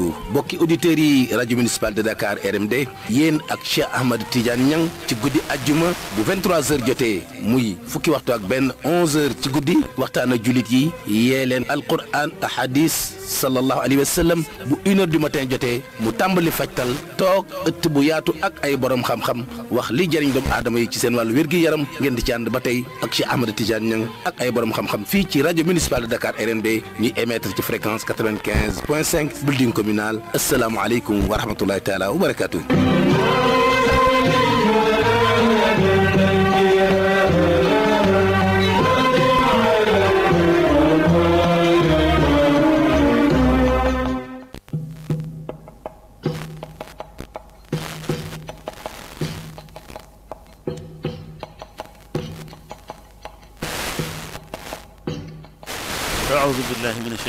barakaatu bokki auditeurs yi rajo municipal de Dakar RMD yéen ak Cheikh Ahmad Tidiane ñan ci guddi ajjuma bu 23h jotee muy fukki waxtu ak benn 11h ci guddi waxtaan ak jullit yi yee leen alquran te hadis sallallahu alayhi wa sallam bu une heure du matin jotee mu tàmbali fajtal toog ëtt bu yaatu ak ay borom xam-xam wax li jëriñ doomu aadama yi ci seen wàllu wér-gi-yaram ngeen di ci ànd ba tey ak Cheikh Ahmed Tidiane Niang ak ay borom xam-xam fii ci rajo municipale de Dakar RND ñuy émettre ci fréquence 95 point 5 building communal asalaamualeykum wa rahmatullahi taala wa barakatuh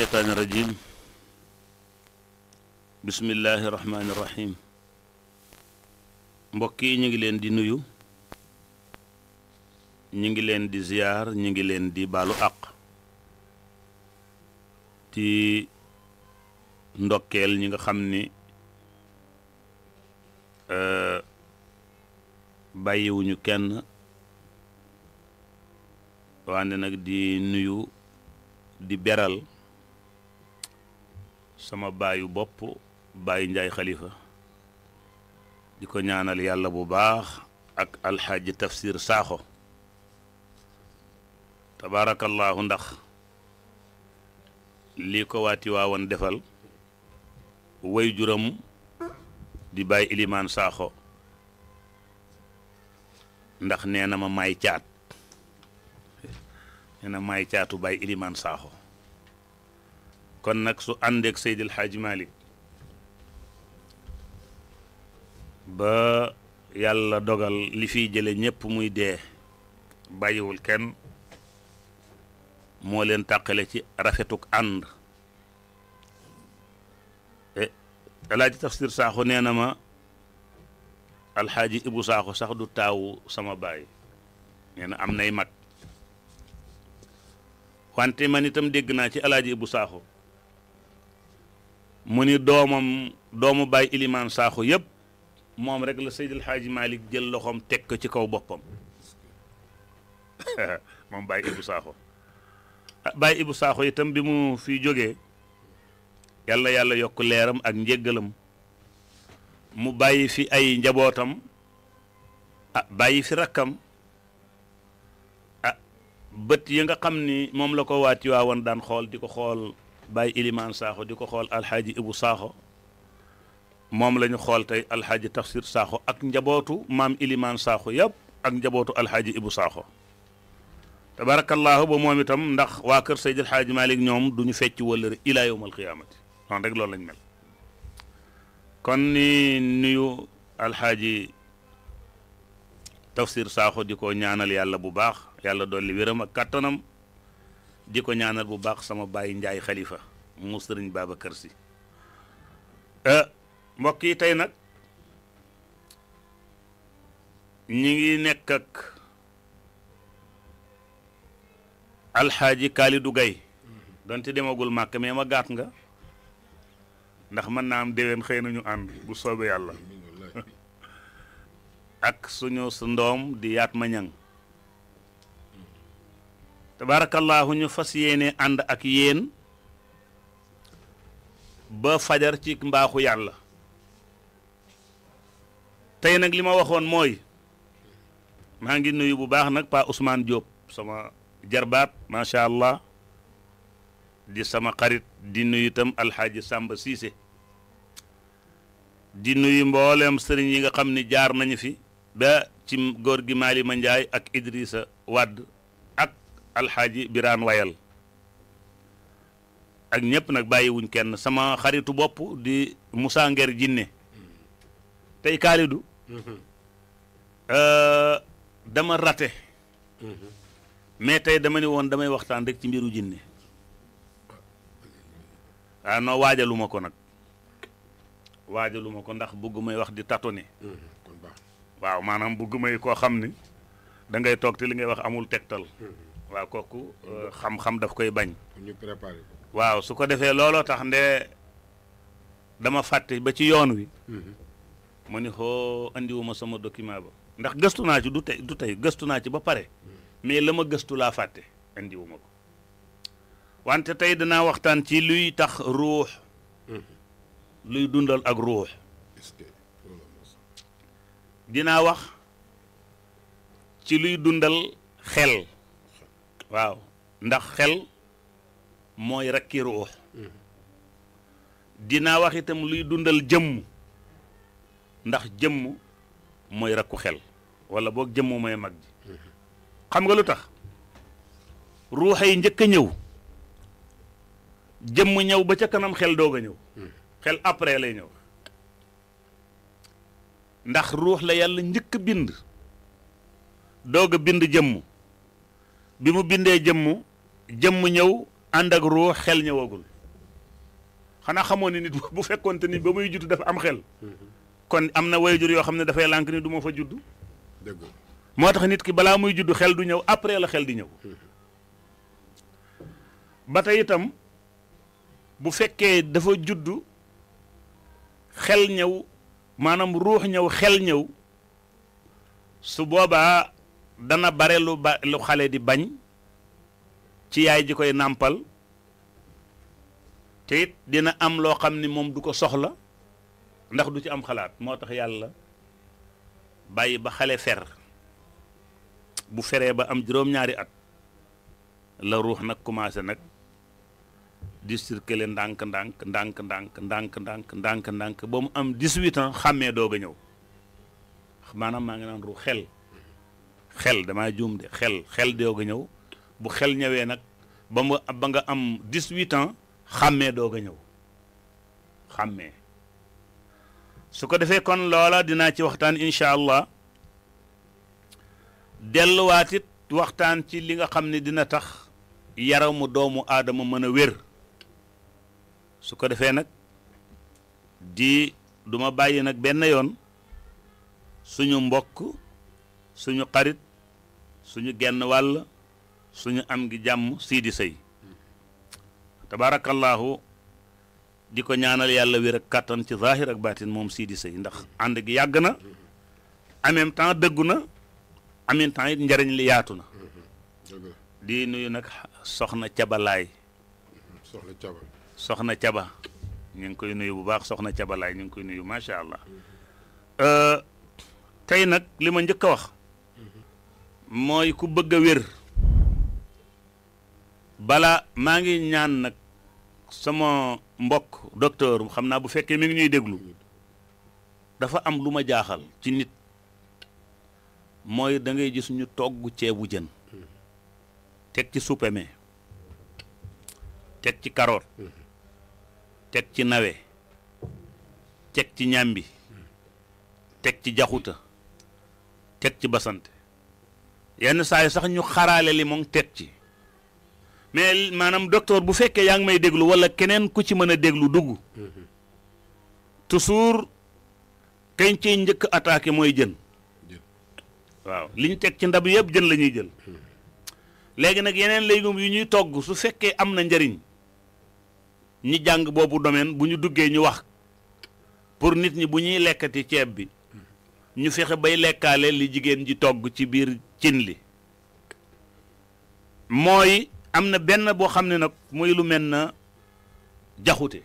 Bismillahirrahmanirrahim. الرجيم بسم الله الرحمن di nuyu ñu di ziar ñu ngi leen di balu ak ci ndokkeel ñi nga xam ni euh, bàyyiwuñu kenn di nuyu di beral sama baayu bopp baayu njaay xalifa di ko ñaanal yàlla bu baax ak alxaaji tafsir saaxo tabaarakallaahu ndax lii ko waati waawoon defal way juram di bàyyi ilimaan saaxo ndax nee na ma maay caat nee maay caatu bàyyi ilimaan saaxo kon nag su àndeek Seydil Hadji Malick ba yàlla dogal li fi jële ñépp muy dee bàyyiwul kenn moo leen tàqale ci rafetuk ànd eh, alaaji tafsir saaxu nee na ma alxaaji ibu saaxu sax du taaw sama baay nee na am nay mag wante man nitam dégg naa ci alaaji ibu saaxu mu ni doomam doomu baay ilimaan saaxu yëpp moom rek la Seydil Xaaji Malick jël loxoom teg ko ci kaw boppam moom baay Ibu Saaxo ah, baay Ibu Saaxo itam bi mu fi jógee yàlla yàlla yokk leeram ak njéggalam mu bàyyi fi ay njabootam ah bàyyi fi rakkam ah bët yi nga xam ni moom la ko waati waawoon daan xool di ko xool bàyyi ilimaan saaxo di ko xool alxaaji ibu saaxo moom la ñu xool tey alxaaji tafsir saaxo ak njabootu maam ilimaan saaxo yëpp ak njabootu alxaaji ibu saaxo tabarakallahu ba moom itam ndax waa kër Seydi Alxaaji Malik ñoom du ñu fecc wëllëre ilaa yowmal qiyaamati noonu rek loolu lañ mel kon ni nuyu alxaaji tafsir saaxo di ko ñaanal yàlla bu baax yàlla dolli wéram ak kàttanam di ko ñaanal bu baax sama bàyyi njaay xalifa mu sëriñ kër Si eh, mbokk yi tey nag ñi ngi nekk ak alxaaji gay Gaye donte demagul màkk mais ma gaat nga ndax mën naa am déwén xëy nañu ànd bu soobee yàlla ak suñu ndoom di yaat ma ñang tabarakallah ñu fas yene and ak yeen ba fajar ci mbaxu yalla tay nak lima waxon moy ma ngi nuyu bu baax nak pa Ousmane Diop sama ma sha allah di sama xarit di nuyu al alxaaji Samba Cissé di nuyu mbollem serigne yi nga xamni ni jaar nañ fi ba ci góor gi Malima ak Idrissa wad. Alhaji biran wayal ak nak bayyi wuñ kenn sama xaritu bop di musa Nguer Jinne tey mhm. euh dama rate mhm. mais tay dama ni won damay waxtaan rek ci mbiru jinne ah non waajalu ko nak wajaluma ko ndax bëgg may wax di tatone mhm, waaw manam bëgg may koo xam da ngay tok te li ngay wax amul tektal. waaw kooku euh, xam-xam daf koy bañ. waaw su ko defee looloo tax nde dama fàtte ba ci yoon wi. ma mhm. ni xoo indiwuma sama document ba ndax gëstu naa ci du tey du tey gëstu naa ci ba pare mhm. mais la ma gëstu laa fàtte andiwuma ko wante tey danaa waxtaan ci luy tax ruux mhm. luy dundal ak ruux dinaa wax ci luy dundal xel waaw ndax xel mooy rakki ruux dinaa waxitam itam luy dundal jëmm ndax jëmm mooy rakku xel wala boog jëmm mooy mag ji xam nga lu tax ruux njëkk a ñëw jëmm ñëw ba ca kanam xel doog a ñëw xel après lay ñëw ndax ruux la yàlla njëkk a bind doog a bind jëmm bi mu bindee jëmm jëmm ñëw ànd ak ruux xel ñëwagul xanaa xamoon ne nit bu fekkoonte ni ba muy judd dafa am xel kon am na wayjur yoo xam ne dafay lànk ni du ma fa judd dëgg moo tax nit ki balaa muy judd xel du ñëw après la xel di ñëw ba tey itam bu fekkee dafa judd xel ñëw maanaam ruux ñëw xel ñëw su boobaa dana bare lu ba lu xale di bañ ci yaay ji koy nampal te dina am lo xamni ni moom du ko soxla ndax du ci am xalaat motax yalla yàlla ba xale fer bu feree ba am juroom ñaari at la ruh nak, commencé nak di circuler ndank ndank ndank ndank ndank ndank ndank ndank bo mu am 18 ans xamé do a ñew manam ma nga nan ruh xel xel dama joom de xel xel dooga ñëw bu xel ñëwee nak ba ba nga am 18 ans xàmmee dooga ñëw xamé su ko defee kon loola dina ci waxtaan incha allah delluwaatit waxtaan ci li nga xamni dina tax mu doomu aadama mëna wër su ko nak di duma bayyi nak ben yoon suñu mbokk suñu xarit suñu genn wàll suñu am gi jàmm siidi sëy tabaarakallaahu di ko ñaanal yàlla wér ak kàttan ci zaahir ak baatin moom siidi sëy ndax ànd gi yàgg na en même temps dëggu na en même temps it njariñ li yaatu na di nuyu nag soxna caba laay soxna caba soxna caba ñu ngi koy nuyu bu baax soxna cabalaay ñu ngi koy nuyu macha allah euh, tey nag li ma njëkk a wax mooy ku bëgg a wér bala maa ngi ñaan nag sama mbokk docteur xam naa bu fekkee mu ngi ñuy déglu dafa am lu ma jaaxal ci nit mooy da ngay gis togg ceebu jën teg ci supame teg ci karoot teg ci nawe teg ci ñàmbi teg ci jaxuta teg ci basant yenn saa yi sax ñu xaraale li moom teg ci mais maanaam docteur bu fekkee yaa ngi may déglu walla keneen ku ci mën a déglu dugg toujours kañ ciy njëkk attaqué mooy jën waaw li teg ci ndab yëpp jën lañuy ñuy jël léegi nag yeneen légumes yu ñuy togg su fekkee am na njariñ ñi jàng boobu domaine bu ñu duggee ñu wax pour nit ñi bu ñuy lekkati ceeb bi ñu fexe bay lekkaale li jigéen ji togg ci biir cin li mooy am na benn boo xam ne nag mooy lu mel na jaxute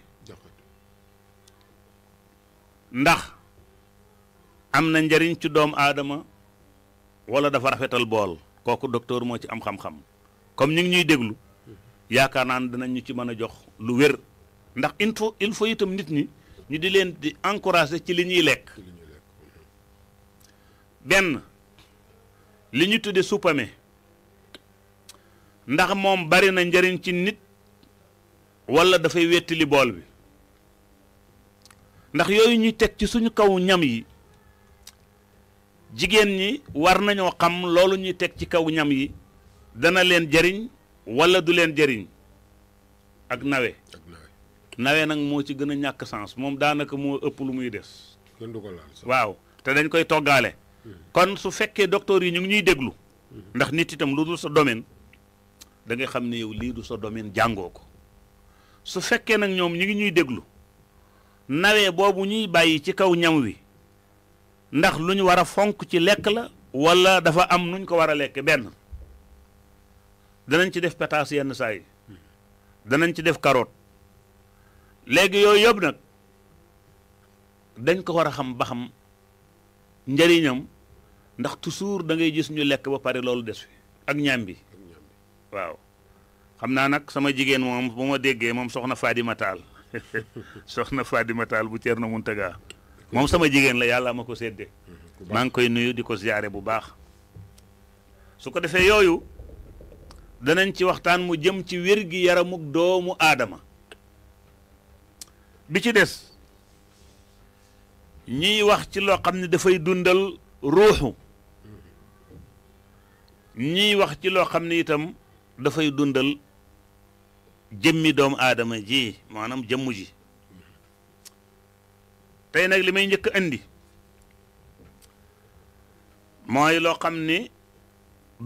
ndax am na njariñ ci doom aadama wala dafa rafetal bool kooku docteur moo ci am xam-xam comme ñu ngi ñuy déglu yaakaar naa ne dinañ ñu ci mën a jox lu wér ndax il faut il faut itam nit ñi ñu di leen di encourager ci li ñuy lekk benn li ñu tudde suppame ndax moom bari na njariñ ci nit wala dafay wettili bool bi ndax yooyu ñuy teg ci suñu kaw ñam yi jigéen ñi war nañoo xam loolu ñuy teg ci kaw ñam yi dana leen jariñ walla du leen jariñ ak nawe nawe nag moo ci gën a ñàkk sens moom daanaka moo ëpp lu muy des. kenn du ko waaw te dañ koy toggaale. kon su fekkee docteur yi ñu ngi ñuy déglu ndax nit itam lu dul sa domaine dangay xam ne yow lii du sa domaine jàngoo ko su fekkee nag ñoom ñu ngi ñuy déglu nawee boobu ñuy bàyyi ci kaw ñam wi ndax lu ñu war a fonk ci lekk la walla dafa am nuñ ko war a lekk benn danañ ci def pataas yenn saa yi danañ ci def karoot léegi yooyu yëpp nag dañ ko war a xam ba xam njëriñam ndax toujours da ngay gis ñu lekk ba pare loolu des fi ak ñaam bi waaw xam naa nag sama jigéen moom bu ma déggee moom soxna Fadima Tall soxna bu Tall na mun Mountaga moom sama jigéen la yàlla ma ko seddee maa ngi koy nuyu di ko ziyaare bu baax su ko defee yooyu danañ ci waxtaan mu jëm ci wér gi yaramuk doomu aadama bi ci des ñuy wax ci loo xam ne dafay dundal ruuxu ñi wax ci lo xamni itam da fay dundal jëmmi doom aadama ji manam jamuji. ji tay nak limay ñëk andi moy lo xamni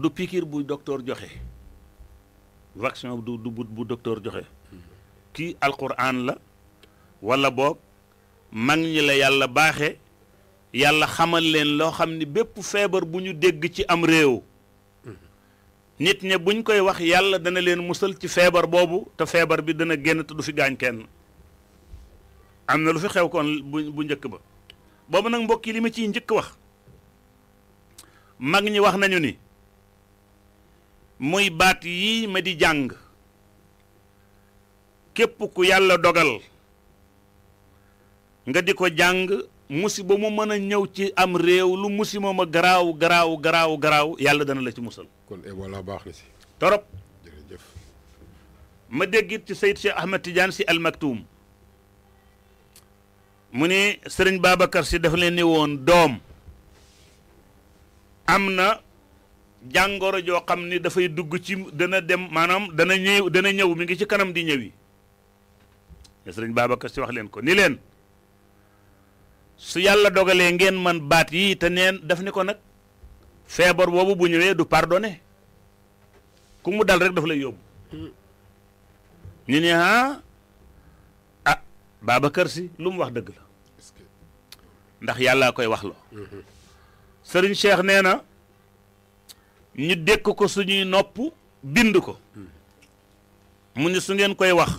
du pikir bu docteur joxe vaccin du du bu docteur joxe Ki alquran la wala bok mag ñi la yalla baxé yalla xamal leen lo xamni bepp bépp bu ñu dégg ci am réew nit ñe buñ koy wax yàlla dana leen musal ci feebar boobu te feebar bi dana génn te du fi gaañ kenn am na lu fi xew kon bu bu njëkk ba boobu nag mbokk yi li ma ciy njëkk wax mag ñi wax nañu ni muy baat yii ma di jàng képp ku yàlla dogal nga di ko musiba mu mën a ñëw ci am réew lu musiba ma garaaw garaaw garaaw garaaw yàlla dana la ci musal. kon Ebola eh, baax na si. torop jërëjëf. ma déggit ci Seyd Cheikh Ahmed Tidiane si Al Maktoum mu ni sëriñ Babacar si leen ni woon doom am na jàngoro joo xam ni dugg ci dana dem manam dana ñëw dana ñëw mi ngi ci kanam di ñëwi sëriñ Babacar si wax leen ko ni leen su yàlla dogalee ngeen man baat yi te neen daf ni ko nag feebar boobu bu ñëwee du pardonné ku mu dal rek daf lay yóbbu ñu ne ah ah Babacar si lu mu wax dëgg la ndax yàllaa koy wax loo sëriñ Cheikh nee na ñu dékk ko suñuy nopp bind ko mu ne su ngeen koy wax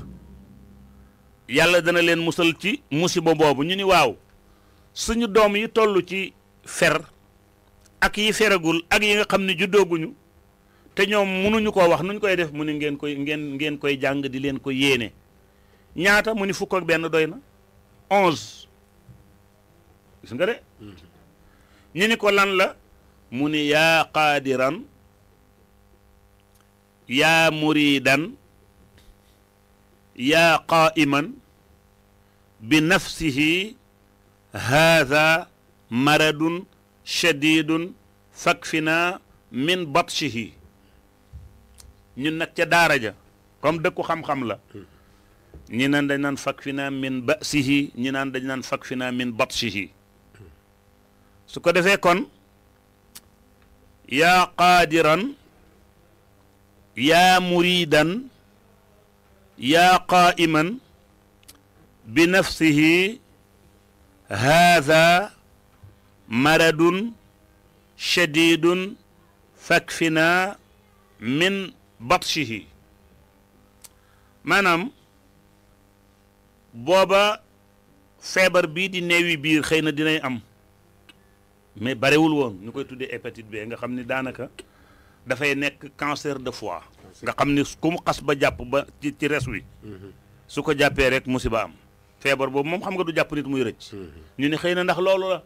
yàlla dana len musal ci musiba boobu ñu ni waaw suñu doom yi toll ci fer ak yi feragul ak yi nga xam ne juddooguñu te ñoom mënuñu koo wax nuñ koy def mu ni ngeen koy ngeen ngeen koy jàng di leen ko yéene ñaata mu ni fukk ak benn doy na onze gis nga de ñu ni ko lan la mu ni yaa qaadiran yaa muridan yaa qaa'iman bi nafsihi هذا مرض شديد فكفنا من بطشه ني نك كم دكو خم خم لا ني نان فكفنا من باسه ني نان فكفنا من بطشه سوكو ديفي كون يا قادرا يا مريدا يا قائما بنفسه haada maradun fi naa min batshihi maanaam booba feebar bii di néewi biir xëy na dinay am mais barewul woon ñu koy tuddee hépatite B nga xam ni daanaka dafay nekk cancer de foie nga xam ni ku mu xas ba jàpp ba ci ci res wi mhm. su ko jàppee rek musiba am febar bobu mom xam nga du japp nit muy recc ñu ni xeyna ndax loolu la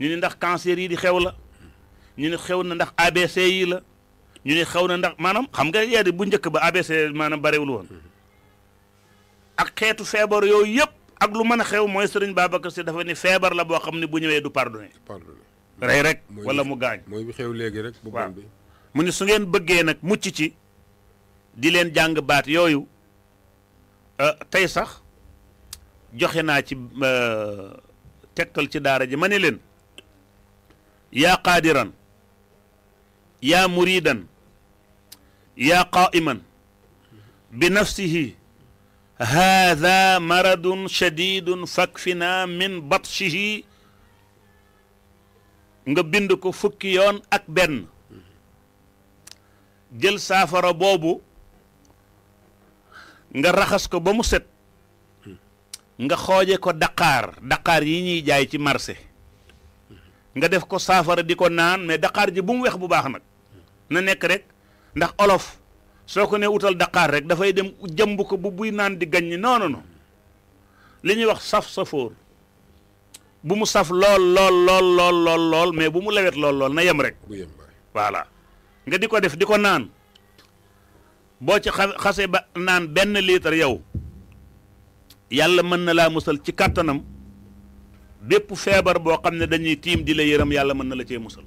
ñu ni ndax cancer yi di xew la ñu ni xew na ndax abc yi la ñu ni xew na ndax manam xam nga yeedi bu njëkk ba abc maanaam wul won ak xeetu febar yoy yëpp ak lu mëna xew moy serigne Babacar ci dafa ni febar la bo xamni bu ñëwé du pardonner ray rek wala mu gañ moy bi xew légui rek bu bon bi mu ni su ngeen bëggé nak mucc ci di leen jang baat euh tay sax joxe naa ci euh, tegtal ci daara ji ma ne leen yaa qaadiran yaa muridan yaa qaa'iman bi nafsihi haada maradun shadidun fakfina min batshihi nga bind ko fukki yoon ak benn jël saafara boobu nga raxas ko ba mu set nga xooje ko daqaar daqaar yi ñuy jaay ci marché nga def ko saafara di ko naan mais daqaar ji bu mu weex bu baax nag na nekk rek ndax olof soo ko ne wutal daqaar rek dafay dem jëmb ko bu buy naan di gaññ non non li ñuy wax saf safóor bu mu saf lool lool lool lool mais bu mu lewet lool lool na yem rek voilà nga di ko def di ko naan boo ci xase ba naan benn litre yow yàlla mën na laa musal ci kàttanam bépp feebar boo xam ne dañuy tiim di la yërëm yàlla mën na la cee musal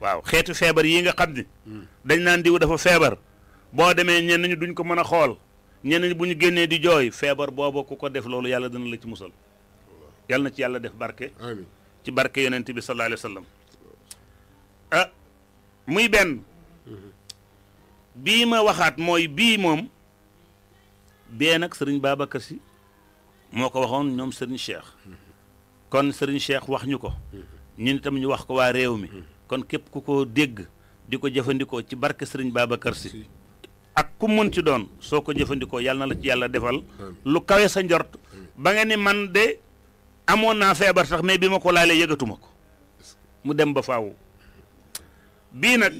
waaw xeetu feebar yi nga xam ne dañ naan diw dafa feebar boo demee ñenn ñi duñ ko mën a xool ñenn ñi bu ñu génnee di jooy feebar boobu ku ko def loolu yàlla dana la ci musal yàlla na ci yàlla def barke ci barke yonent bi sallallahu alayhi wa sallam ah, muy benn bii ma waxaat mooy bii moom bee nag sëriñ Babacar si moo ko waxoon ñoom sëriñ Cheikh kon sëriñ Cheikh wax ñu ko ñun tamit ñu wax ko waa réew mi kon képp ku ko dégg di ko jëfandikoo ci barke sëriñ Babacar si ak ku mën ci doon soo ko jëfandikoo yàlla na la ci yàlla defal lu kawe sa njort ba nga ni man de amoon naa feebar sax mais bi ma ko laalee yëgatuma ko mu dem ba faw bii nag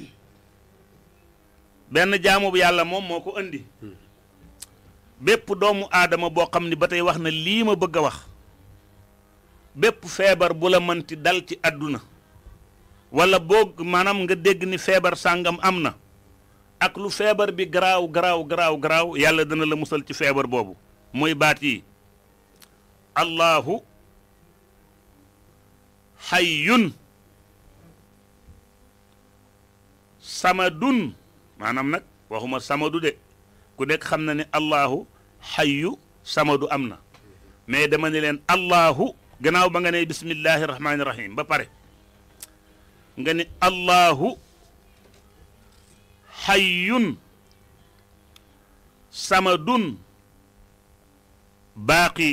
benn jaamu bu yàlla moom moo ko andi bépp doomu aadama boo xam ni ba tey wax na lii ma bëgg a wax bépp feebar bu la mënti dal ci àdduna wala boog maanaam nga dégg ni feebar sàngam am na ak lu feebar bi garaaw garaaw garaaw garaaw yàlla dana la musal ci feebar boobu mooy baat yi allahu xayyun samadun maanaam nag waxuma samadu de ku nekk xam na ne allahu xayyu samadu am na mais dama ne leen allahu gannaaw ba nga ne bismillahi rahmaani rahim ba pare nga ne allahu xayyun samadun baaqi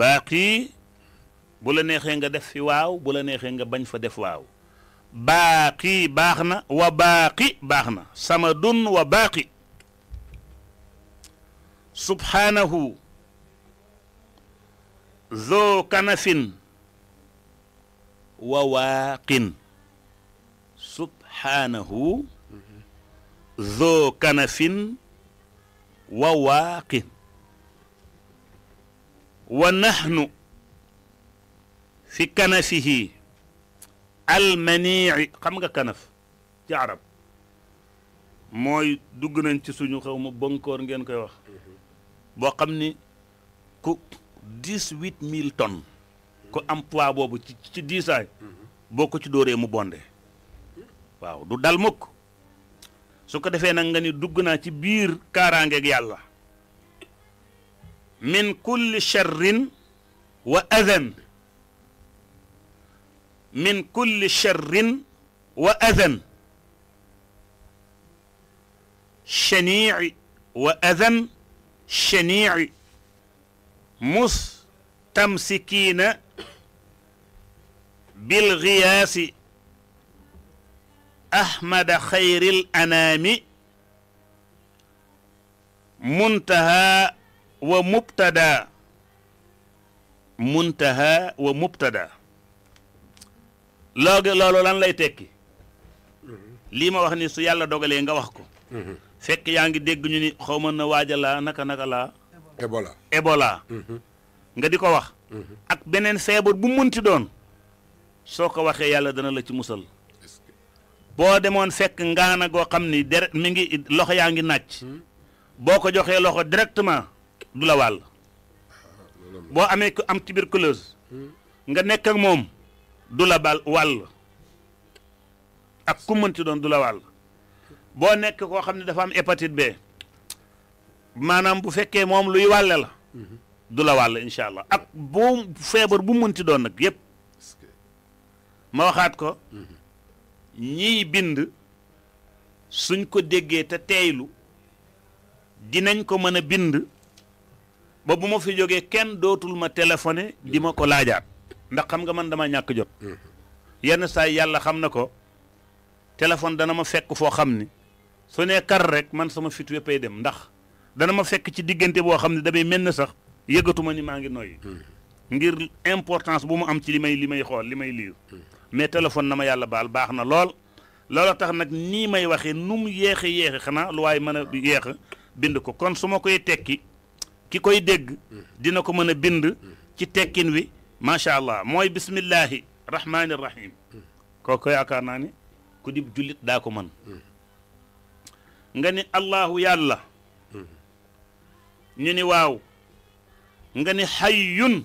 baaqi bu la neexee nga def fi waaw bu la neexee nga bañ fa def waaw باقي باغنا وباقي باغنا سمد وباقي سبحانه ذو كنف وواق سبحانه ذو كنف وواق ونحن في كنفه almanii xam nga kanaf ci arab mooy dugg nañ ci suñu xaw ma bonkoor ngeen koy wax boo xam ni ku dix huit mille ton ku am poids boobu ci ci diisaay boo ko ci dóoree mu bonde waaw du dal mukk su ko defee nag ni dugg naa ci biir kaaraangeeg yàlla min kulli sharrin wa adan من كل شر وأذى شنيع وأذى شنيع مستمسكين بالغياث أحمد خير الأنام منتهى ومبتدى منتهى ومبتدى looge loolu lan lay tekki mm-hmm. lii ma wax ni su yàlla dogalee nga wax ko mm-hmm. fekk yaa ngi dégguñu ni xaw ma na waaja laa naka naka laa Ebola mm-hmm. nga di ko wax ak beneen feebar bu munti doon soo ko waxee yàlla dana la ci musal boo demoon fekk ngaana goo xam ni deret mi ngi loxo yaa ngi nàcc boo ko joxee loxo directement du la wàll ah, boo amee ku am tuberculose nga nekk ak moom du la bal wàll ak ku mënti doon du la wàll boo nekk koo xam ne dafa am hépatite B maanaam bu fekkee moom luy wàlle la du la wàll incha allah ak boo feebar bu mënti doon nag yépp ma waxaat ko ñiy bind suñ ko déggee te teeylu dinañ ko mën a bind ba bu ma fi jógee kenn dootul ma téléphoné di ma ko laajaat ndax xam nga man dama ñàkk jot. Mm-hmm. yenn saa yàlla xam na ko téléphone dana ma fekk foo xam ni su nee kar rek man sama fit yëppay dem ndax dana ma fekk ci diggante boo xam ne damay mel ne sax yëgatuma ni maa ngi noyyi. Mm-hmm. ngir importance bu mu am ci li may li may xool li may liir. Mm-hmm. mais téléphone na ma yàlla baal baax na lool. loola tax nag nii may waxee nu mu yéex a yéex xanaa lu waaye mën a yéex a bind ko kon su ma koy tekki ki koy dégg dina ko mën a bind ci tekkin wi. macha allah mooy bismillahi rahmaani rahim kooku yaakaar naa ne ku dib jullit daa ko mën nga ni allahu yàlla ñu ni waaw nga ni xayyun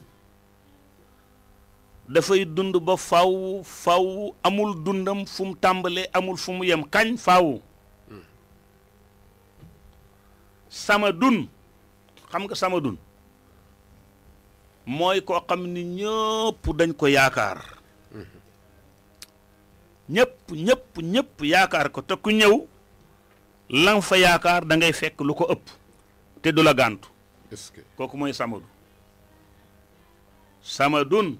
dafay dund ba faw faw amul dundam fum tàmbalee amul fu mu yem kañ faw sama dun xam nga sama dun moy ko xamni ni dañ ko yaakar ñepp ñepp ñepp yaakar ko te ku ñew lan fa yaakar da ngay fekk lu ko ëpp te du la gantu koku moy samadu samadun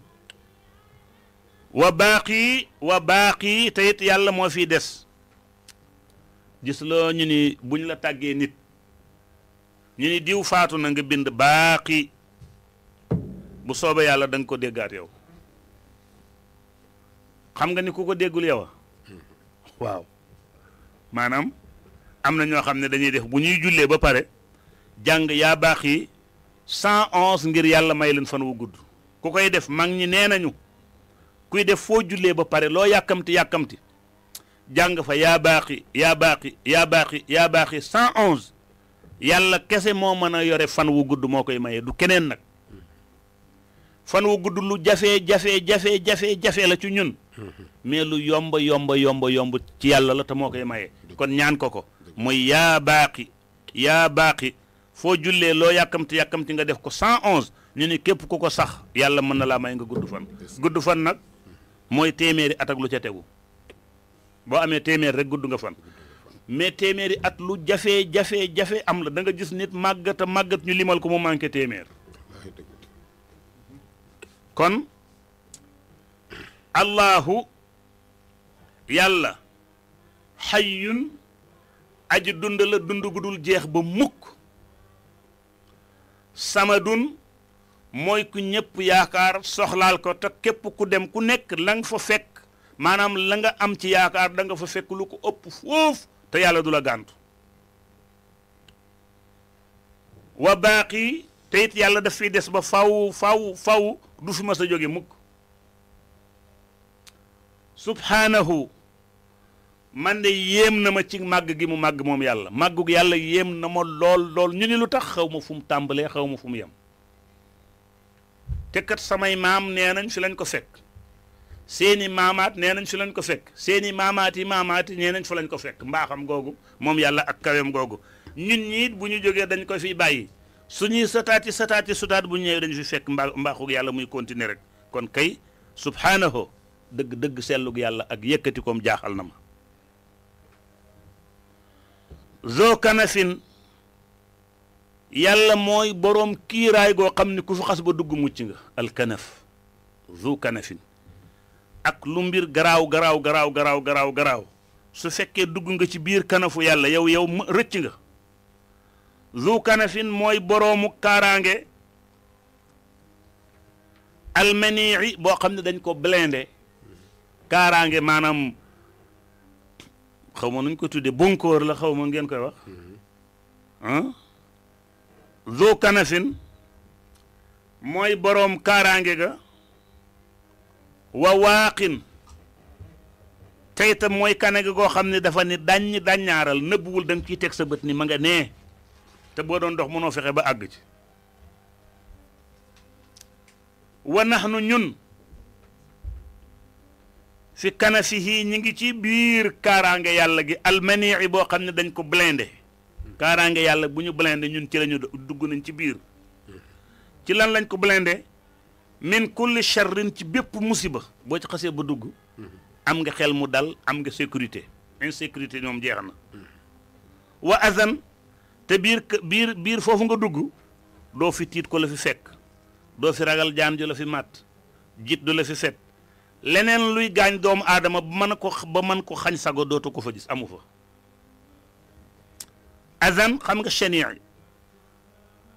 wa baqi wa baqi te it mo fi des gis lo ñu ni buñ la tàggee nit ñu ni diw faatu na nga bind baqi bu soobee yàlla da nga ko déggaat yow xam nga ni ku ko déggul yow waaw maanaam am na ñoo xam ne dañuy def bu ñuy jullee ba pare jàng yaa baaxi cent onze ngir yàlla may leen fan wu gudd ku koy def mag ñi nee nañu kuy def foo jullee ba pare loo yàkkamti yàkkamti jàng fa yaa baaxi yaa baaxi yaa baax yaa baax yi cent onze yàlla kese moo mën a yore fan wu gudd moo koy mayee du keneen nag fan wu gudd lu jafe jafe jafe jafe jafe la ci ñun mm-hmm. mais lu yomb yomb yomb yomb ci yalla la ta mokay maye kon ñaan koko moy ya baqi ya baqi fo foo lo yakamti yakamti nga def ko 111 ñu ni képp ku ko sax yalla mën na la may nga gudd fan gudd fan nak moy téeméeri at ak lu ca téggu bo amé téméré rek gudd nga fan mais téméré at lu jafé jafé jafé am la da nga gis nit màggat a màggat ñu limal ko mu manké téméré kon allahu yàlla xayyun aj dund la dund gu dul jeex ba mukk samadun mooy ku ñëpp yaakaar soxlaal ko te képp ku dem ku nekk la nga fa fekk maanaam la nga am ci yaakaar danga nga fa fekk lu ko ëpp foofu te yàlla du la gàntu wa baaqi te yàlla daf des ba faw faw faw du fi ma sa jóge mukk subhaanahu man de yéem na ma ci màgg gi mu màgg moom yàlla màggug yàlla yéem na ma lool lool ñu ni lu tax xaw ma fu mu tàmbalee xaw ma fu mu yem te samay maam nee nañ fi lañ ko fekk seeni maamaat nee nañ fi lañ ko fekk seeni maamaat yi maamaat nee nañ fa lañ ko fekk mbaaxam googu moom yàlla ak kawem googu ñun ñiit bu ñu jógee dañ ko fiy bàyyi suñuy sataati sataati sutaat bu ñëwee dañ fi fekk mbaa yàlla muy continuer rek kon kay subhaanahu dëgg dëgg sellug yàlla ak yëkkati koom jaaxal na ma zoo kanafin yàlla mooy boroom kiiraay goo xam ni ku fi xas ba dugg mucc nga alkanaf zoo kanafin ak lu mbir garaaw garaaw garaaw garaaw garaaw su fekkee dugg nga ci biir kanafu yàlla yow yow rëcc nga zu kanafin mooy boroomu kaaraange almanii boo xam ne dañ ko blindé kaaraange maanaam xaw ma nuñ ko tuddee bunkóor la xaw ma ngeen koy wax zu kanafin mooy boroom kaaraange ga wa waaqin tey mooy kane ga goo xam ne dafa ne dañ dàññaaral nëbbuwul da nga teg sa bët ni ma nga nee te boo doon dox mënoo fexe ba àgg ci wa nax nahnu ñun fi kanasihi ñu ngi ci biir kaaraange yàlla gi almanii boo xam ne dañ ko blindé kaaraange yàlla bu ñu blindé ñun ci lañu dugg nañ ci biir ci lan lañ ko blindé min kulli charrin ci bépp musiba boo ci xasee ba dugg am nga xel mu dal am nga sécurité sécurité ñoom jeex na wa azan te biir biir biir foofu nga dugg doo fi tiit ko la fi fekk doo fi ragal jaan ju la fi màtt jiit du la fi fekk leneen luy gaañ doomu aadama ba mën ko ba mën ko xañ sago dootu ko fa gis amu fa azan xam nga chanii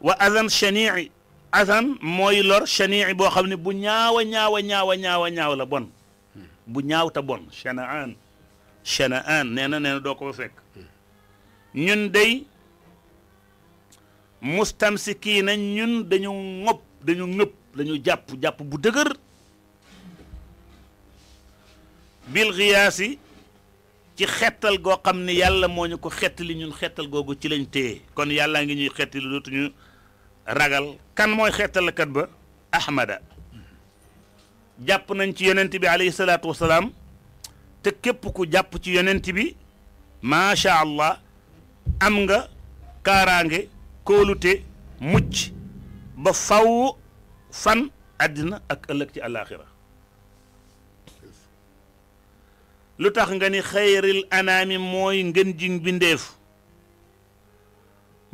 wa azan chanii azan mooy lor chanii boo xam ne bu ñaaw a ñaaw a ñaaw la bon bu ñaaw te bon chanaan chanaan nee na nee doo ko fa fekk hmm. ñun day mustamsikiina ñun dañu ŋob dañu ŋëpp dañu jàpp jàpp bu dëgër bil xiyaasi ci xettal goo xam ne yàlla moo ñu ko xettali ñun xettal googu ci lañ téye kon yàllaa ngi ñuy xettali dootuñu ragal kan mooy xettalkat ba ahmada jàpp nañ ci yonent bi alayhi salaatu wasalaam te képp ku jàpp ci yonent bi macha allah am nga kaaraange kóolute mucc ba faw fan àddina ak ëllëg ci alaaxira lu tax nga ni xayril anaami mooy ngën ji bindeef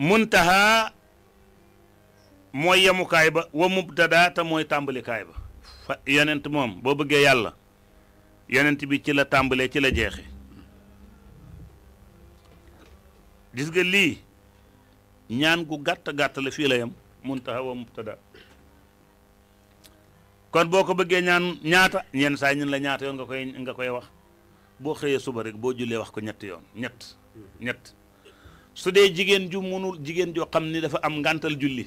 muntaha mooy yemukaay ba wa mubtada te mooy tàmbalikaay ba fa yonent moom boo bëggee yàlla yonent bi ci la tàmbalee ci la jeexe ñaan gu gàtt gàtt la fii la yam muntaha wa mubtada kon boo ko bëggee ñaan ñaata ñenn saa ñun la ñaata yoon nga koy nga koy wax boo xëyee suba rek boo jullee wax ko ñett yoon ñett ñett su dee jigéen ju munul jigéen joo xam dafa am ngàntal julli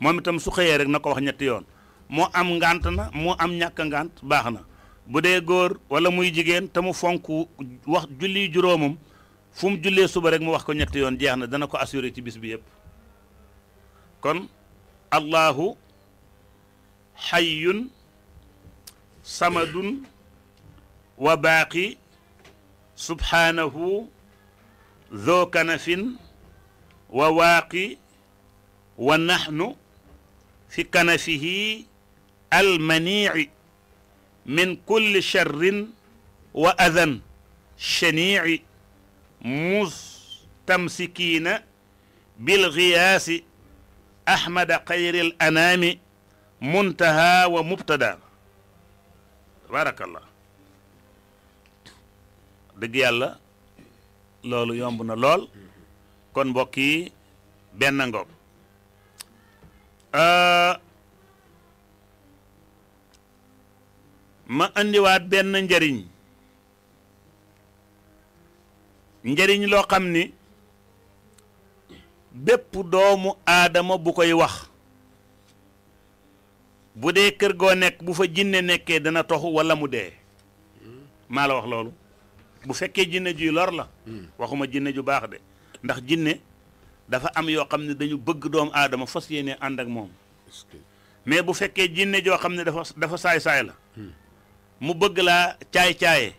moom itam su xëyee rek na ko wax ñett yoon moo am ngànt na moo am ñàkk ngànt baax na bu dee góor wala muy jigéen te mu wax julli juróomam fum julle suba rek mu wax ko ñett yoon jeex na dana ko assurer ci bis bi yëpp kon allahu hayyun samadun wa baaqi subhaanahu ذو كنف وواقي ونحن في كنفه المنيع من كل شر وأذى شنيع mustamsikiina bil xiyaasi ahmada xayril anaami muntaha wa mubtada tabarakallah dëgg yàlla loolu yomb na lool kon mbokk yi benn ngoog ma indiwaat benn njëriñ njëriñ loo xam ni bépp doomu aadama bu koy wax bu dee kër goo nekk bu fa jinne nekkee dana toxu walla mu dee maa la wax loolu bu fekkee jinne juy lor la waxuma jinne ju baax de ndax jinne dafa am yoo xam ne dañu bëgg doomu aadama fas yéene ànd ak moom mais bu fekkee jinne joo xam ne dafa dafa saay-saay la mu bëgg laa caay-caaye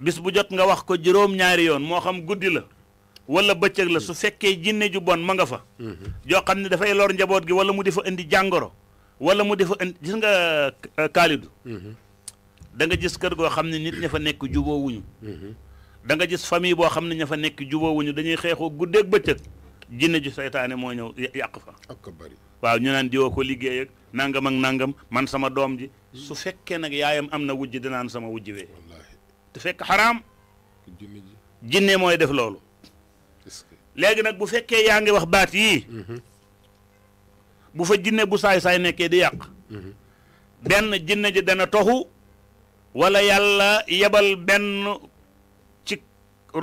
bis bu jot nga wax ko juróom ñaari yoon moo xam guddi la wala bëccëg la su fekkee jinne ju bon ma nga fa joo xam ne dafay lor njaboot gi wala mu di fa indi jàngoro wala mu di fa indi gis nga euh, kaalidu da nga gis kër goo xam ne nit ña fa nekk wuñu da nga gis famille boo xam ne ña fa nekk juboowuñu dañuy xeexoo guddeeg bëccëg jinne ju seytaane moo ñëw ya-, yàq fa waaw ñu naan diwoo ko liggéey ak nangam ak nangam man sama doom ji su fekkee nag yaayam am na dinaan sama wujj wee te fekk xaraam jinne mooy def loolu léegi nag bu fekkee yaa ngi wax baat yii bu fa jinne bu saay-saay nekkee di yàq benn jinne ji dana toxu wala yàlla yebal benn ci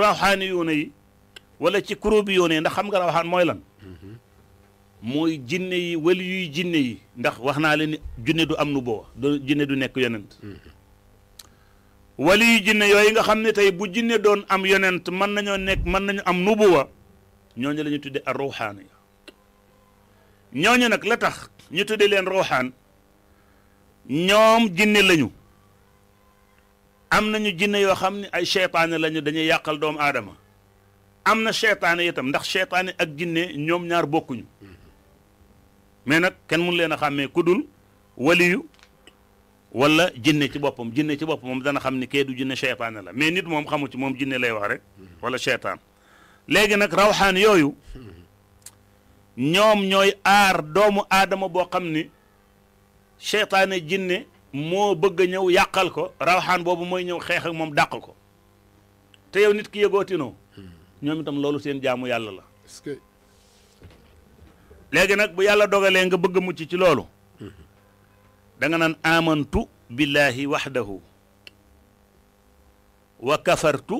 rawxaani yoone yi wala ci kurubi yoone yi ndax xam nga rawxaan mooy lan mooy jinne yi wali yuy jinne yi ndax wax naa leen ni jinne du am nu boo jinne du nekk yonent wali yu jinne yooyu nga xam ne tey bu jinne doon am yonent mën nañoo nekk mën nañu am nubuwa wa la ñu tudde ar ruuxaan ya ñooñu nag la tax ñu tudde leen ruuxaan ñoom jinne lañu am nañu jinne yoo xam ne ay seytaane lañu dañuy yàqal doomu aadama am na seytaane itam ndax seytaane ak jinne ñoom ñaar bokkuñu mm-hmm. mais nag kenn mënu leen a xàmmee ku dul waliyu wala jinne ci boppam jinne ci boppam moom dana xam ni kee du jinne cheytaane la mais nit moom xamu ci moom jinne lay wax rek wala cheytaan léegi nag rawxaan yooyu ñoom ñooy aar doomu aadama boo xam ni cheytaane jinne moo bëgg ñëw yàqal ko rawxaan boobu mooy ñëw xeex ak moom dàq ko te yow nit ki yëgootinoo ñoom itam loolu seen jaamu yàlla la léegi nag bu yàlla dogalee nga bëgg a mucc ci loolu da nga naan amantu billahi waxdahu wa kafartu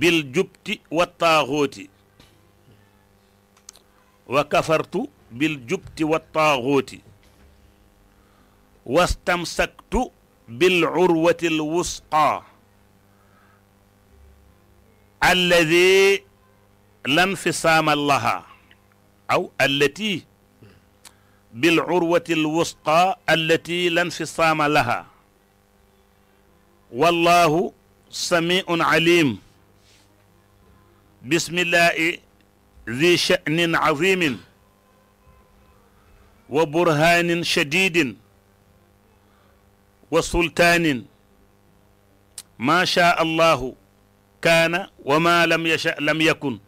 bil jubti wa taaxooti wa kafartu bil jubti wa taaxooti wastamsaktu bil urwati al wusqa alladi lan fisaama laha aw allati بالعروة الوسطى التي لا انفصام لها والله سميع عليم بسم الله ذي شأن عظيم وبرهان شديد وسلطان ما شاء الله كان وما لم يشأ لم يكن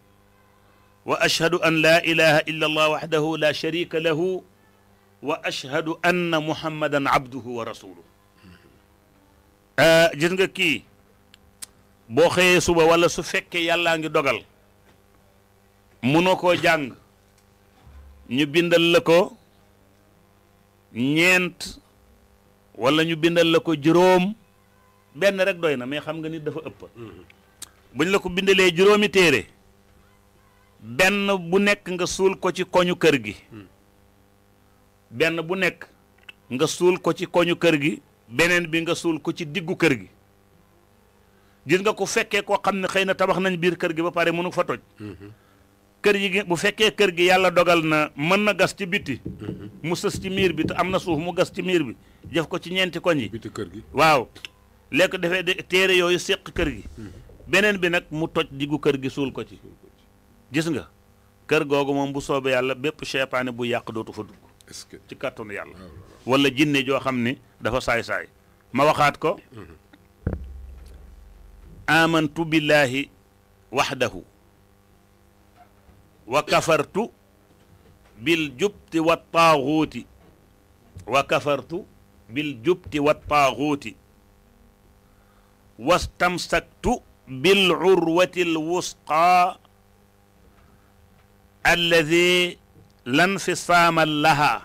وأشهد أن لا إله إلا الله وحده لا شريك له wa ashhadu anna muhammadan abduhu wa rasuluhu hmm. ah, gis nga kii boo xëyee suba wala su fekkee yàllaa ngi dogal munoo ko jàng ñu bindal la ko ñeent wala ñu bindal la ko juróom benn rek doy na mais xam nga nit dafa ëpp hmm. buñ la ko bindalee juróomi téere benn bu nekk nga suul ko ci koñu kër gi hmm. benn bu nekk nga suul ko ci koñu kër gi beneen bi nga suul ko ci diggu kër gi gis nga ko fekkee koo xam ne xëy na tabax nañ biir kër gi ba pare mënu fa toj mm-hmm. kër yi bu fekkee kër gi yàlla dogal na mën na gas ci bitti mm-hmm. mu sës ci miir bi te am na suuf mu gas ci miir bi def ko ci ñeenti koñ yi kër gi waaw lekk defee de téere yooyu séq kër gi mm-hmm. beneen bi nag mu toj diggu kër gi suul ko ci gis nga kër googu moom bu soobee yàlla bépp cheytaane bu yàq dootu fa du ci kàttanu yàlla wala jinne joo xam ne dafa saay-saay ma waxaat ko amantu billahi waxdahu wa kafartu bil jubti wa taaxuuti wa kafartu bil jubti wa taaxuuti wastamsaktu bil urwati al wusqa alladi لا انفصام لها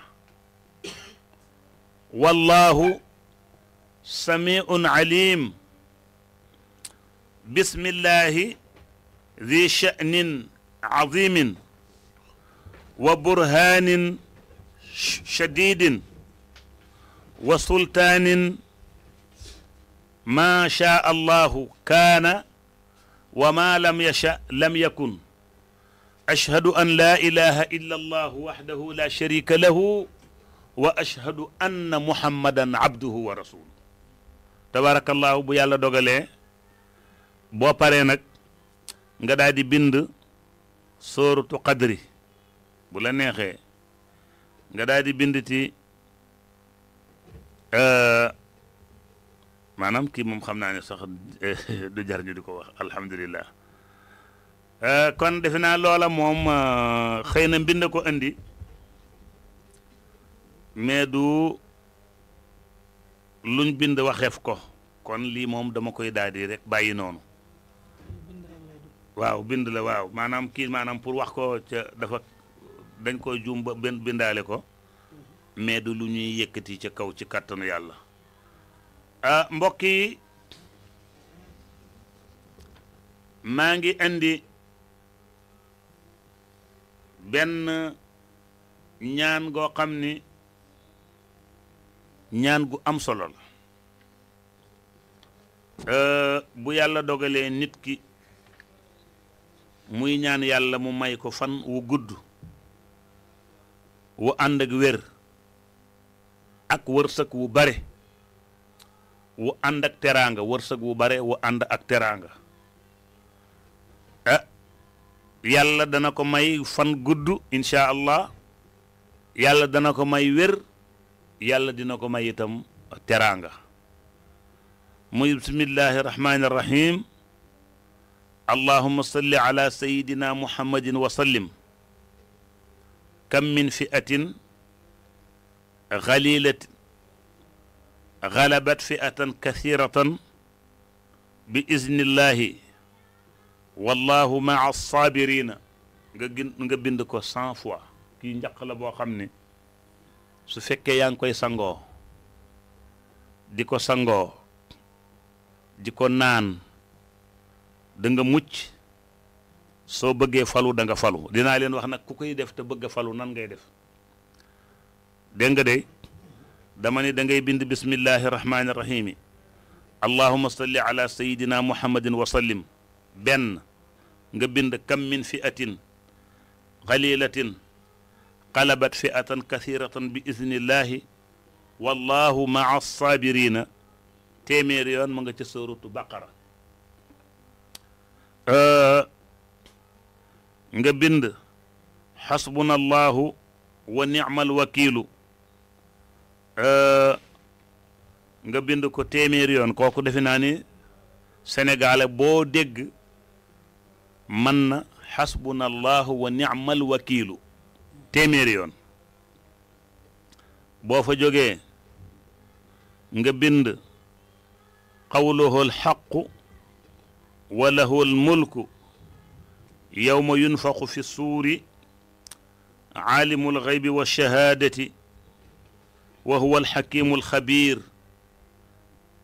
والله سميع عليم بسم الله ذي شأن عظيم وبرهان شديد وسلطان ما شاء الله كان وما لم يشأ لم يكن أشهد أن لا إله إلا الله وحده لا شريك له وأشهد أن محمدا عبده ورسوله تبارك الله بو يالا دوغالي بو باري نك nga daal di bind sóoratu qadri bu la neexee nga daal di bind ci maanaam kii moom xam naa ne sax du jar ñu di ko wax alhamdulillah Euh, kon defe naa loola moom euh, xëy na mbind ko indi mais du luñ bind waxeef ko kon lii moom dama koy daal rek bàyyi noonu waaw bind la waaw maanaam kii maanaam pour wax ko ca dafa dañ koy juum ba bindaale ko mais du lu ñuy yëkkati ca kaw ci kàttanu yàlla euh, mbokk yi maa ngi indi Ben ñaan go xamni ni ñaan gu am solo la euh, bu yalla dogalee nit ki muy ñaan yalla mu may ko fan wu gudd wu and ak ak wërsek wu bare wu and ak teranga wërsek wu bare wu and ak teranga ah, yàlla dana ko may fan gudd incha allah yàlla dana ko may wér yàlla dina ko may itam teraanga muy bismillahi rahmaani rahim allahuma salli ala sayidina muhammadin wa sallim kam min fi'atin غليلة غلبت فئة كثيرة بإذن الله wallahu maa sabirina nga gin nga bind ko cent fois kii njaq la boo xam ne su fekkee yaa ngi koy sangoo di ko sangoo di ko naan da nga mucc soo bëggee falu danga nga falu dinaa leen wax nag ku koy def te bëgg a falu nan ngay def dégg nga de dama ne da ngay bind bismillahi rahmaani rahimi allahuma salli ala sayidina muhammadin wa sallim benn nga bind kam min fiatin qalilatin qalabat fiatan kathiratan bi idnillahi wallahu maa saabirina téeméeri yoon mu nga ca sóoratu baqara nga bind xasbuna allahu wa nicmal wakiilu nga bind ko téeméeri yoon kooku defe naa ni sénégalais boo dégg من حسبنا الله ونعم الوكيل تيميريون بو فا جوغي قوله الحق وله الملك يوم ينفخ في الصور عالم الغيب والشهادة وهو الحكيم الخبير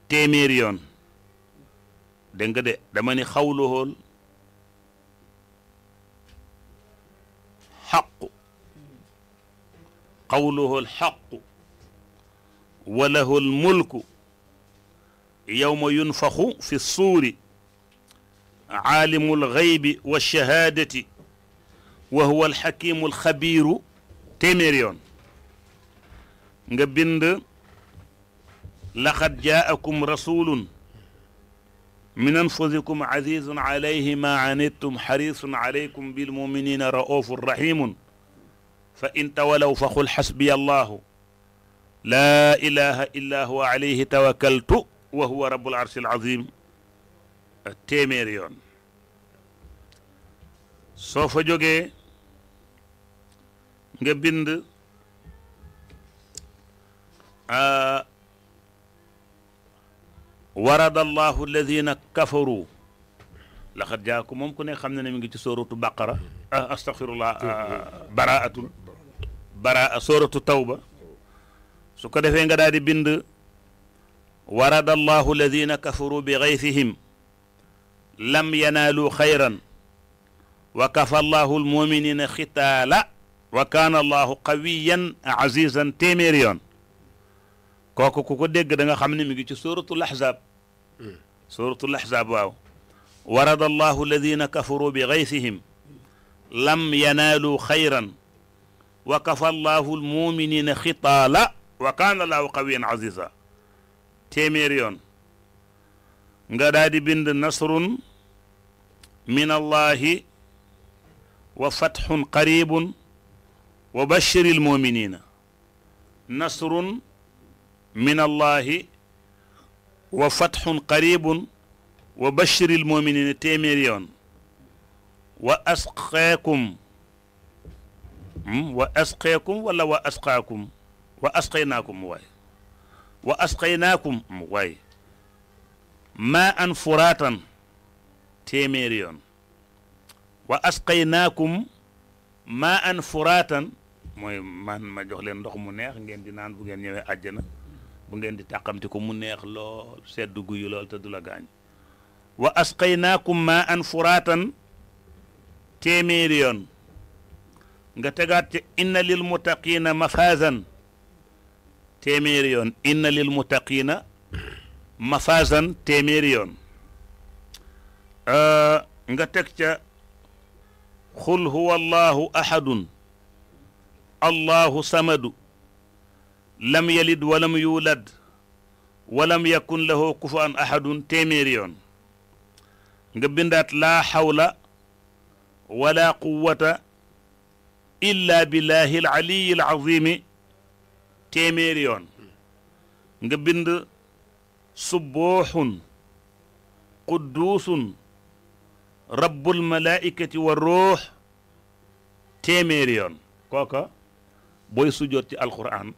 تيميريون دنگا دي داماني قوله الحق الحق قوله الحق وله الملك يوم ينفخ في الصور عالم الغيب والشهادة وهو الحكيم الخبير تيميريون nga لقد جاءكم رسول رسول من أنفسكم عزيز عليه ما عنتم حريص عليكم بالمؤمنين رؤوف رحيم فإن تولوا فقل حسبي الله لا إله إلا هو عليه توكلت وهو رب العرش العظيم التيميريون سوف soo fa ورد الله الذين كفروا لقد جاءكم ممكن خمنا من سورة بقرة أه، أستغفر الله أه، براءة براءة سورة التوبة سكر فين قدر بند ورد الله الذين كفروا بغيثهم لم ينالوا خيرا وكفى الله المؤمنين ختالا وكان الله قويا عزيزا تيميريا كوكو كوكو ديغ داغا خامني ميغي سوره الاحزاب سورة الأحزاب واو ورد الله الذين كفروا بغيثهم لم ينالوا خيرا وكفى الله المؤمنين خطالا وكان الله قويا عزيزا تيميريون غداد بن نصر من الله وفتح قريب وبشر المؤمنين نصر من الله وفتح قريب وبشر المؤمنين تيميريون وأسقاكم وأسقيكم ولا وأسقاكم وأسقيناكم واي وأسقيناكم واي ماء فراتا تيميريون وأسقيناكم ماء فراتا موي ما جوخ لين دوخ مو نيه نين دي نان بوغين نيوي اجنا bu ngeen di tàqamti ko mu neex lool sedd guyu lool te du la gaañ wa asqaynaakum ma an furaatan téeméeri yoon nga tegaat ca inna lil muttaqiina mafaasan téeméeri yoon inna lil muttaqiina mafaasan téeméeri yoon euh, nga teg ca xul huwa allahu ahadun allahu samadu lam yalid walam yuulad walam yakun lahu kufuwan ahadun téeméeri yoon nga bindaat laa xawla wala quwata illa billahi al aliyi al azimi téeméeri yoon nga bind subbooxun qudduusun rabbul malaikati wa ruux téeméeri yoon kooka booy sujoot ci alquran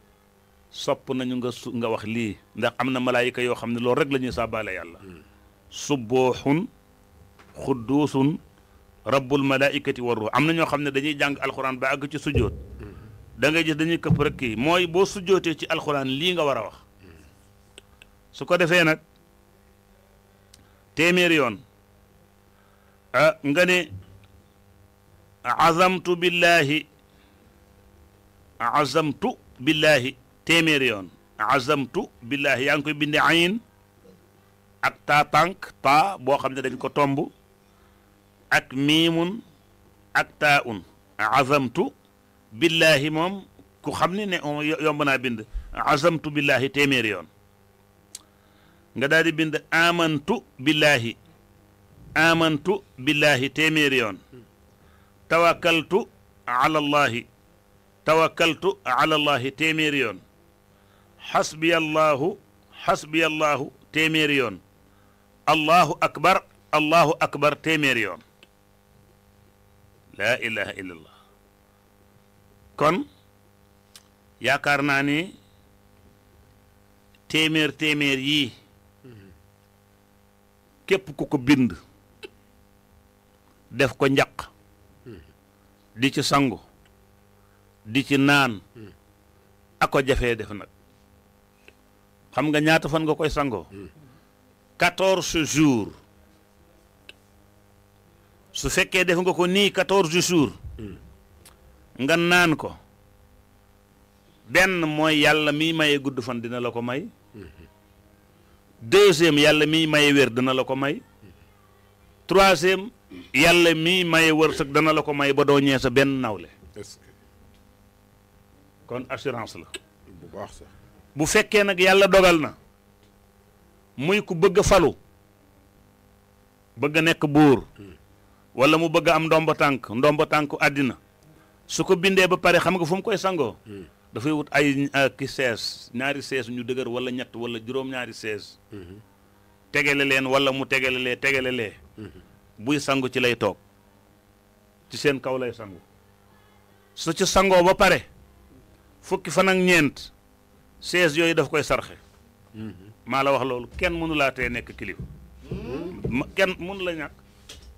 sopp nañu nga su nga wax lii ndax am na malaayika yoo xam ne loolu rek la ñuy sàbbaale yàlla hmm. subbooxun xudduusun rabbul malaayikati wa ruux am na ñoo xam ne dañuy jàng alxuraan ba àgg ci sujjóot hmm. da ngay gis dañuy këpp rek kii mooy boo sujjootee ci alxuraan lii nga war a wax hmm. su ko defee nag téeméeri yoon ah, nga ne azamtu billahi azamtu billahi téeméeri yoon azamtu billahi yaa ngi ayin ak taa tànk taa boo xam ne dañ ko tomb ak miimun ak taa un azamtu billahi moom ku xam ne ne um, yomb naa bind téeméeri yoon nga daal bind amantu billahi amantu billahi téeméeri yoon tawakkaltu ala yoon xasbiyallaahu xasbiyallaahu téeméeri yoon allahu akbar allahu akbar téeméeri yoon laa ilaha illallah kon yaakaar naa ni téeméer yi képp ku ko bind def ko njaq di ci sangu di ci naan hmm. ako jafe def nag xam nga ñaata fan nga koy sangoo quatorze jours su fekkee def nga ko nii quatorze jours nga naan ko benn mooy yàlla miy maye gudd fan dina la ko may deuxième yàlla miy maye wér dina la ko may troisième yàlla miy maye sa dana la ko may ba doo ñee sa benn nawle kon assurance la bu fekkee nag yàlla dogal na muy ku bëgg a falu bëgg nekk buur wala mu bëgg am ndomba tànk ndomba tànk àddina su ko bindee ba pare xam nga fu mu koy sangoo hmm. dafay wut ay ah, ki sees ñaari sees ñu dëgër wala ñett wala juróom-ñaari sees hmm. tegele leen wala mu tegele lee tegele lee hmm. buy sangu ci lay toog ci seen kaw lay sangu su ci sangoo ba pare fukki fan ñeent sees yooyu daf koy sarxe mhm. maa la wax loolu kenn mënu laa tee nekk kilifa kenn mënu la ñàkk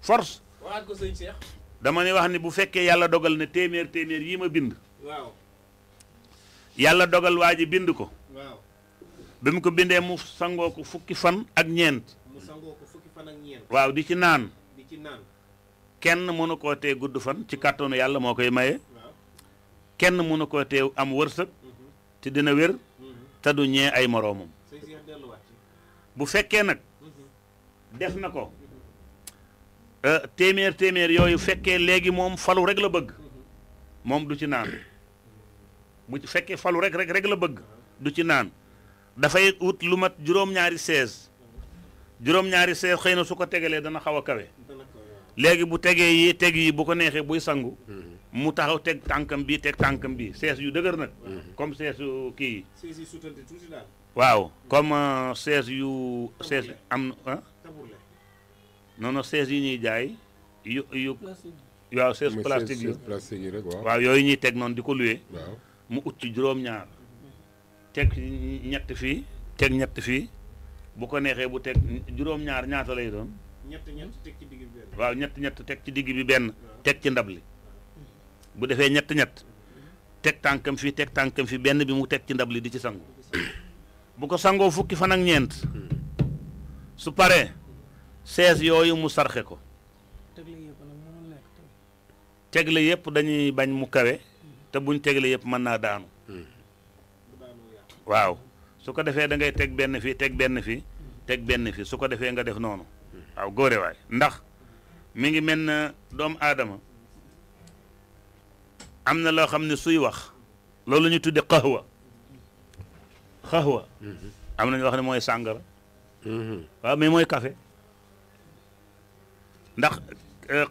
force waxaat dama ne wax ni bu fekkee yàlla dogal ne téeméer téeméer yi ma bind yàlla dogal waa ji bind ko waaw mu ko bindee mu sangoo ko fukki fan ak ñeent waaw di ci naan di ci naan kenn mënu koo tee gudd fan ci kàttanu yàlla moo koy maye kenn mënu koo tee am wërsëg mhm. te dina wér te du ñee ay moroomam bu fekkee nag def na ko euh, téeméer téeméer yooyu fekkee léegi moom falu rek la bëgg moom du ci naan bu fekkee falu rek rek rek la bëgg du ci naan dafay wut lu mat juróom-ñaari seize juróom-ñaari seize xëy na su ko tegalee dana xaw a kawe léegi bu tegee yi teg yi bu ko neexee buy sangu mm-hmm. mu taxaw teg tànkam bii teg tànkam bi sees yu dëgër nag. comme seesu kii. sees yu sutante waaw comme sees yu. sees euh, am ah. non non sees yu ñuy jaay yu yu. waaw sees plastique yu plastique waaw. yooyu ñuy teg noonu di ko luwee. mu ut ci juróom-ñaar. teg ñett fii teg ñett fii bu ko neexee bu teg juróom-ñaar ñaata lay doon. ñett ñett waaw ñett ñett teg ci digg bi benn. teg ci ndab li. bu defee ñett ñett teg tànkam fii teg tànkam fi benn bi mu teg ci ndab li di ci sangu bu ko sangoo fukki fan ak ñeent su paree sees yooyu mu sarxe ko tegle yëpp dañuy bañ mu kawe te buñ tegle yëpp mën naa daanu waaw su ko defee da ngay teg benn fii teg benn fii teg benn fi su ko defee nga def noonu waaw góore waay ndax mi ngi mel na doomu aadama am na loo xam ne suy wax loolu la ñu tudde xahwa xahwa mm-hmm. am na ñoo xam ne mooy sàngara mm-hmm. waaw mais mooy kafe ndax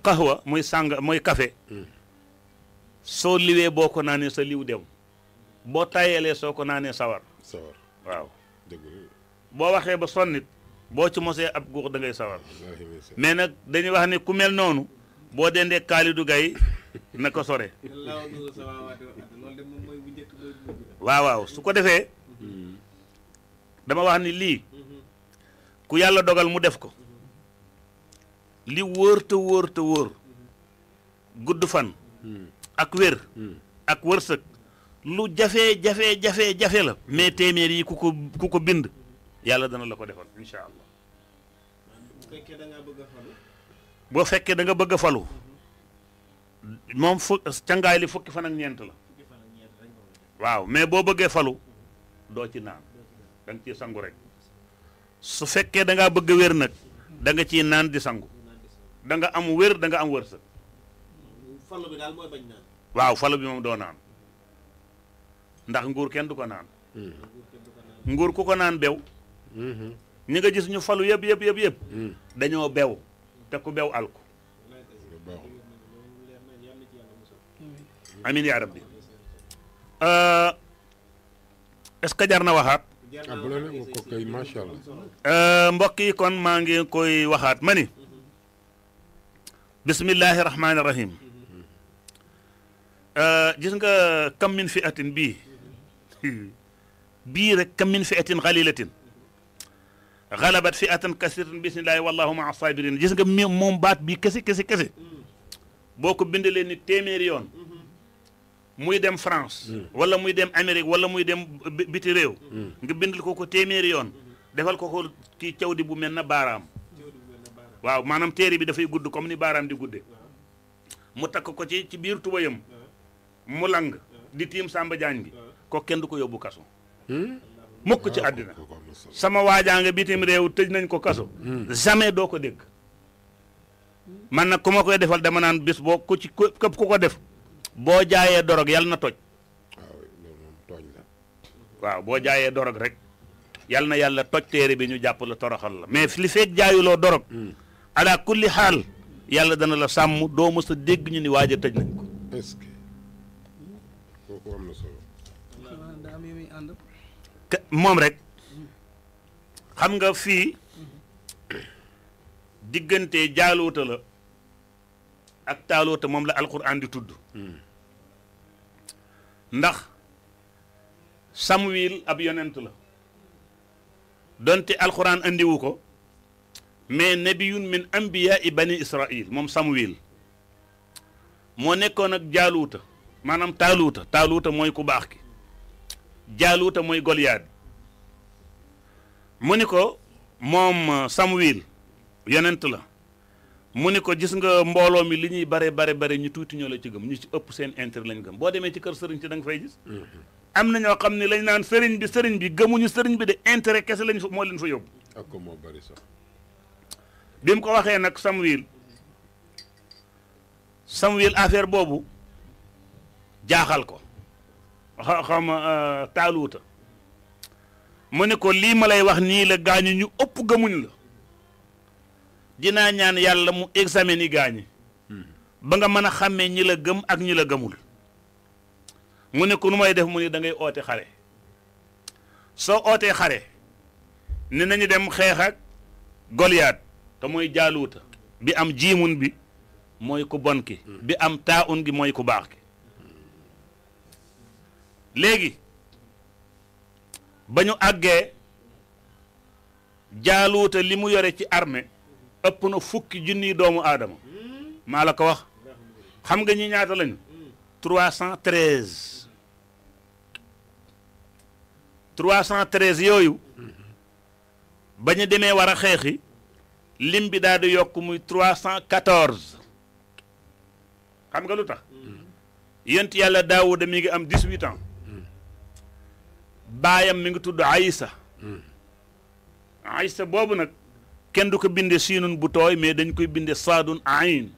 xahwa euh, muy sàng mooy café mm-hmm. soo liwee boo ko naanee sa liw dem boo tàyyeelee soo ko naanee sawar sawar waaw boo waxee ba sonnit boo ci mosee ab guux da ngay sawar mais nag dañuy wax ne ku mel noonu boo dendee kaalidu gay na ko sore. waaw waaw su ko defee. dama wax ni lii. ku yàlla dogal mu def ko. li wóor te wóor gudd fan. ak wér. ak wërsëg. lu jafe jafe jafe jafe la. mais téeméer yi ku ko bind. yàlla dana la ko defal boo fekkee danga nga bëgg a falu. moom fu cangaay li fukki fan ñeent la waaw mais boo bëggee falu doo ci naan da ciy sangu rek su fekkee da ngaa bëgg wér nag danga ciy naan di sangu da nga am wér danga nga am wërsëg bi daal mooy waaw falu bi moom doo naan ndax nguur kenn du ko naan hmm. nguur ku ko naan bew hmm. ñi nga gis ñu falu yëpp yëpp yëpp yëpp hmm. dañoo bew te ku bew alku امين يا ربي ا اسكو جارنا وخات ما كون ماغي كوي وخات ماني بسم الله الرحمن الرحيم ا جيسنغا كم من فئه بي بي رك كم من فئه قليله غلبت فئه كثيره باذن الله والله مع الصابرين جيسنغا موم بات بي كسي كسي كسي بوكو بيندلي ني muy dem France. Mm. wala muy dem Amérique wala muy dem biti réew. Mm. nga bindal ko ko téeméeri yoon. defal ko ko kii cawdi bu mel na baaraam. waaw maanaam téere bi dafay gudd comme ni baaraam di gudde mu takk ko ci ci biir tubayam mu lang di tiim sàmba Jaañ bi ko kenn du ko yóbbu kaso hmm? mukk ci àddina ah, sama waajaa nga bitim réew tëj nañ ko kaso hmm. jamais doo ko dégg man na ku ma koy defal dama naan bis boo ku ci képp ku ko def boo jaayee dorog yal na toj waaw boo jaayee dorog rek yàlla na yàlla toj téere bi ñu jàpp la toroxal la mais li fekk jaayuloo dorog hmm. ala kulli xaal yàlla dana la sàmm doo mës a dégg ñu ni waaj a tëj nañ ko moom rek xam nga fii diggante jaaluuta la ak taaluuta moom la alquran di tudd hmm. ndax Samuel ab yonent la donte alxuraan indiwu ko mais nabiyun min anbiyaai bani israil moom Samuel moo nekkoon ak jaaluuta maanaam taaluuta taaluuta mooy ku baax ki jaaluuta mooy Goliyaad mu ni ko moom Samuel yonent la mu ni ko gis nga mbooloo mi li ñuy bare bare bare ñu tuuti ñoo la ci gëm ñu ci ëpp seen intérêt lañ gëm boo demee ci kër sëriñ si da nga fay gis mm-hmm. am na ñoo xam ne lañ naan sëriñ bi sëriñ bi gëmuñu sëriñ bi de intérêt kese lañ fa moo leen fa yóbbu ak ko moo bari sax bi mu ko waxee nag Samuel samwil affaire boobu jaaxal ko xam euh, taaluwuta mu ne ko lii ma lay wax nii la gaañu ñu ëpp gëmuñu la dinaa ñaan yàlla mu examen yi gaañi ba nga mën a xàmmee ñi la gëm ak ñi la gëmul mu ne ku nu may def mu ne da oote xare soo ootee xare ne nañu dem xeex ak Goliath te mooy jaaluuta bi am jiimun bi mooy ku bon ki bi am taaun gi mooy ku baax ki léegi ba ñu àggee jaaluuta li mu yore ci armée ëpp na fukki junniy doomu aadama maa la ko wax xam nga ñi ñaata lañu trois cent treize trois cent treize yooyu ba ñu demee war a xeexi lim bi daal di yokk muy trois cent quatorze xam nga lu tax yent yàlla daawuda mi ngi am dix-huit ans baayam mi ngi tudd Aysa hmm. Aysa boobu nag kenn du ko binde siinun bu tooy mais dañ koy binde saadun ayn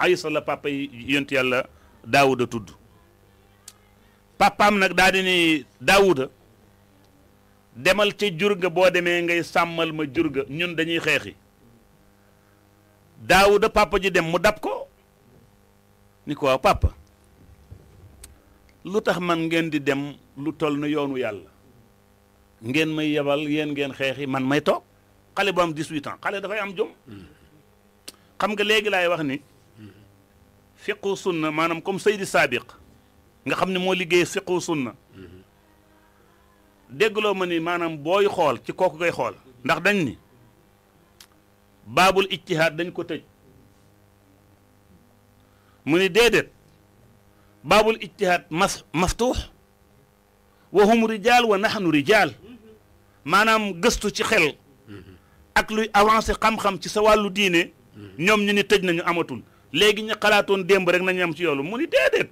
aysa la papa yi yonent yàlla daawuda tudd papaam nag daa di ni daawuda demal ca jur ga boo demee ngay sàmmal ma jur ga ñun dañuy xeexi daawuda papa ji dem mu dab ko ni ko waaw papa lu tax man ngeen di dem lu toll na yoonu yàlla ngeen may yebal yéen ngeen xeexi man may toog xale bu am 18 ans xale dafay am jom xam nga léegi laay wax ni fiqu sunna maanaam comme Seydi Saabiq nga xam ne moo liggéey fiqu sunna déggloo ma ni maanaam booy xool ci kooku ngay xool ndax dañ ni baabul ijtihaad dañ ko tëj mu ni déedéet baabul ijtihaad mas maftuux wa hum rijaal wa naxnu rijaal maanaam gëstu ci xel ak luy avancer xam-xam ci sa walu diine ñom ñu ni tëj nañu amatul léegi ñi xalaatoon demb rek nañu am ci yoolu mu ni dedet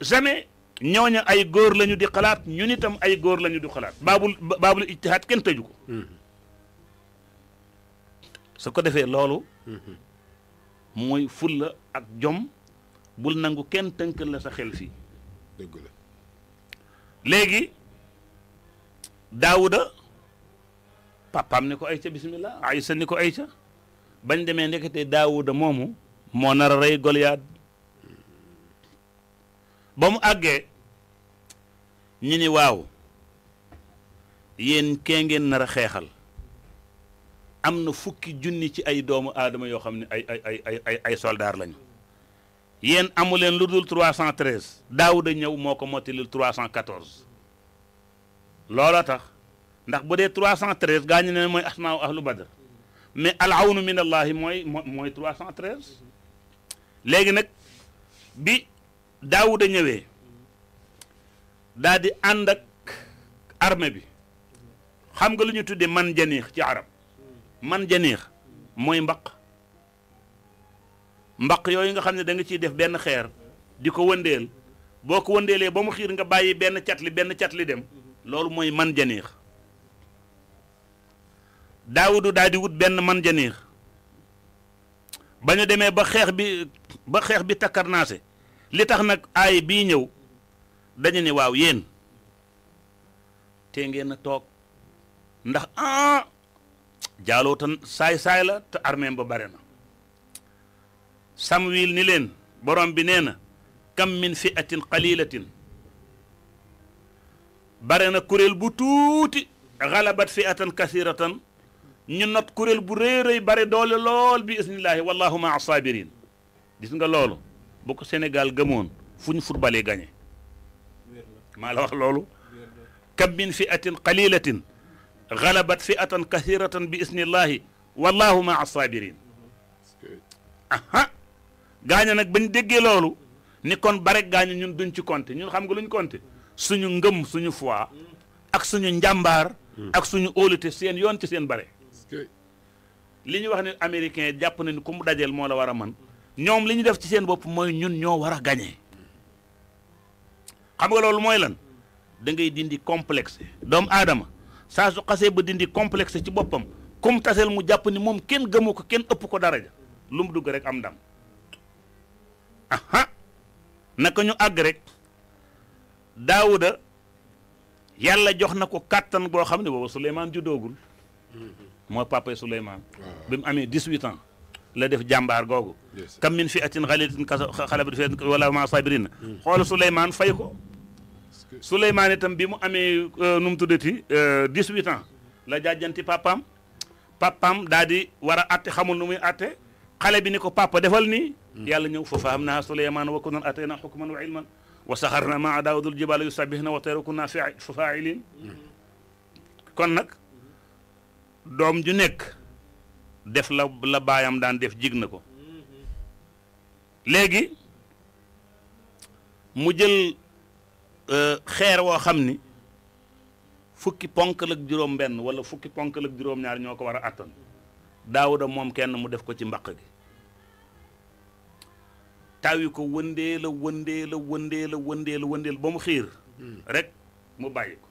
jamais ñoña ay goor lañu di xalaat ñun itam ay goor lañu di xalaat babul babul ijtihaad ken tëju ko su ko defee loolu mooy la ak jom bul nangu kenn tënkal la sa xel fii dëgg la léegi daawuda papaam ni ko ay ayca bismillah aysa ni ko ay ayca bañ demee ndekete daawuda moomu moo nar a rey Goliath ba mu àggee ñu ni waaw yéen kee ngeen nar a xeexal am na fukki junni ci ay doomu aadama yoo xam ne ay ay ay ay ay soldaar lañu yéen amu leen lu dul 313 daawuda ñëw moo ko mottilil 314 loola tax ndax bu dee 313 gaa ñu ne mooy asmaaw ahlu badr mais al awnu min allahi mooy mooy 313 léegi nag bi daawuda ñëwee daal di ànd ak armée bi xam nga lu ñu tuddee man janiix ci arab man janiix mooy mbaq mbaq yooyu nga xam ne da nga ciy def benn xeer di ko wëndeel boo ko wëndeelee ba mu xiir nga bàyyi benn catli benn catli dem loolu mooy man janiix daawudu daal di wut benn man janiir ba ñu demee ba xeex bi ba xeex bi takkarnaase li tax nag aay bii ñëw dañu ni waaw yéen tee ngeen a toog ndax ah jaaloo tan saay-saay la te armeem ba bare na samwil ni leen borom bi nee kam min fiatin qalilatin bare na kuréel bu tuuti xalabat fiatan kasiratan ñu not kurel bu reey reey bare doole lool bi bismillahi wallahu ma sabirin gis nga loolu bu ko sénégal gëmoon fuñ footballé gagné ma la wax غلبت فئة كثيرة بإذن الله والله مع الصابرين أها غاني نك بن لولو نيكون بارك غاني نون دون سي كونتي نون خام غلو كونتي سنجم نغم سونو فوا اك سونو نجامبار اك سونو اولتي يونتي سين بارك li ñu wax ni américain japp nañ ku mu dajel moo la war a man ñoom li ñu def ci seen bopp mooy ñun ñoo war a xam nga loolu mooy lan da ngay dindi complexe doomu aadama saa su xasee ba dindi complexe ci boppam kum mu japp ni moom kenn gëmu ko kenn ëpp ko daraja lu mu dugg rek am ndam aha naka ñu àgg rek daawuda yàlla jox na ko kàttan boo xam ne booba suleymaan moy papa souleyman bim amé 18 ans la def jambar gogo kam min fi'atin atin khalabat kasa fi wala ma sabirin khol souleyman fay ko. souleyman itam bim amé num tudeti 18 ans la jàjjanti papam papam dadi wara atte xamul numuy atte xale bi ni ko papa defal ni yàlla ñëw fa amna souleyman wa kunna atayna hukman wa ilman wa saxarna maa al jibaala yusabbihna wa tayra kunna fa'ilin kon nak doom ju nekk def la la baayam daan def jig na ko léegi mu jël euh, xeer woo xam ni fukki ponkal ak juróom benn wala fukki ponkal ak juróom ñaar ñoo ko war a àttan daawuda moom kenn mu def ko ci mbaq gi tawi ko wëndee la wëndee la wëndee la wëndee ba mu xiir hmm. rek mu bàyyi ko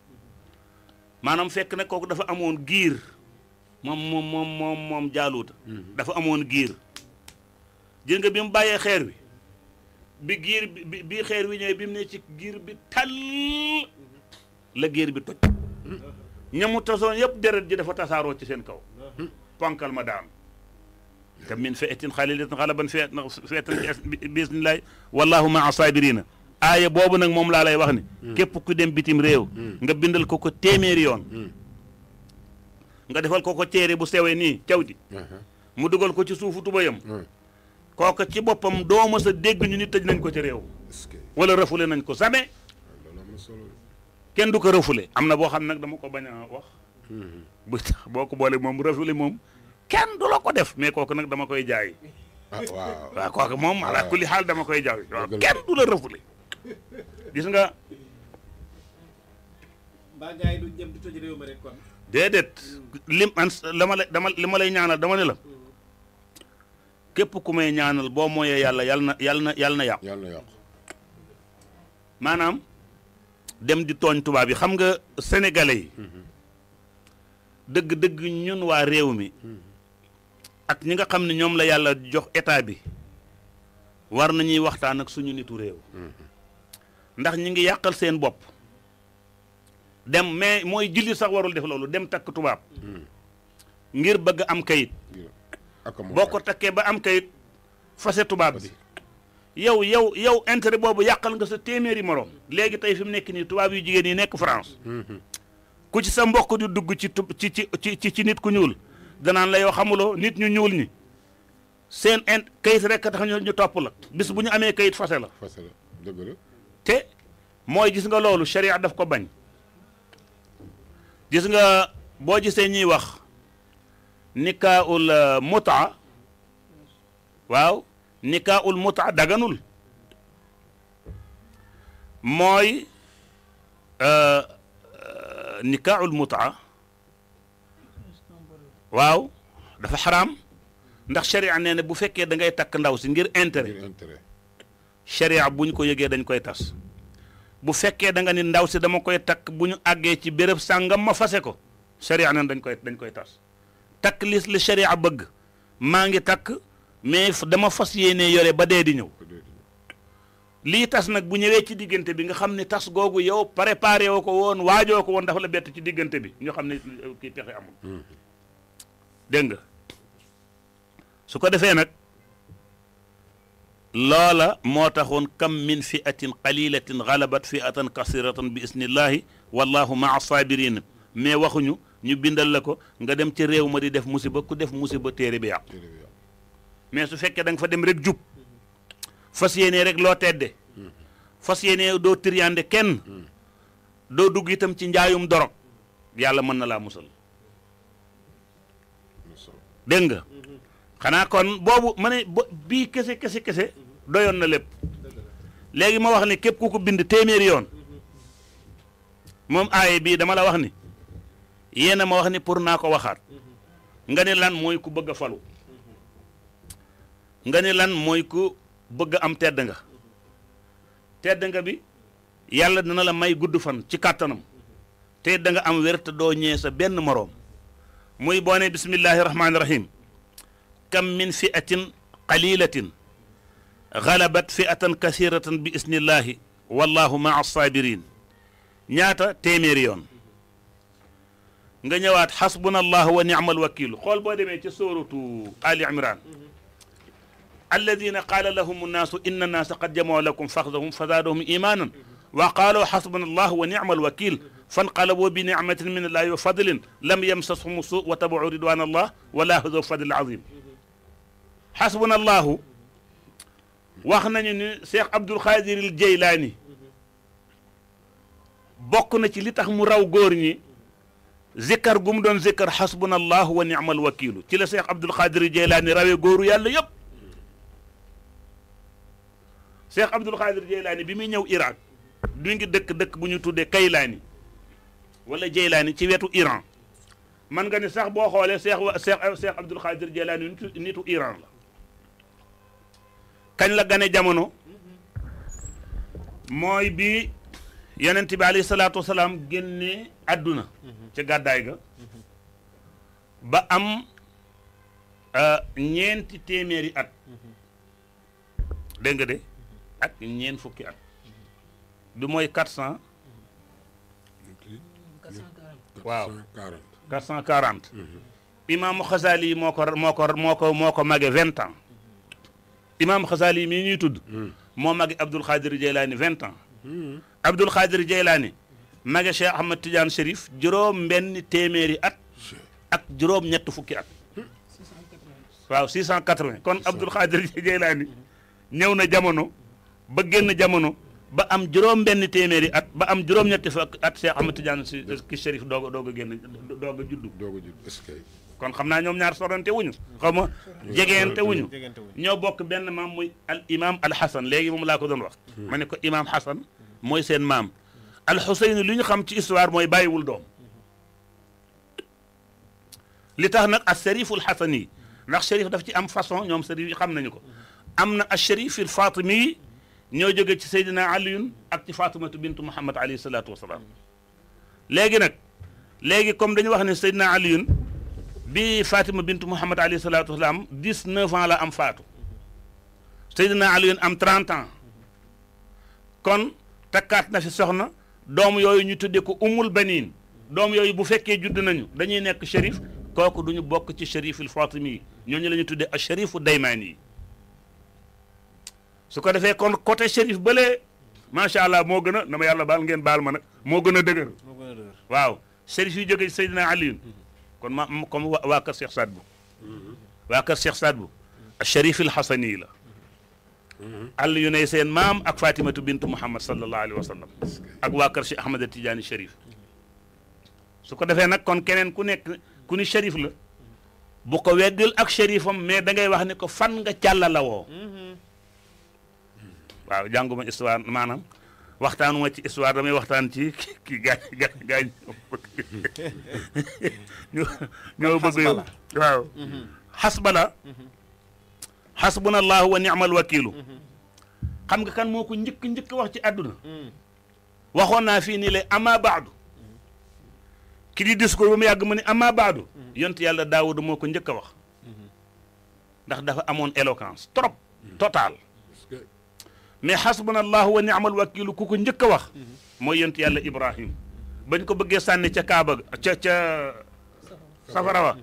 maanaam fekk na kooku dafa amoon giir mom mom mom mom mom jaaluuta dafa amone giir jën nga bi baye xeer bi bi giir bi xeer wi ñëwee bi ne ci giir bi tal la giir bi toj ñamu tasoon yëpp deret ji dafa tasaro ci seen kaw ponkal ma daam te min fa'atin xaalilatin ghalaban fee feetan bismillahi wallahu maa saabirina aya bobu nak mom la lay wax ni kep ku dem bitim rew nga bindal ko ko temer yon nga defal ko ko téere bu sewee nii caw di uh-huh. mu dugal ko ci suufu tubayam hmm. kooka ci boppam doo mës a dégg ñu nit tëj nañ ko ci réew wala refoulé nañ ko jamais kenn du ko refoulé am na boo xam nag dama ko bañ a wax hmm. bu boo ko boole moom refoulé moom kenn du la ko def mais kooku nag dama koy jaay ah, waaw waaw kooku moom ala ah. kulli xaal dama koy jaay waaw kenn du la refoulé gis nga mbaa yi du jëm déedéet lim an la ma la dama li ma lay ñaanal dama ne la képp ku may ñaanal boo mooyee yàlla yàlla na yàlla na yàlla na yàqu. yàlla na yàqu maanaam dem di tooñ tubaab yi xam nga sénégalais yi. dëgg-dëgg mm-hmm. ñun waa réew mi. Mm-hmm. ak ñi nga xam ne ñoom la yàlla jox état bi war nañuy waxtaan ak suñu nitu réew. Mm-hmm. ndax ñi ngi yàqal seen bopp. dem mais mooy julli sax warul def loolu dem takk tubaab. Hmm. ngir bëgg am kayit. boo ko takkee ba am kayit fase tubaab bi. yow yow yow intérêt boobu yàqal nga sa téeméeri morom. léegi tey fi mu nekk nii tubaab yu jigéen yi nekk France. Hmm. ku ci sa mbokk di dugg ci tub ci ci ci ci nit ku ñuul. danaan la yoo xamuloo nit ñu ñuul ñi. seen int kayit rek tax ñu topp la. bis bu ñu amee kayit fase la. fase la la. te mooy gis nga loolu sharia daf ko bañ. gis nga boo gisee ñuy wax nikaaul muta waaw nikaaul muta daganul mooy nikaaul muta waaw dafa xaraam ndax sharia nee na bu fekkee da ngay takk ndaw si ngir intérêt sharia buñ ko yëgee dañ koy tas bu fekkee da nga ni ndaw si dama koy takk bu ñu àggee ci béréb sàngam ma fase ko sharia nan dañ koy dañ koy tas takk li li sharia bëgg maa ngi takk mais dama fas yéene yore ba dee di ñëw lii tas nag bu ñëwee ci diggante bi nga xam ne tas googu yow préparé woo ko woon waajoo ko woon dafa la bett ci diggante bi ñoo xam ne kii pexe amul hmm. dégg nga su ko defee nag loola moo taxoon kam min fiatin qalilatin galabat fiatan kasiratan bi isnillahi wallahu maa sabirin mais waxuñu ñu bindal la ko nga dem ci réew ma di def musiba ku def musiba téere bi yàqu mais su fekkee da nga fa dem rek jub fas yéene rek loo tedde fas yéene doo triande kenn doo dugg itam ci njaayum dorog yàlla mën na laa musal dégg nga xanaa kon boobu ma ne bii kese kese kese doyoon na lépp léegi ma wax ni képp ku ko bind téeméeri yoon moom aaye bii dama la wax ni yéena ma wax ni pour naa ko waxaat nga ni lan mooy ku bëgg a falu nga ni lan mooy ku bëgg am tedd nga tedd nga bi yàlla dina la may gudd fan ci kàttanam te danga am wér te doo ñee sa benn moroom muy boo ne bismillahi rahmaani rahim kam min fi'atin qalilatin غلبت فئة كثيرة بإسم الله والله مع الصابرين نياتا تيميريون نغنيوات حسبنا الله ونعم الوكيل خول بودي مي سورة آل عمران الذين قال لهم الناس إن الناس قد جمعوا لكم فخذهم فزادهم إيمانا وقالوا حسبنا الله ونعم الوكيل فانقلبوا بنعمة من الله وفضل لم يمسسهم سوء وتبعوا رضوان الله ولا هذو فضل عظيم حسبنا الله wax nañu ni Cheikh Abdul Xaadir al Jeylaani bokk na ci li tax mu raw góor ñi zikkar gu mu doon zikkar xasbuna allahu wa ni'mal wakiilu ci la Cheikh Abdul Xaadir al Jeylaani rawee góoru yàlla yëpp Cheikh Abdul Xaadir Jeylaani bi muy ñëw Irak du ngi dëkk dëkk bu ñu tuddee Kaylaani wala Jeylaani ci wetu Iran man nga ni sax boo xoolee Cheikh Cheikh Cheikh Abdul Xaadir Jeylaani nitu Iran la kañ la gane jamono mooy bi yonent bi alayhi salaatu wasalaam génne àdduna ca gàddaay ga ba am euh, ñeenti téeméeri at dégg nga de ak ñeent fukki at du mooy quatre cent waaw quatre cent quarante imaamu Xasaali moo ko moo ko moo ko moo vingt ans imaam Xasaali mii ñuy tudd. moo magi Abdul khadir Jeylaani 20 ans. Abdul Xaadir Jeylaani magi Cheikh Ahmad Tidiane Chérif juróom benn téeméeri at. ak juróom ñett fukki at. waaw 680 kon Abdul khadir Jeylaani ñëw na jamono ba génn jamono. ba am juróom benn téeméeri at ba am juróom-ñetti fukk at Cheikh Ahmad Tidiane si ki Chérif doog a doog a génn doog a juddu. doog a juddu est-ce kon xam naa ñoom ñaar sorante wuñu xaw ma jegeente wuñu ñoo bokk benn maam muy al imam al xasan léegi moom laa ko doon wax ma ne ko imam xasan mooy seen maam al xuseyn li ñu xam ci histoire mooy bàyyiwul doom li tax nag as shariful xasan yi ndax sharif daf ci am façon ñoom sharif yi xam nañu ko am na as sharifil fatimi yi ñoo jóge ci Seydina Aliyun ak ci Fatimatu bintu Muhammad alayhi salaatu wasalaam léegi nag léegi comme dañu wax ne Seydina Aliyun bi Fatima bint Mouhamad alayhi salaatu wasalaam dix neuf ans la am faatu Seydina Aliyun am trente ans kon takkaat na fi soxna doom yooyu ñu tuddee ko umul baniin doom yooyu bu fekkee judd nañu dañuy nekk shérif kooku duñu bokk ci shériful fatimi yi ñooñu la ñu tuddee ak shérifu daymaani yi su ko defee kon côté shérif bële macha allah moo gën a na ma yàlla baal ngeen baal ma nag moo gën a dëgër. moo gën a dëgër waaw shérif yu jógee Seydina Aliyun كون ما كوم واك الشيخ سعد بو واك الشيخ سعد بو الشريف الحسني لا علي يونيسين مام اك فاطمه بنت محمد صلى الله عليه وسلم اك واك الشيخ احمد التجاني الشريف سوكو دافي نا كون كينن كو نيك كو ني شريف لا بو كو ويدل اك شريفم مي دا غاي واخ نيكو فان غا تيالا لا واو جانغوما استوار مانام waxtaan ma ci histoire damay waxtaan ci kii gaañ gaañ ñu ñoo bëgg yow waaw mm-hmm. xasbana mm-hmm. xasbuna allahu wa ni'mal mm-hmm. nga kan moo njëkk njëkk wax ci àdduna mm. naa fii nii lay ama baadu mm. ki di discours ba mu yàgg mu ne ama baadu yont yàlla daawuda moo ko njëkk a wax ndax dafa amoon éloquence trop mm. total ne hasbuna allah wa ni'mal wakilu ku ko ñëk wax mooy yent yàlla ibrahim bañ ko bëggé sànni ca kaaba ca ca safara wa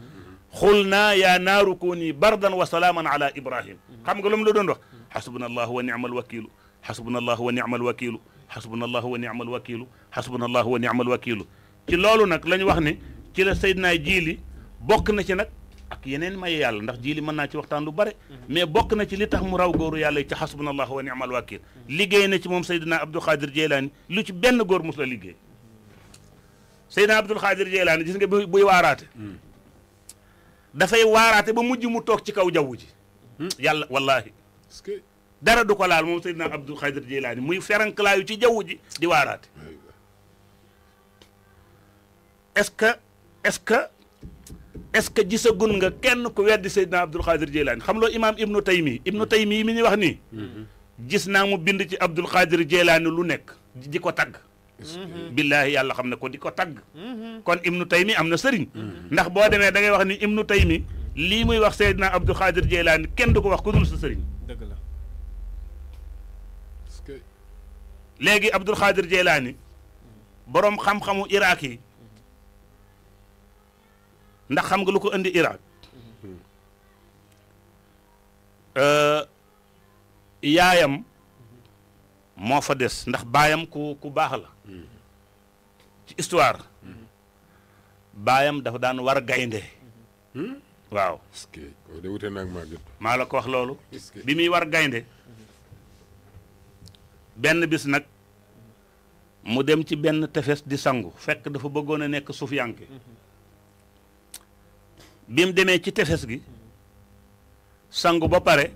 khulna ya yaa naaru bardan wa salaman ala ibrahim xam nga lu la doon wax hasbuna allah wa ni'mal wakilu hasbuna allah wa ni'mal wakilu hasbuna allah wa ni'mal wakilu hasbuna allah wa ni'mal wakilu ci lolu nak lañ wax ni ci la saydnaa jili bok na ci nak ak yeneen maye yàlla ndax jii li mën naa ci waxtaan lu bare mais bokk na ci li tax mu raw góoru yàlla ci xasbunallahu wa ni'mal wakil liggéey na ci moom Seydina Abdul Xaadir Jeylaani lu ci benn góor mos la liggéey Seydina Abdul Xaadir Jeylaani gis nga bu buy waaraate dafay waaraate ba mujj mu toog ci kaw jaww ji yàlla wallahi dara du ko laal moom Seydina Abdul Xaadir Jeylaani muy ferankalaayu ci jaww ji di waaraate est-ce que est-ce que est-ce que gisagun nga kenn ku weddi Seydina Abdul Xaadir Jeylaani xam loo imaam Ibnu Taymi Ibnu Taymi mi ñuy wax ni mm-hmm. gis naa mu bind ci Abdul Xaadir Jeylaani lu nekk di ko tagg. Mm-hmm. billaahi yàlla xam ne ko di ko tagg. Mm-hmm. kon Ibnu Taymi am na sëriñ. ndax boo demee da ngay wax ni Ibnu Taymi lii muy wax Seydina Abdul Xaadir Jeylaani kenn du ko wax ku dul sa sëriñ. dëgg la léegi Abdul Xaadir Jeylaani borom xam-xamu Irak ndax xam nga lu ko indi Irak euh, yaayam moo fa des ndax baayam ku ku baax la ci histoire baayam dafa daan war gaynde waaw maa la ko wax loolu bi muy war gaynde benn bis nag mu dem ci benn tefes di sangu fekk dafa bëggoon a nekk suuf yànke bi mu demee ci tefes gi sangu ba pare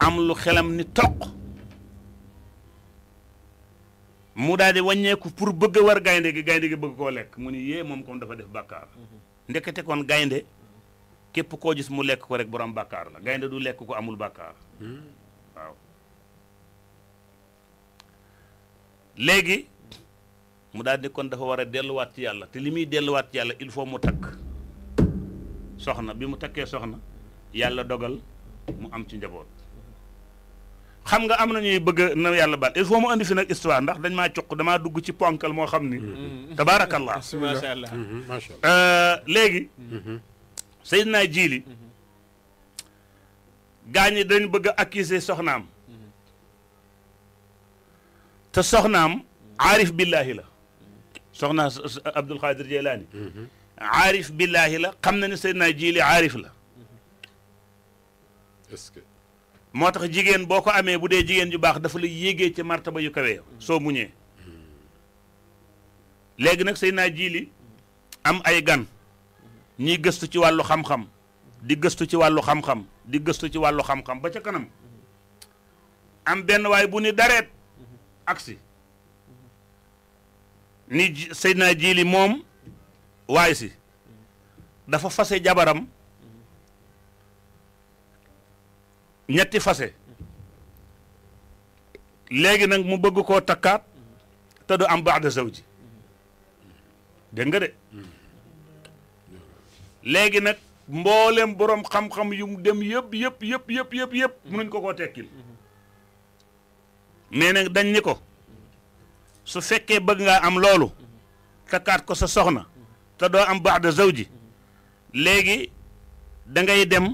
am lu xelam ni toq mu daal di wàññeeku pour bëgg a war gaynde gi gaynde gi bëgg koo lekk mu ni yee moom kon dafa def bàkkaar ndekete kon gaynde képp koo gis mu lekk ko rek borom bàkkaar la gaynde du lekk ko amul bàkkaar léegi mu daal di kon dafa war a delluwaat ci yàlla te li muy delluwaat ci yàlla il faut mu takk soxna bi mu takkee soxna yàlla dogal mu am ci njaboot xam nga am na ñuy bëgg na yàlla baal il faut mu andi fi nag histoire ndax dañ maa cuq damaa dugg ci ponkal moo xam ni. tabaarakallah macha allah macha allah léegi. Seydina Jiili. gaañ yi dañ bëgg a accuser soxnaam. te soxnaam arif billahi la. soxna Abdul Xaadir Jeylaani aarif billaahi la xam na ne naa Jiili aarif la est moo tax jigéen boo ko amee bu dee jigéen ju baax dafa la yéegee ci martaba yu kawee soo muñee léegi nag naa Jiili am ay gan ñiy gëstu ci wàllu xam-xam di gëstu ci wàllu xam-xam di gëstu ci wàllu xam-xam ba ca kanam am benn waay bu ni dareet agsi ni naa Jiili moom waay si dafa fase jabaram ñetti fase léegi nag mu bëgg koo takkaat te du am ba'da zawji dégg nga de léegi nag mboolem borom xam-xam yu mu dem yëpp yëpp yëpp yëpp yëpp yëpp mënuñ ko koo tekkil mais nag dañ ni ko su fekkee bëgg ngaa am loolu takkaat ko sa soxna te doo am baax de zawji léegi da ngay dem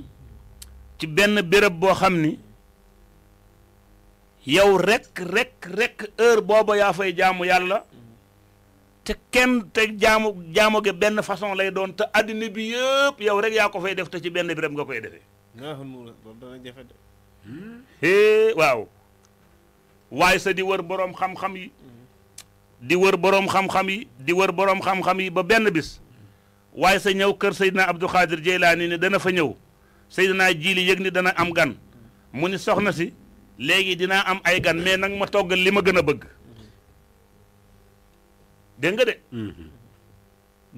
ci benn béréb boo xam ni yow rek rek rek heure booba yaa fay jaamu yàlla te kenn te jaamu jaamu ge benn façon lay doon te addina bi yëpp yow rek yaa ko fay def te ci benn béréb nga koy defee. waaw waaye sa di wër boroom xam-xam yi. Mm. di wër boroom xam-xam yi di wër boroom xam yi ba benn bis waaye sa ñëw kër Seydina Abdou Khadir Jeylaani ne dana fa ñëw Seydina Jiili yëg ni dana am gan mu ni soxna si léegi dinaa am ay gan mais nag ma toggal li ma gën a bëgg dégg nga de mm-hmm.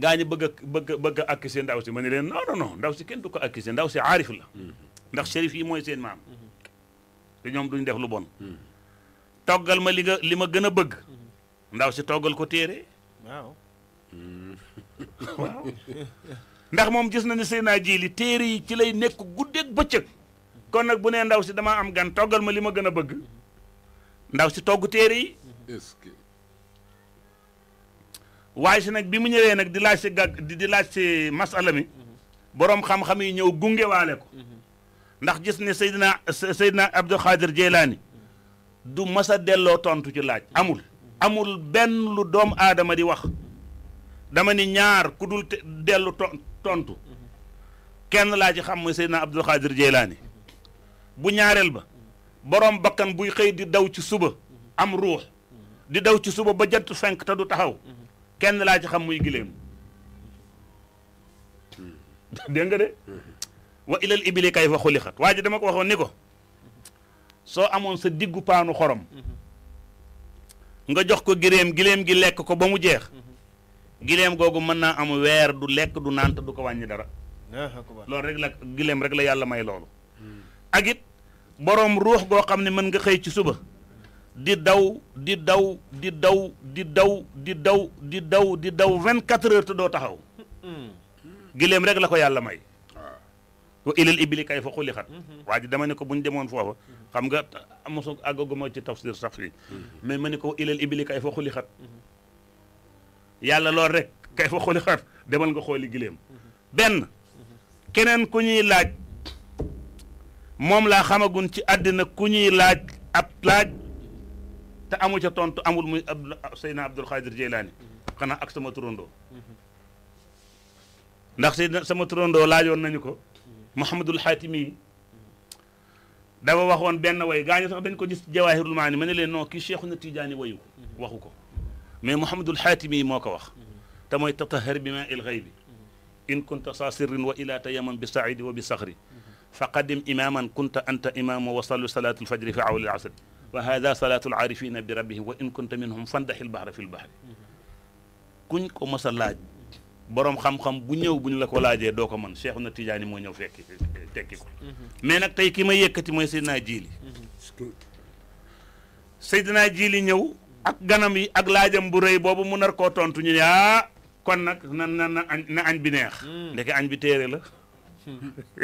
gaa ñi bëgg a bëgg bëgg a accusé ndaw si ma ne leen non ndaw si kenn du ko accusé ndaw si aarif la mm-hmm. ndax shérif yi mooy seen maam mm-hmm. te ñoom duñ def lu bon toggal ma li nga li ma gën a bëgg ndaw si toggal ko téere ndax moom gis nañu seen ji li téere yi ci lay nekk guddeeg bëccëg kon nag bu nee ndaw si damaa am gan toggal ma li ma gën a bëgg ndaw si togg téere yi waaye si nag bi mu ñëwee nag di laaj si gàgg di laaj si masala mi boroom xam-xam yi ñëw gungewaale ko ndax gis ne Seydina Seydina Abdul Xaadir Jeylaani du masa delloo tontu ci laaj amul amul benn lu doom aadama di wax dama ni ñaar ku dul dellu tontu kenn laa ci xam mooy Seydina Abdul Xaadir Jeylaani bu ñaareel ba boroom bakkan buy xëy di daw ci suba am ruux di daw ci suba ba jant fenk te du taxaw kenn laa ci xam muy gileem dégg nga de wa ilal ibili kay fa xuli xat waa ji dama ko waxoon ni ko soo amoon sa diggu paanu xorom nga jox ko Gilem, Gilem gi lekk ko ba mu jeex mhm. gileem googu mën naa am weer du lekk du nant du ko wàññi dara loolu rek la gileem rek la yàlla may loolu hmm. ak it boroom ruux goo xam ne mën nga xëy ci suba di daw di daw di daw di daw di daw di daw di daw 24 heures te doo taxaw hmm. rek la ko yàlla may ah. wa ilal ibili kay fa xuli mhm. waa ji dama ne ko buñ demoon hmm. xam nga mosu àggaguma ci tafsir sax fii mm-hmm. mais ma ne ko ilal ibili kay fa xuli xat mm-hmm. yàlla loolu rek kay fa xuli xat demal nga xooli gileem mm-hmm. benn keneen ku laaj moom laa xamagun ci àddina ku ñuy laaj ab laaj te amu ca tontu amul muy abd Seydina Abdul Xaadir Jeylaani xanaa ak sama turandoo ndax Seydina sama turandoo laajoon nañu ko Muhammadul Xaatimi dafa waxoon benn way gaañu sax dañ ko gis jawahirul maani ma ne leen non ki cheikh na Tijaani wayu waxu ko mais Mouhamadul Xaatimi moo ko wax te mooy tatahar bi ma il xaybi in kunta saa sirrin wa ila tayaman bi saidi wa bi saxri fa qadim imaman kunta anta imam wa sallu salaatul fajri fi awlil asr wa hada salaatul aarifina bi rabbihim wa in kunta minhum fandaxil bahra fi lbahri kuñ ko mos laaj borom xam-xam bu ñëw bu ñu la ko laajee doo ko man Cheikh na Tidiane moo ñëw fekk tekki ko. Mhm. mais nag tey ki ma yëkkati mooy Seydina Jiili. Mhm. Seydina Jiili ñëw. ak ganam yi ak laajam bu rëy boobu mu nar koo tontu ñu ne ah kon nag na na añ bi neex. Hmm. ndeke añ bi téere la. Hmm.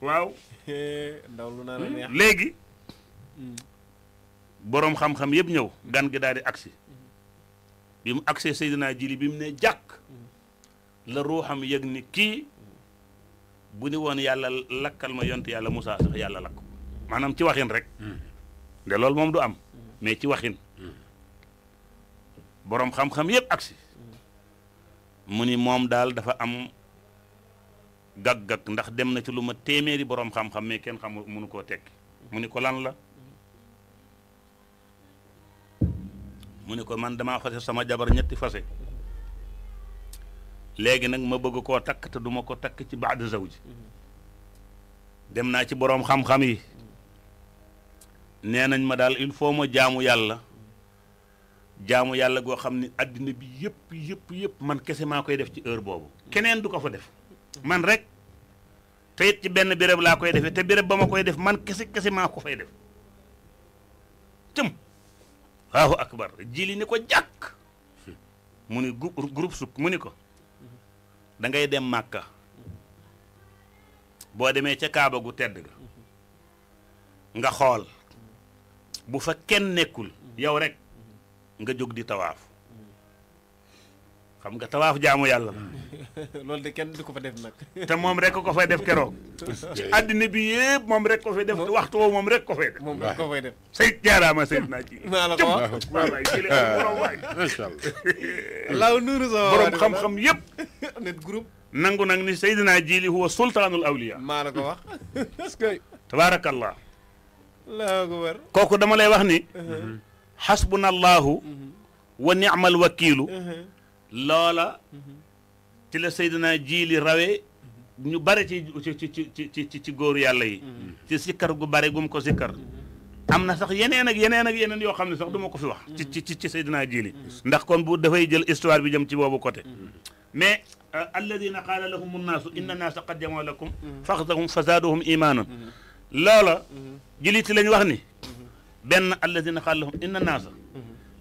Hmm. léegi. borom xam-xam yëpp ñëw gan gi daal di agsi bi mu agsee Seydina Jiili bi mu ne jàkk. la ruham yegni ki bu ni won yalla lakkal ma yont yalla musa sax yalla lak manam ci waxin rek hmm. de lol mom du am mais ci waxin hmm. borom xam-xam yeb aksi hmm. muni mom dal dafa am gag-gag ndax dem na ci luma téméri borom xam-xam mais ken xam mënu ko tek muni ko lan la muni ko man dama fase sama jabar ñetti fase léegi nag ma bëgg koo takk te duma ko takk ci baada zawji dem naa ci boroom xam-xam yi nee nañ ma daal il faut ma jaamu yàlla jaamu yàlla goo xam ne àddina bi yëpp yëpp yëpp man kese maa koy def ci heure boobu keneen du ko fa def man rek te it ci benn béréb laa koy defee te béréb ba ma koy def man kese kese maa ko fay def tëm waaw akbar jili ni ko jàkk mu ni groupe sukk mu ni ko da ngay dem màkka boo demee ca kaaba gu tedd ga nga xool bu fa kenn nekkul yow rek nga jóg di tawaafu xam nga tawaf jaamu yàlla la. loolu de kenn du ko fa def nag. te moom rek ko fay def keroog. ci àddina bi yëpp moom rek ko fay def. waxtu woowu moom rek ko fay def. moom rek ko fay def. sayt jaaraama sëy naa ci. maa la ko wax waaw waay jële borom waay. macha allah. laaw nuru sa borom xam-xam yëpp. net groupe. nangu nag ni Seydina jili huwa sultanul awliya. maa la ko wax. est-ce que. laa ko war. kooku dama lay wax ni. xasbunallahu. wa ni'mal wakiilu. loola ci la Seydina Jiili rawee ñu bare ci ci ci ci ci góor yàlla yi ci sikkar gu bare gum ko sikkar amna sax yeneen ak yeneen ak yeneen yo xam sax duma ko fi wax ci ci ci sayyidina jili ndax kon bu dafay jël histoire bi jëm ci bobu côté mais alladhina qala lahum an-nas inna an-nas qad jamaa lakum fakhdhum fazaduhum imanan lola jili ci lañ wax ni ben alladhina qala lahum inna an-nas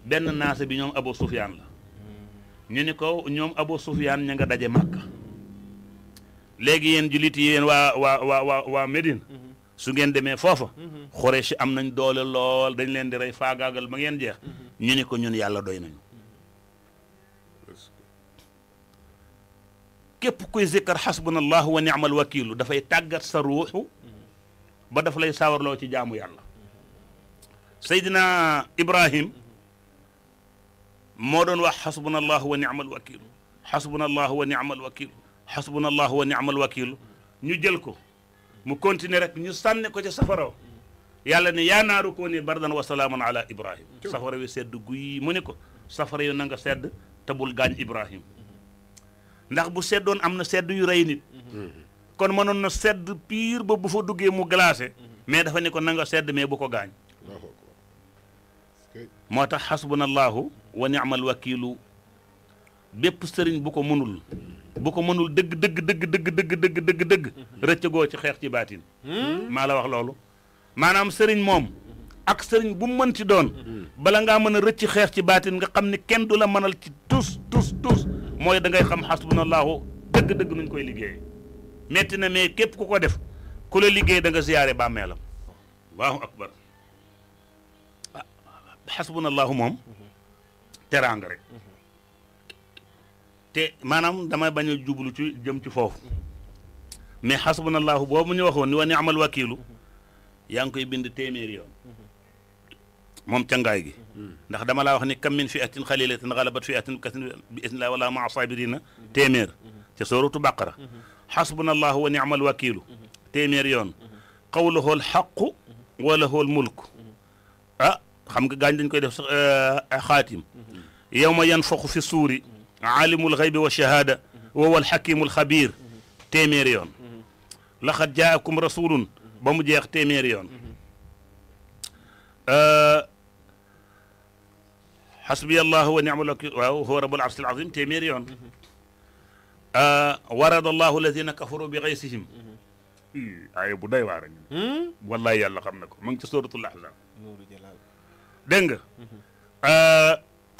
ben nas bi ñom Abu sufyan la ñu ni ko ñoom Abu Sufyaan ña nga daje Makka léegi yéen jullit yi yéen waa waa waa waa waa mhm. su ngeen demee foofa Xuraysh mhm. am nañ doole lool dañ leen di rey faagaagal ma ngeen jeex mhm. ñu ni ko ñun yàlla doy nañu képp kuy zikkar xasbunallahu wa ni'mal wakiilu dafay tàggat sa ruuxu ba daf lay sawarloo ci jaamu yàlla Seydina Ibrahim مودون واخ حسبنا الله ونعم الوكيل حسبنا الله ونعم الوكيل حسبنا الله ونعم الوكيل ني جيل مو كونتيني رك ني سان كو سي سفرو يالا ني يا نار كوني بردان وسلاما على ابراهيم سفرو سيد غوي مو نيكو سفرو نانغا سيد تبول غان ابراهيم ndax bu seddon amna sedd yu ray nit kon manon na sedd pire ba bu fa duggé mu glacé mais dafa ne ko nanga sedd mais bu ko gañ motax hasbunallahu wa ni'mal wakiilu bépp sëriñ bu ko mënul bu ko mënul dëgg dëgg dëgg dëgg dëgg dëgg dëgg dëgg ci xeex ci baatin hmm? maa la wax loolu maanaam sëriñ moom ak sëriñ bu mu mënti doon hmm. bala ngaa mën a rëcc xeex ci baatin nga xam ni kenn du la mënal ci tus tus tus mooy da ngay xam xasbunallaahu dëgg dëgg nuñ koy liggéey metti na mais képp ku ko def ku la liggéey da nga ziyaare bàmmeelam allahu akbar xasbunallaahu ah, moom teraanga rek te maanaam dama bañ a ci jëm ci foofu mais xasbunallaahu boobu ñu waxoon ni wa ni'mal wakiilu yaa ngi koy bind téeméeri yoon moom cangaay gi ndax dama laa wax ni kam min fi'atin xalilatin xalabat fi'atin kasin bi isnillah wala maa sabirina téeméer ca sooratu baqara xasbunallaahu wa ni'mal wakiilu téeméer yoon qawluhu alxaqu wa lahu almulk xam nga gaañ dañ koy def sax xaatim yawma yanfaxu fi suuri aalimul xaybi wa shahaada wa huwa alxakimul xabiir téeméeri yoon laxat jaakum rasulun ba mu jeex téeméeri yoon xasbiya allahu wa nicmal wakiil waaw huwa rabbul arsil azim téeméeri yoon warada allahu alladina kafaru bi gaysihim aaya bu day waar wallahi yàlla xam na ko ma ngi ci suratul ahzab deng nga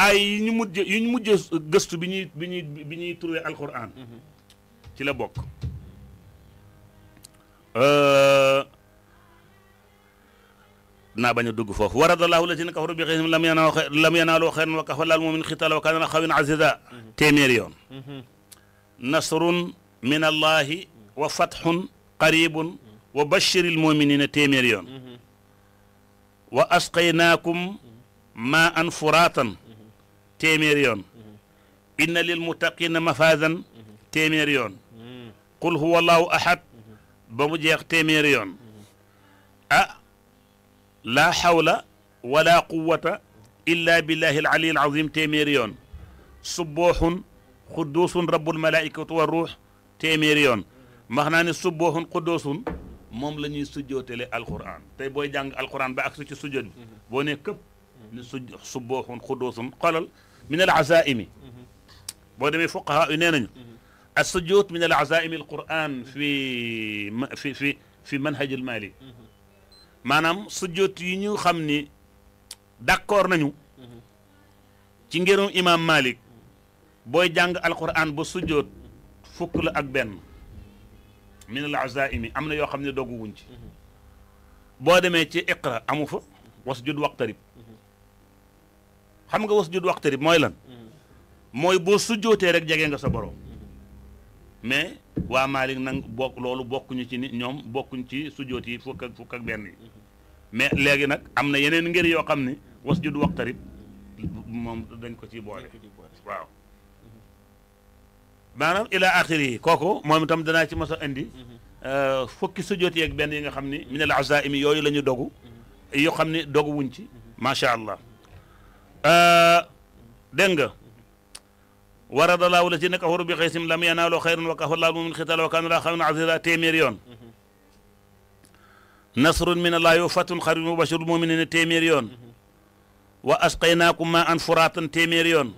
ay ñu mujjé yu ñu mujjé gëstu bi ñi bi ñi bi ñi trouvé alcorane ci la bok euh na baña dugg foofu warada allahu lazina kafaru bi khayrin lam yanaalu lam yanaalu xeyran wa kafa al mumin khitala wa kana khawin aziza temer yon nasrun min allah wa fathun qaribun wa al muminina temer yon وأسقيناكم ماء فراتا تيميريون إن للمتقين مفازا تيميريون قل هو الله أحد بمجيخ تيميريون أ لا حول ولا قوة إلا بالله العلي العظيم تيميريون سبوح قدوس رب الملائكة والروح تيميريون مهناني سبوح قدوس mom la ñuy sujjootele alquran tay boy jàng alquran ba ak su ci sujjoot bo ne kep ni suj subuhun xudoosun qalal min alazaimi bo demé fuqaha yu nañ nañu السجود من العزائم القرآن في في في في منهج المالي maanaam sujjoot yi ñu xam ni d'accord nañu ci ngirum imam Malik booy jàng alquran ba sujjoot fukk la ak benn min la al azaimi am na yoo xam ne doggu wuñ ci boo demee ci iqra amu fa was wasjud waqtarib xam nga was wasjud waqtarib mooy lan mooy boo sujjootee rek jege nga sa borom mais waa Maalik nag bokk loolu bokkuñu ci ni ñoom bokkuñ ci sujjoot yi fukk ak benn yi mais léegi nag am na yeneen ngir yoo xam ne wasjud waqtarib moom dañ ko ci boole waaw maanaam ila axiri yi kooku moom itam danaa ci mos a indi fukki sujjoot yeeg benn yi nga xam ni min al azaimi yooyu la ñu dogu yoo xam ni dogu wuñ ci macha allah dégg nga warada allahu lazina kafaru bi xaysim lam yanaaloo xayran wa kafa allahu mumin xitaal wa kaana laa xaman azira téeméer yoon nasrun min allahi wa fatun xaribun wa bashirul muminina téeméer yoon wa asqaynaakum ma an furaatan téeméer yoon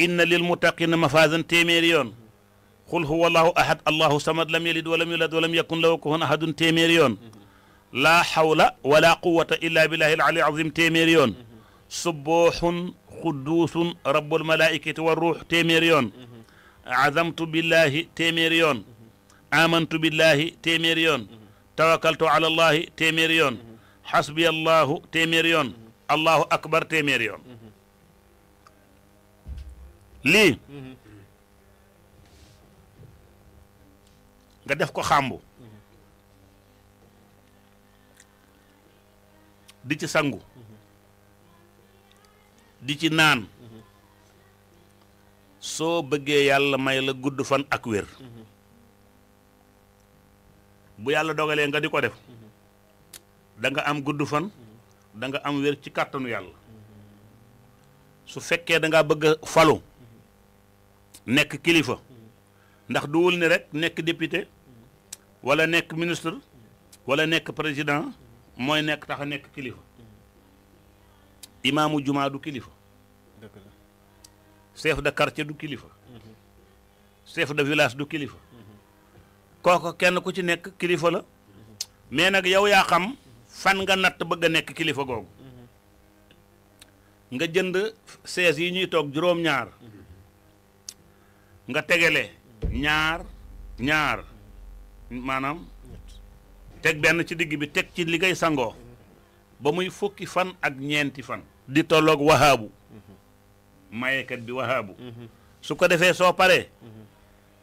إن للمتقين مفازا تيميريون قل هو الله أحد الله صمد لم يلد ولم يولد ولم يكن له كفوا أحد تيميريون لا حول ولا قوة إلا بالله العلي العظيم تيميريون سبوح قدوس رب الملائكة والروح تيميريون عزمت بالله تيميريون آمنت بالله تيميريون توكلت على الله تيميريون حسبي الله تيميريون الله أكبر تيميريون li nga def ko xambu di ci sangu di ci naan soo bëggee yàlla may la gudd fan ak wér bu yàlla dogalee nga di def da nga am gudd fan da nga am wér ci kàttanu yàlla su fekkee da nga bëgg falu nekk kilifa ndax duwul ni rek nekk député wala nekk ministre wala nekk président mooy nekk tax a nekk kilifa imaamu jumaa du kilifa chef de quartier du kilifa mhm. chef de village du kilifa mhm. kooku kenn ku ci nekk kilifa la mhm. mais nag yow yaa xam fan nga natt bëgg a nekk kilifa googu nga jënd chaise yi ñuy toog juróom-ñaar nga tegale ñaar ñaar maanaam teg benn ci digg bi teg ci li ngay sangoo ba muy fukki fan ak ñeenti fan di tolloog wahaabu mayekat bi wahaabu su ko defee soo paree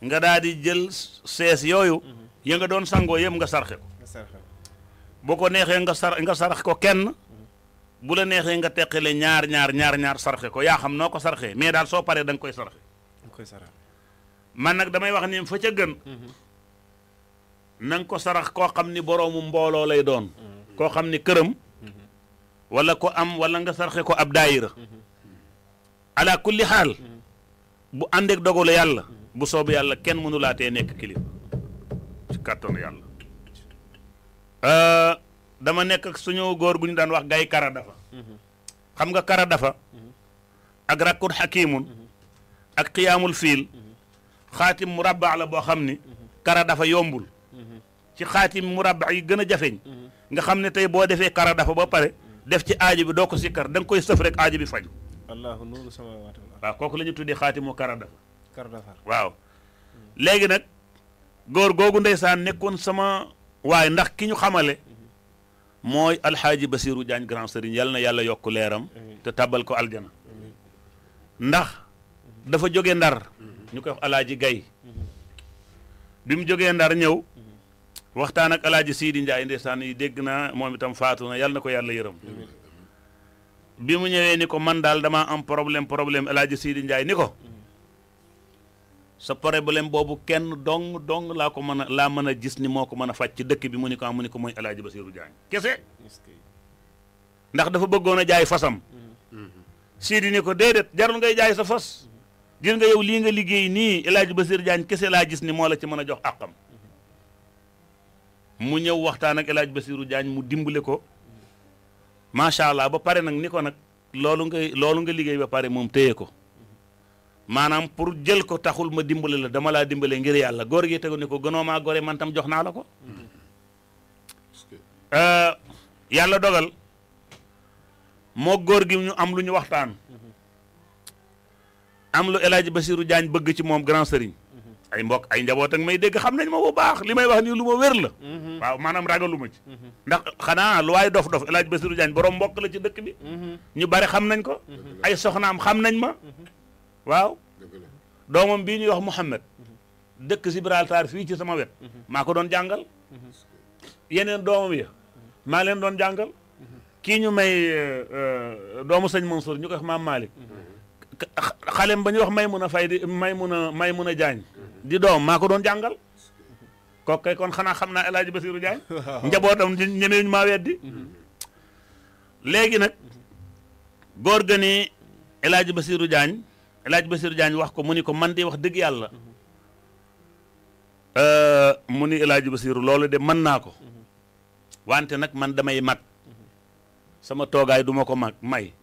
nga daal di jël sees yooyu ya nga doon sangoo yem nga sarxe ko boo ko neexee nga sar nga sarx ko kenn bu la neexee nga teqale ñaar ñaar ñaar ñaar sarxe ko yaa xam noo ko sarxee mais daal soo paree da nga koy sarxe man nag damay wax ni fa ca ko sarax koo xam ni boroomu mbooloo lay doon koo xam ni këram wala ko am wala nga saraxe ko ab daayira ala kulli xaal bu àndeek dogalu yàlla bu soob yàlla kenn mënu laa tee nekk kilif ci kàttanu euh, dama nekk suñu góor gu ñu daan wax gay kara dafa xam nga kara dafa ak rakkut xakiimun ak xiyaamul fiil xaatim murabba la boo xam ni kara dafa yombul ci xaatim murabba yi gën a jafeñ nga xam ne tey boo defee kara dafa ba pare def ci aajo bi doo ko sikkar da nga koy sëf rek aajo bi faju allahu nuuru samaawaati wal ard waaw kooku la ñu tuddee xaatimu kara dafa kara dafa waaw léegi nag góor googu ndeysaan nekkoon sama waaye ndax ki ñu xamale mooy alxaaji basiru jaañ grand sëriñ yal na yàlla yokk leeram te tabal ko aljana ndax dafa jóge ndar ñu ko wax alaaji gay bi mu jógee ndar ñëw waxtaan ak alaaji Sidi Ndiaye ndeysaan yi dégg naa moom itam faatu na yàlla na ko yàlla yërëm bi mu ñëwee ni ko man daal damaa am problème problème alaaji Sidi njaay ni ko sa problème boobu kenn dong dong laa ko mën a laa mën a gis ni moo ko mën a faj ci dëkk bi mu ni ko am ah, mu ni ko mooy alaaji Basiiru Jaañ kese ndax dafa bëggoon a jaay fasam mm-hmm. Sidi ni ko déedéet jarul ngay jaay sa fas gis nga yow lii nga liggéey nii El Hadj Basir kese laa gis ni moo la ci mën a jox àqam mu ñëw waxtaan ak El Hadj Basirou Diagne mu dimbale ko macha allah ba pare nag ni ko nag loolu nga loolu nga liggéey ba pare moom téye ko maanaam pour jël ko taxul ma dimbale la dama laa dimbale ngir yàlla góor gi tegu ne ko gënoo maa gore man jox naa la ko. Euh, yàlla dogal moo góor gi ñu am lu ñu waxtaan. am lu El Hadj Basirou Diagne bëgg ci moom grand sëriñ ay mbokk ay njaboot ak may dégg xam nañ ma bu baax li may wax nii lu ma wér la waaw maanaam ragaluma ci ndax xanaa lu waay dof dof El Hadj Basirou Diagne borom mbokk la ci dëkk bi ñu bari xam nañ ko ay soxnaam xam nañ ma waaw doomam bii ñuy wax Mouhamed dëkk Gibraltar fii ci sama wet maa ko doon jàngal yeen doom ya maa leen doon jàngal ki ñu may euh, euh, doomu sëñ Mansour ñu koy wax maam Malick xalem ba ñuy wax mun a Fay di Maymuna a Jaañ di doom maa ko doon jàngal kooku kay kon xanaa xam naa El Hadj Basiru Jaañ njabootam ñemewuñ maa léegi nag góor ga ni El Jaañ El Hadj Basiru Jaañ wax ko mu ni ko man di wax dëgg yàlla uhuh. mu ni El basiiru Basiru loolu de mën naa ko uhuh. wante nag man damay mag uhuh. sama toogaay duma ko mag may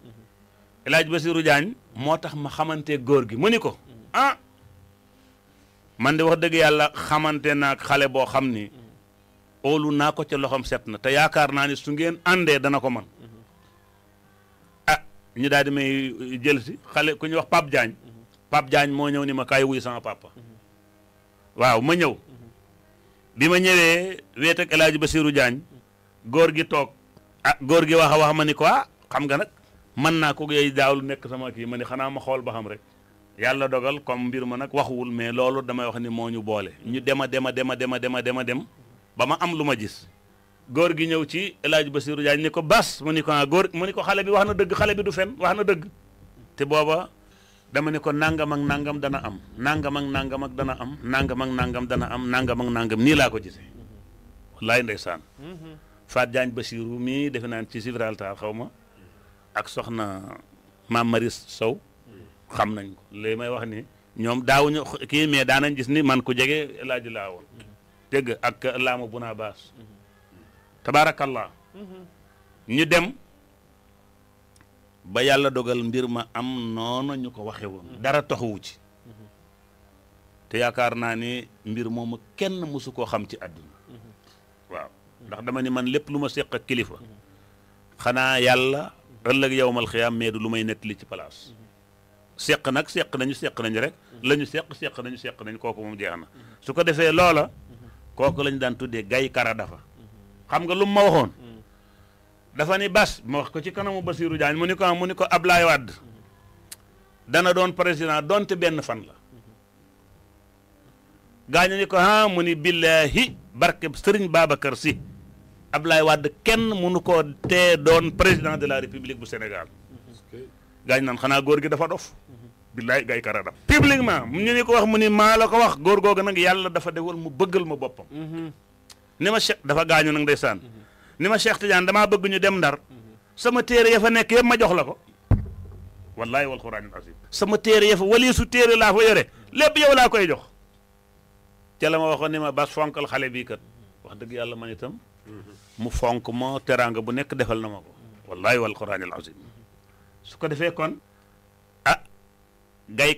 El Hadj Jaañ moo tax ma xamante góor gi mu ni ko ah man de wax dëgg yàlla xamante naa xale boo xam ni óolu naa ko ca loxoom set na te yaakaar naa ni su ngeen àndee dana ko man ah ñu daal di may jël xale ku ñuy wax Pape Diagne Pape Diagne moo ñëw ni ma kaay wuy sama papa waaw ma ñëw bi ma ñëwee weet ak El Hadj Basirou Diagne góor gi toog ah góor gi wax a wax ma ni ko ah xam nga nag mën naa ko yooyu daawul nekk sama kii ma ne xanaa ma xool ba xam rek yàlla dogal comme mbir ma nag waxuwul mais loolu damay wax ni moo ñu boole ñu dem a dem a dem a dem a dem a dem a dem ba ma am lu ma gis góor gi ñëw ci El Hadj Basirou Diagne ni ko bas mu ni ko ah góor mu ni ko xale bi wax na dëgg xale bi du fen wax na dëgg te booba dama ne ko nangam ak nangam dana am nangam ak nangam ak dana am nangam ak nangam dana am nangam ak nangam nii laa ko gisee wallaay ndeysaan mm-hmm. Faat Diagne Basirou mii defe naan ci Gibraltar xaw ma ak soxna mam maris sow xam nañ ko li may wax ni ñoom ki me da nañ gis ni man ku jégué laaji la woon dégg ak lamu buna bas tabarakallah ñu dem ba yalla dogal mbir ma am nono ñu ko waxe woon dara taxawu ci te yaakaar na ni mbir moomu kenn musu ko xam ci aduna waaw ndax dama ni man lepp luma sekk kilifa xana yalla ëllëg yowmal xiyaam mais du lu may nettali ci place seq nag seq nañu seq nañu rek siak ñu seq seq nañu seq nañu kooku moom jeex na su ko defee loola kooku lañu daan tuddee gay kara dafa xam nga lu ma waxoon dafa ni bas ma wax ko ci kanamu basiru Jaañ mu ni ko mu ni ko Ablaay Wàdd dana doon président donte benn fan la gaañu ni ko ha ah, mu ni billahi barke sëriñ Babacar Si ab Ablaye Wade kenn mënu ko tee doon président de la république bu Sénégal gaañ naan xanaa góor gi dafa dof billaay gay karada mu ñu ni ko wax mu ni maa la ko wax góor googu nag yàlla dafa defal mu bëggal ma boppam ni ma Cheikh dafa gaañu nag ndeysaan ni ma Cheikh Tidiane dama bëgg ñu dem ndar sama téere ya fa nekk yëpp ma jox la ko wallaay wal xuraanil azim sama téere ya fa waliisu téere laa fa yore lépp yow laa koy jox ca la ma waxoon ni ma bas fonkal xale bii wax dëgg yàlla man itam mu fonk ma teraanga bu nekk defal na ma ko wallaahi wal quraan al azim su ko defee kon ah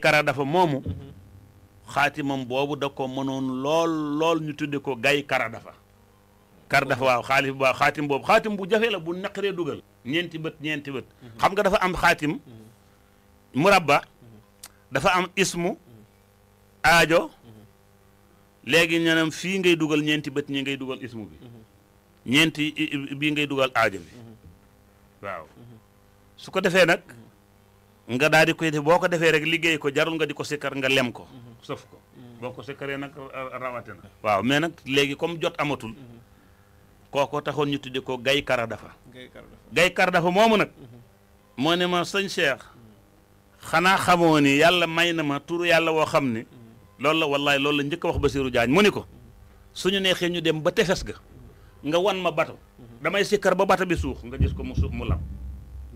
kara dafa moomu xaatimam boobu da ko mënoon lool lool ñu tudde ko gay kara dafa kar dafa waaw xaalif ba xaatim boobu xaatim bu jafe la bu naqaree dugal ñeenti bët ñeenti bët xam nga dafa am xaatim murabba dafa am ismu aajo léegi ñanam fii ngay dugal ñeenti bët ñi ngay dugal ismu bi ñeenti bii ngay dugal aajo bi waaw su ko defee nag nga daal di koy def boo ko defee rek liggéey ko jarul nga di ko sikkar nga lem ko sof ko boo ko sikkaree nag rawate na waaw mais nag léegi comme jot amatul kooko taxoon ñu tudde ko gay kara dafa gay kara dafa moomu nag moo ne ma sëñ Cheikh xanaa xamoo ni yàlla may na ma tur yàlla woo xam ne loolu la wallaay loolu la njëkk a wax Basiiru Jaañ mu ni ko suñu neexee ñu dem ba tefes ga nga wan ma bato damay sikkar ba bato bi suux nga gis ko mu suux mu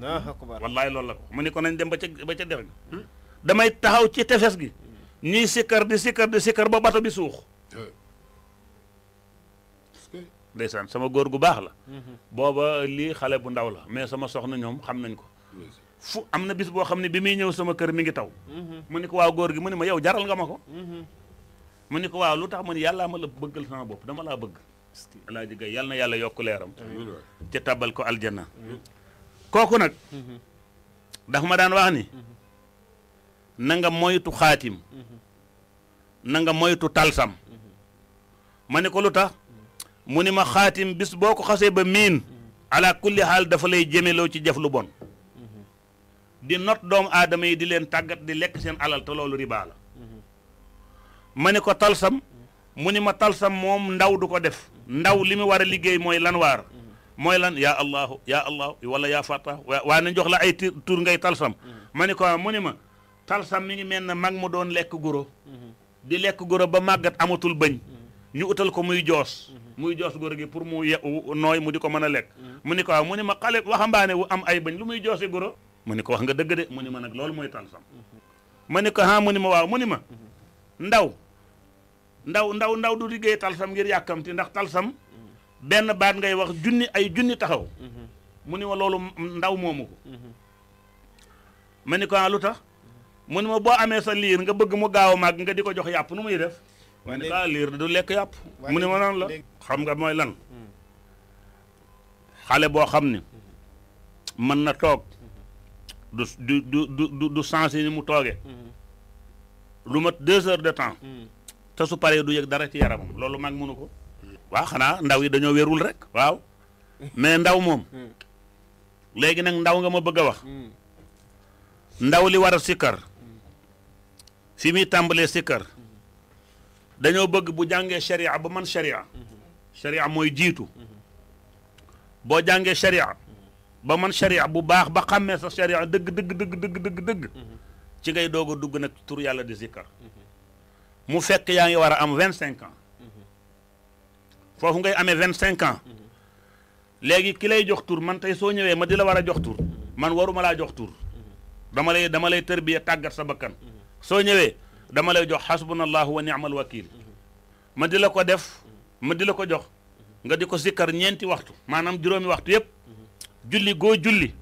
akbar wallahi lol la ko mu ni ko nañ dem ba ca ba ca dex nga hmm? damay taxaw ci tefes gi ni sikkar di sikkar di sikkar ba bato bi suux sama gor gu bax la hmm, hmm. boba li xale bu ndaw la mais sama soxna ñom xam nañ ko fu amna bis bo xamni bi mi ñew sama kër mi ngi taw mu ni ko waaw gor gi mu ni ma yow jaral nga mako mu ni ko waaw lutax mu ni yalla ma la bëggal sama bop dama la bëgg alaaji gay yal na yàlla yokk leeram ca tabal ko aljana kooku nag dafa ma daan wax ni na moytu xaatim na moytu talsam ma ne ko lu tax mu ni ma xaatim bis boo ko xasee ba miin ala kulli xaal dafa lay jëmeloo ci jëf lu bon di not doomu aadama yi di leen tàggat di lekk seen alal te loolu ma ne ko talsam mu ni ma talsam moom ndaw du ko def ndaw li mu war a liggéey mooy lan waar mooy lan yaa allahu yaa allahu wala yaa fattah waa nañ jox la ay tur ngay talsam ma ne ko ah, mu ne ma talsam mi ngi mel ne mag mu doon lekk goro di lekk goro ba màggat amatul bañ ñu utal ko muy joos muy joos goro gi pour mu ye nooy mu di ko mën a lekk mu ne ko ah, mu ni ma xale waxambaane wu am ay bañ lu muy joosi goro mu ne ko wax nga dëgg de mu ni ma nag loolu mooy talsam ma ne ko ah mu ni ma waaw mu ma ndaw ndaw ndaw ndaw du liggéey talsam ngir yakamti ndax talsam ben baat ngay wax junni ay junni taxaw mu ni wa loolu ndaw moomu ko ni ko ah, lu mu ni ma bo amé sa lire nga bëgg mu gaaw mag nga diko jox yap nu muy def ma ka ah, lire liir du lek yap mu ni ma nan la xam nga moy lan hmm. xalé bo xamni man na tok du du du du du sensé ni mu toge hmm. lu mat heures de temps hmm. te su paree du yëg dara ci yaramam loolu mag mënu ko waa xanaa ndaw yi dañoo wérul rek waaw mais ndaw moom léegi nag ndaw nga ma bëgg a wax ndaw li war a sikkar fi muy tàmbalee sikkar dañoo bëgg bu jàngee sharia ba man sharia sharia mooy jiitu boo jàngee sharia ba man sharia bu baax ba xàmmee sa sharia dëgg dëgg dëgg dëgg dëgg ci ngay doog dugg nag tur yàlla di sikkar mu fekk yaa ngi war am 25 ans foofu ngay amee 25 ans léegi ki lay jox tur man tey soo ñëwee ma di la jox tur man waruma laa jox tur dama lay dama lay tërbiya tàggat sa bakkan soo ñëwee dama lay jox hasbunallahu wa ni'mal wakil ma di la ko def ma di la ko jox nga di ko sikkar ñeenti waxtu maanaam juróomi waxtu yépp julli goo julli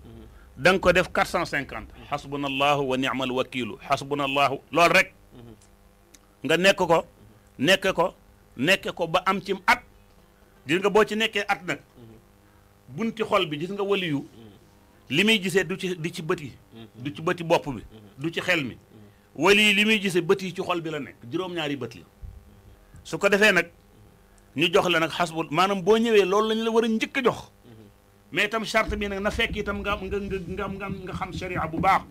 da ko def 450 hasbunallahu wa ni'mal wakilu hasbunallahu loolu rek nga nekk ko nekk ko nekk ko ba am cim at gis nga boo ci nekkee at nag bunti xol bi gis nga waliyu li muy gisee du ci di ci bët yi du ci bëti bopp bi du ci xel mi wali li muy gisee bët yi ci xol bi la nekk juróom-ñaari bët yi su ko defee nag ñu jox la nag xasbul maanaam boo ñëwee loolu lañu la war a njëkk a jox mais tam charte bi nag na fekki tam nga nga nga nga nga xam sharia bu baax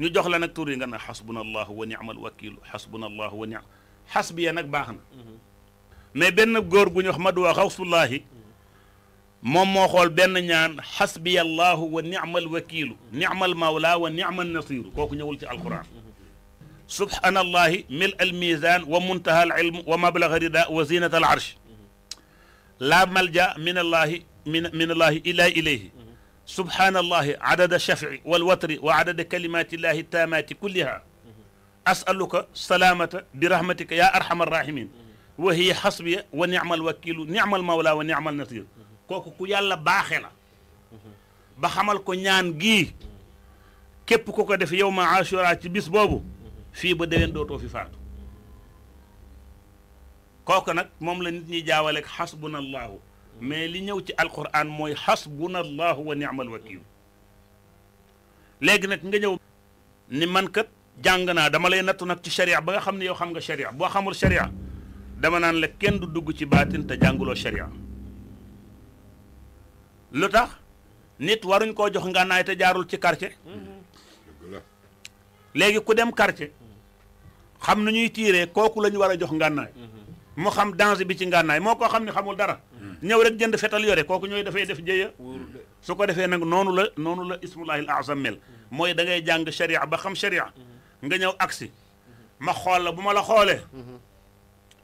ñu jox la nag tour yi nga ne xasbuna allahu wa niamal wakilu xasbuna allahu wa niam xasbi ya nag baax na mais benn góor gu ñu wax maduwa xawsullahi moom moo xool benn ñaan xasbiya allahu wa niamal wakilu niamal mawla wa niamal nasiru kooku ñëwul ci alquran سبحان الله ملء الميزان ومنتهى العلم ومبلغ الرداء وزينة العرش لا ملجأ من الله من, من الله إلا إليه سبحان الله عدد الشفع والوتر وعدد كلمات الله التامات كلها أسألك السلامة برحمتك يا أرحم الراحمين وهي حسبي ونعم الوكيل نعم المولى ونعم النصير kooku ku yàlla baaxe la ba xamal ko ñaan gii képp ku ko def yow ma asura ci bis boobu fii ba déwén dootoo fi faatu kooku nag moom la nit ñi jaawaleeg xasbunallahu mais li ñëw ci alquran mooy xasbuna allahu wa ni'mal wakiil léegi nag nga ñëw ni man kat jàng naa dama lay nattu nag ci sharia ba nga xam ne yow xam nga sharia boo xamul sharia dama naan la kenn du dugg ci baatin te jànguloo sharia lu tax nit waruñ koo jox ngànnaay te jaarul ci quartier léegi ku dem quartier xam nu ñuy tiire kooku lañu ñu war a jox ngànnaay mu xam danger bi ci ngànnaay moo koo xam ne xamul dara ñëw rek jënd fetal yore koku ñoy dafay def jëya su ko défé nak nonu la nonu la ismullahil azam mel moy da ngay jàng sharia ba xam sharia nga ñëw aksi ma xol la buma la xolé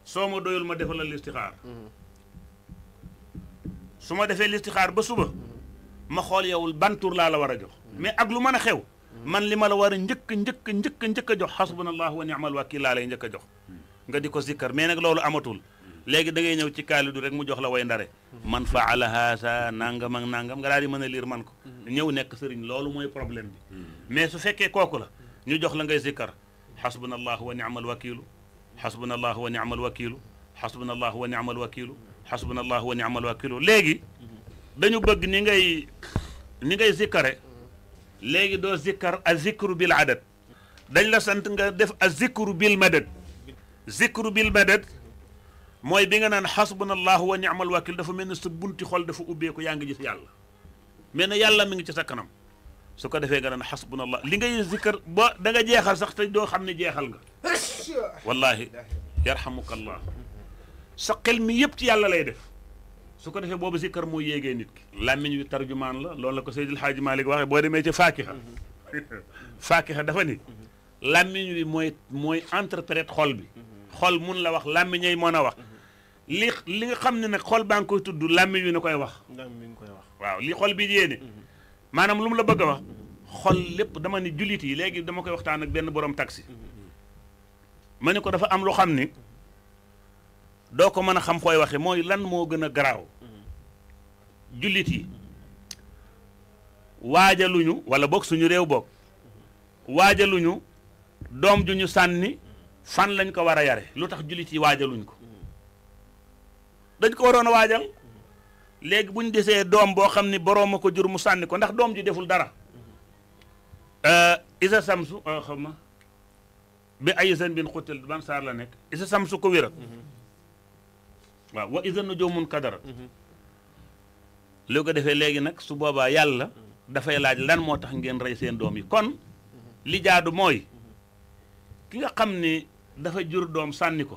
soo ma doyul ma defal l'istikhar listixaar su ma defee listixaar ba suba ma xol yowul bantour la la wara jox mais ak lu mëna xew man lima la wara ñëk ñëk ñëk ñëk jox hasbunallahu wa ni'mal wakeel la lay ñëk jox nga diko zikkar mais nak lolu amatul léegi da ñëw ci kaalidu rek mu jox la way ndare man faala haasa nangam ak nangam nga daal di mën a liir man ko ñëw nekk sëriñ loolu mooy problème bi mais su fekkee kooku la ñu jox la ngay zikkar xasbuna allahu wa niamal wakilu xasbuna allahu wa niamal wakilu xasbuna allahu wa niamal wakilu xasbuna allahu wa niamal wakilu léegi dañu bëgg ni ngay ni ngay zikkare léegi doo zikkar a zikru bil adad dañ la sant nga def a zikru bil madad zikru bil madad mooy bi nga naan xasbunallahu wa ni'mal wakil dafa mel ne sa bunti xol dafa ubbeeku yaa ngi gis yàlla mel ne yàlla mi ngi ci sa kanam su ko defee nga naan xasbunallah li ngay zikkar ba da nga jeexal sax te doo xam ne jeexal nga wallahi yarhamukallah sa xel mi yëpp ci yàlla lay def su ko defee boobu zikkar moo yéegee nit ki làmmiñ wi tarjumaan la loolu la ko Seydil Xaaji Malik waxee boo demee ci fakiha fakiha dafa ni làmmiñ wi mooy mooy interprète xol bi xol mun la wax làmmiñay mën a wax li nga xam ne nag xol baa ngi koy tudd làmmiñ wi na koy wax. làmmiñ koy wax waaw li xol bi yéene. Mhm. maanaam lu mu la bëgg a wax. xol lépp dama ne jullit yi léegi dama koy waxtaan ak benn borom taxi. Mhm, mhm. ma ne ko dafa am lu xam ni doo ko mën a xam fooy waxe mooy lan moo gën a garaaw. jullit yi waajaluñu wala boog suñu réew boog waajaluñu doom juñu ñu sànni fan lañ ko war a yare lu tax jullit yi waajaluñ ko. dañ ko waroon a waajal léegi bu ñu desee doom boo xam ni boroom a ko jur mu sànni ko ndax doom ji deful dara euh, isa samsu euh, xam ma bi ay seen bin xuttil ban la nekk isa samsu ko wér mhm. waaw wa isa nu joomun kadara mhm. lu ko defee léegi nag su boobaa yàlla dafay laaj lan moo tax ngeen rey seen doom yi kon mhm. li jaadu mooy ki nga xam ni dafa jur doom sànni ko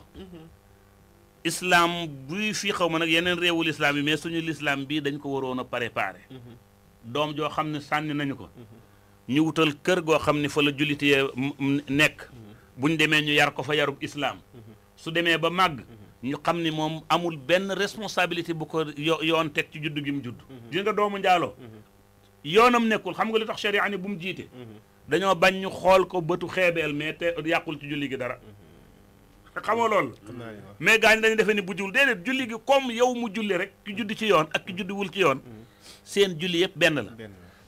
islam buy fii xaw ma nag yeneen réewu lislaam yi mais suñu lislaam bii dañ ko waroon a pare préparé mm-hmm. doom joo xam ne sànni nañu ko mm-hmm. ñu wutal kër goo xam ne fa la jullitee nekk mm-hmm. buñ demee ñu yar ko fa yarub islaam su demee ba màgg ñu xam ni moom amul benn responsabilité bu ko yoon teg ci juddu gi mu judd gis nga doomu njaaloo yoonam nekkul xam nga li tax sharia ni bu mu jiite dañoo bañ ñu xool ko bëtu xeebeel mais te yàqul ci julli gi dara te xamoo loolu mais gaa gaañ dañu defee ni bu juul déedéet julli gi comme yow mu julli rek ki judd ci yoon ak ki juddiwul ci yoon seen julli yëpp benn la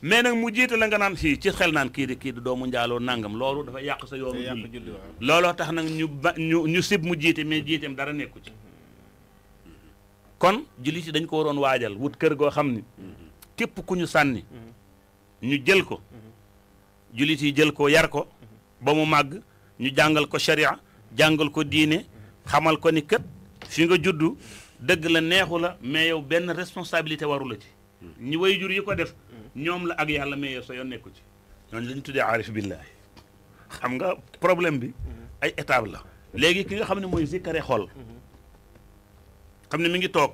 mais nag mu jiite la nga naan si ci xel naan kii di kii di doomu njaaloo nangam loolu dafa yàq sa yoonu julli looloo tax nag ñu ba ñu ñu sib mu jiite mais jiiteem dara nekku ci kon julli ci dañ ko waroon waajal wut kër goo xam ni képp ku ñu sànni ñu jël ko jullit yi jël ko yar ko ba mu màgg ñu jàngal ko sharia jàngal ko diine xamal ko ni kët fi nga juddu dëgg la neexu la mais yow benn responsabilité waru la ci ñi way jur yi ko def ñoom la ak yàlla mais yow sa yoon nekku ci ñooñu la ñu tuddee aarif billaahi xam nga problème bi ay étape la léegi ki nga xam ne mooy zikkare xol xam ne mi ngi toog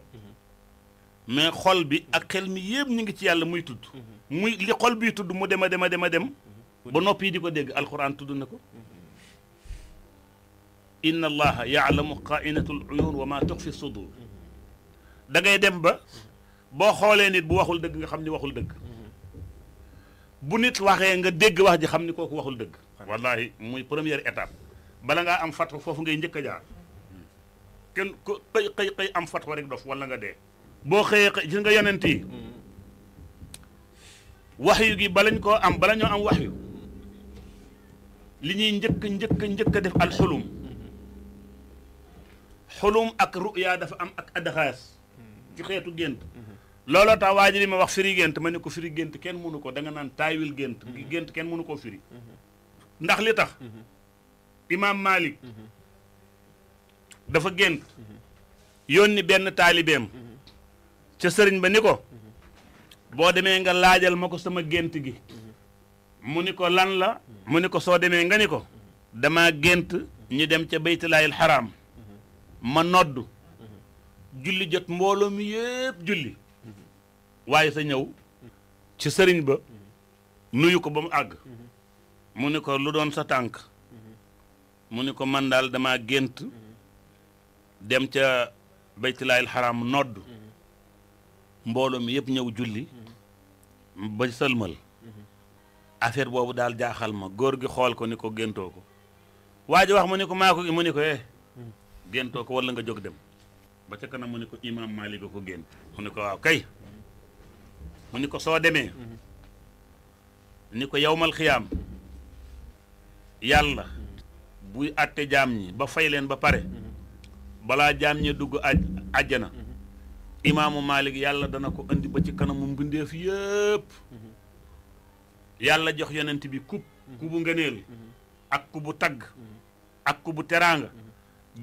mais xol bi ak xel mi yëpp ñu ngi ci yàlla muy tudd muy li xol biy tudd mu dem a dem a dem a dem ba noppi di ko dégg alxuraan tudd na ko inna allaha yaalamu xaainatul uyun wa ma tuxfi sudur da ngay dem ba boo xoolee nit bu waxul dëgg nga xam ni waxul nga dégg wax ji xam ni waxul dëgg wallahi muy premier étape bala ngaa am fatwa foofu ngay njëkk a jaar kenn ku xëy xëy xëy am fatwa rek dof wala nga dee boo xëyee xëy gis nga yonent yi gi balañ koo am bala am wax li ñuy njëkk njëkk njëkk a def alxulum xulum ak ruya dafa am ak adxaas ci xeetu gént looloo tax waa ji li ma wax firi gént ma ne ko firi gént kenn mënu ko da nga naan taayil gént gént kenn mënu koo firi ndax li tax imaam Malik dafa gént yónni benn taalibeem ca sëriñ ba ni ko boo demee nga laajal ma ko sama gént gi mu ni ko lan la mu ni ko soo demee nga ni ko dama gént ñu dem ca baytilaayil xaraam ma nodd julli jot mbooloo mi yëpp julli waaye sa ñëw ci sëriñ ba nuyu ko ba mu àgg mu ni ko lu doon sa tànk mu ni ko man daal dama gént dem ca baytilaayil xaraam nodd mbooloo mi yëpp ñëw julli ba sëlmal affaire boobu daal jaaxal ma góor gi xool ko ni ko géntoo ko waa ji wax mu ni ko maa ko mu ni ko eh géntoo ko wala nga jog dem ba ca kanam muniko imam Malik ko gen muniko ni kay muniko so demé niko yawmal khiyam Yalla bu xiyaam yàlla buy àtte jaam ñi ba fay len ba paré bala jam ñi dugg aljana imam Malik yalla dana ko andi ba ci kanamu mbindeef yépp Yalla jox yonent bi kub kubu ngeneel ak kubu tag ak kubu -hmm.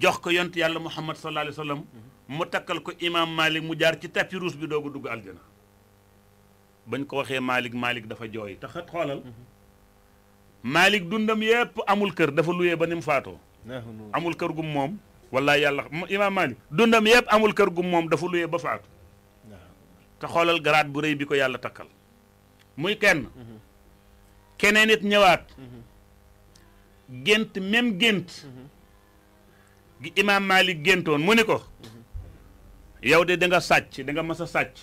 jox ko yont yàlla muhammad sallallahu alayhi wa sallam mu takkal ko imam malik mu jaar ci tapis rouge bi doogu dugg aljana bañ ko waxee malik malik dafa jooy tax xoolal malik dundam yépp amul kër dafa luyee ba ni mu faatoo amul kër gum moom wala yàlla imam malik dundam yépp amul kër gum moom dafa luyee ba faatu te xoolal garaat bu rëy bi ko yàlla takkal muy kenn keneen it ñëwaat gént même gént gi imam Malik genton mu ne ko yow de da nga sàcc da nga mas a sàcc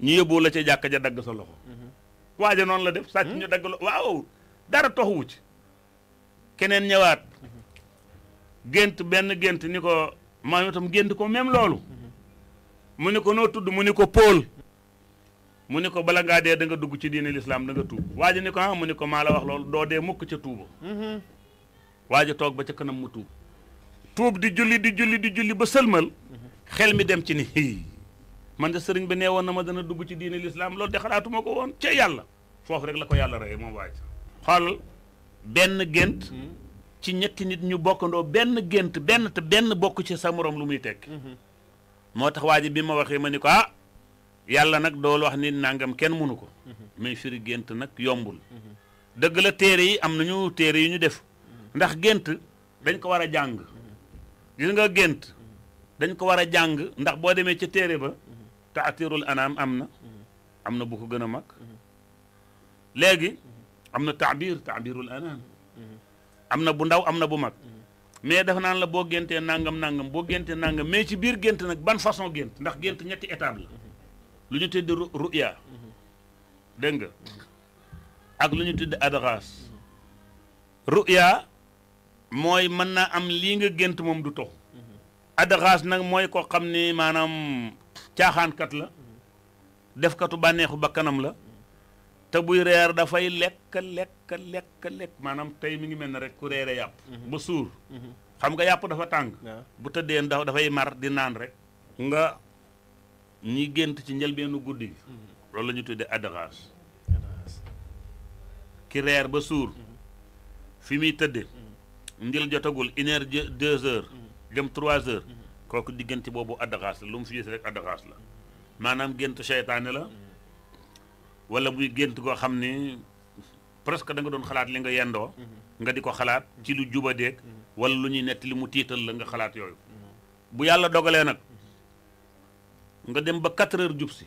ñu yóbbu la ca jàkk ja dagg sa loxo waaja non la def sàcc ñu dagg waaw dara toxuwu ci keneen ñëwaat gént benn gént ni ko maa tam gént ko même loolu mu ne ko noo tudd mu ne ko Paul mu ne ko bala ngaa dee da nga dugg ci diine lislaam da nga tuub waaja ni ko ah mu ne ko maa la wax loolu doo dee mukk ca tuuba mhm. waaja toog ba ca kanam mu tuub tuub di julli di julli di julli ba sëlmal xel mi dem ci ni hii man de sëriñ bi nee woon na ma dana dugg ci diine lislaam loolu de xalaatuma ko woon ca yàlla foofu rek la ko yàlla reye moom waaj xool benn gént ci ñetti nit ñu bokkandoo benn gént benn te benn bokk ci sa morom lu muy tekk moo tax waa bi ma waxee ma ni ko ah yàlla nag doolu wax ni nàngam kenn mënu ko mais firi gént nag yombul dëgg la téere yi am nañu téere yu ñu def ndax gént dañ ko war a jàng gis nga gént dañ ko war a jàng ndax boo demee ca téere ba taatirul anaam am na am na bu ko gën a mag léegi am na taabir taabirul anaam am na bu ndaw am na bu mag mais dafa naan la boo géntee nangam nangam boo géntee nangam mais ci biir gént nag ban façon gént ndax gént ñetti étape la lu ñu tudd ruya dégg nga ak lu ñu tudd adxaas ruya mooy mën naa am lii nga gént moom du tox adaxaas nag mooy ko xam ni maanaam caaxaankat la defkatu bànneexu bakkanam la te buy reer dafay lekk lekk lekk lekk maanaam tey mi ngi mel rek ku reere yàpp mhm. ba suur mhm. xam nga yàpp dafa tàng bu tëddee ndax dafay mar di naan rek nga ñi gént ci njëlbeenu guddi gi mhm. loolu la ñu tuddee adaxaas ki reer ba suur fi muy njël jotagul une heure deux heures dem trois heures kooku diggante boobu addaxaas la lu mu fi gis rek addaxaas la maanaam gént seytaane la wala muy gént goo xam ni presque da nga doon xalaat li nga yendoo nga di ko xalaat ci lu juba jubadeeg wala lu ñuy netti li mu tiital la nga xalaat yooyu bu yàlla dogalee nag nga dem ba quatre jub si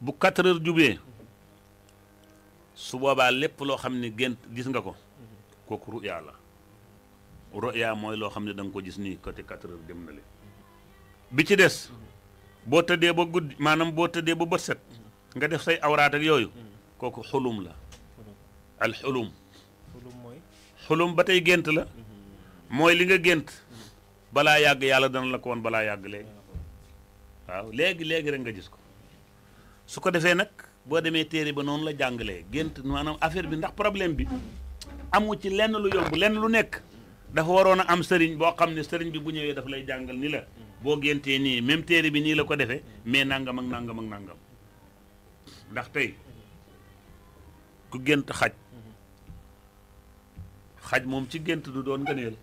bu quatre jubee su boobaa lépp loo xam ne gént gis nga ko kooku ruyaa la ruyaa mooy loo xam ne danga ko gis nii côté 4 heures dem na le bi ci des boo tëddee ba guddi maanaam boo tëddee ba bët set nga def say awraat ak yooyu kooku xulum la al xulum ba tey gént la mhm. mooy li nga gént balaa yàgg yàlla dana la ko woon balaa yàgg léegi waaw léegi léegi rek nga gis ko su ko defee nag boo demee téere ba noonu la jàngalee gént maanaam affaire bi ndax problème bi amu ci lenn lu yomb lenn lu nekk dafa waroon a am sëriñ boo xam ne sëriñ bi bu ñëwee dafa lay jàngal ni la boo géntee nii même téere bi nii la ko defee mais nangam ak nangam ak nangam ndax tey ku gént xaj xaj moom ci gént du doon ngëneel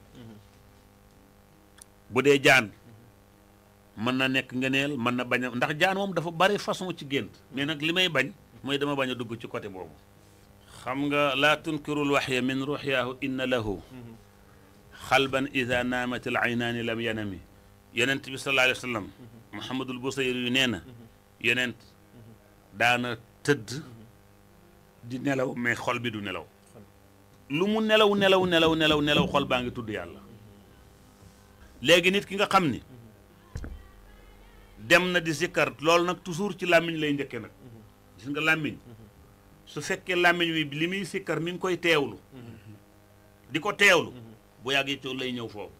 bu dee jaan mën na nekk ngëneel mën na bañ ndax jaan moom dafa bari façon ci gént mais nag li may bañ mooy dama bañ a dugg ci côté boobu خمغا لا تنكر الوحي من روحياه إن له خلبا إذا نامت العينان لم ينمي يننت بي صلى الله عليه وسلم محمد البصير ينين يننت دانا تد دي نلو مي خول بي دو نلو لومو نلو نلو نلو نلو نلو خول باغي تود يالا لغي نيت كيغا خامني دمنا دي ذكر لول نك توجور سي لامين لاي نديكه نك غيس نغا لامين su fekkee làmmiñ wi li muy sikkar mi ngi koy teewlu di ko teewlu bu yàggee coow lay ñëw foofu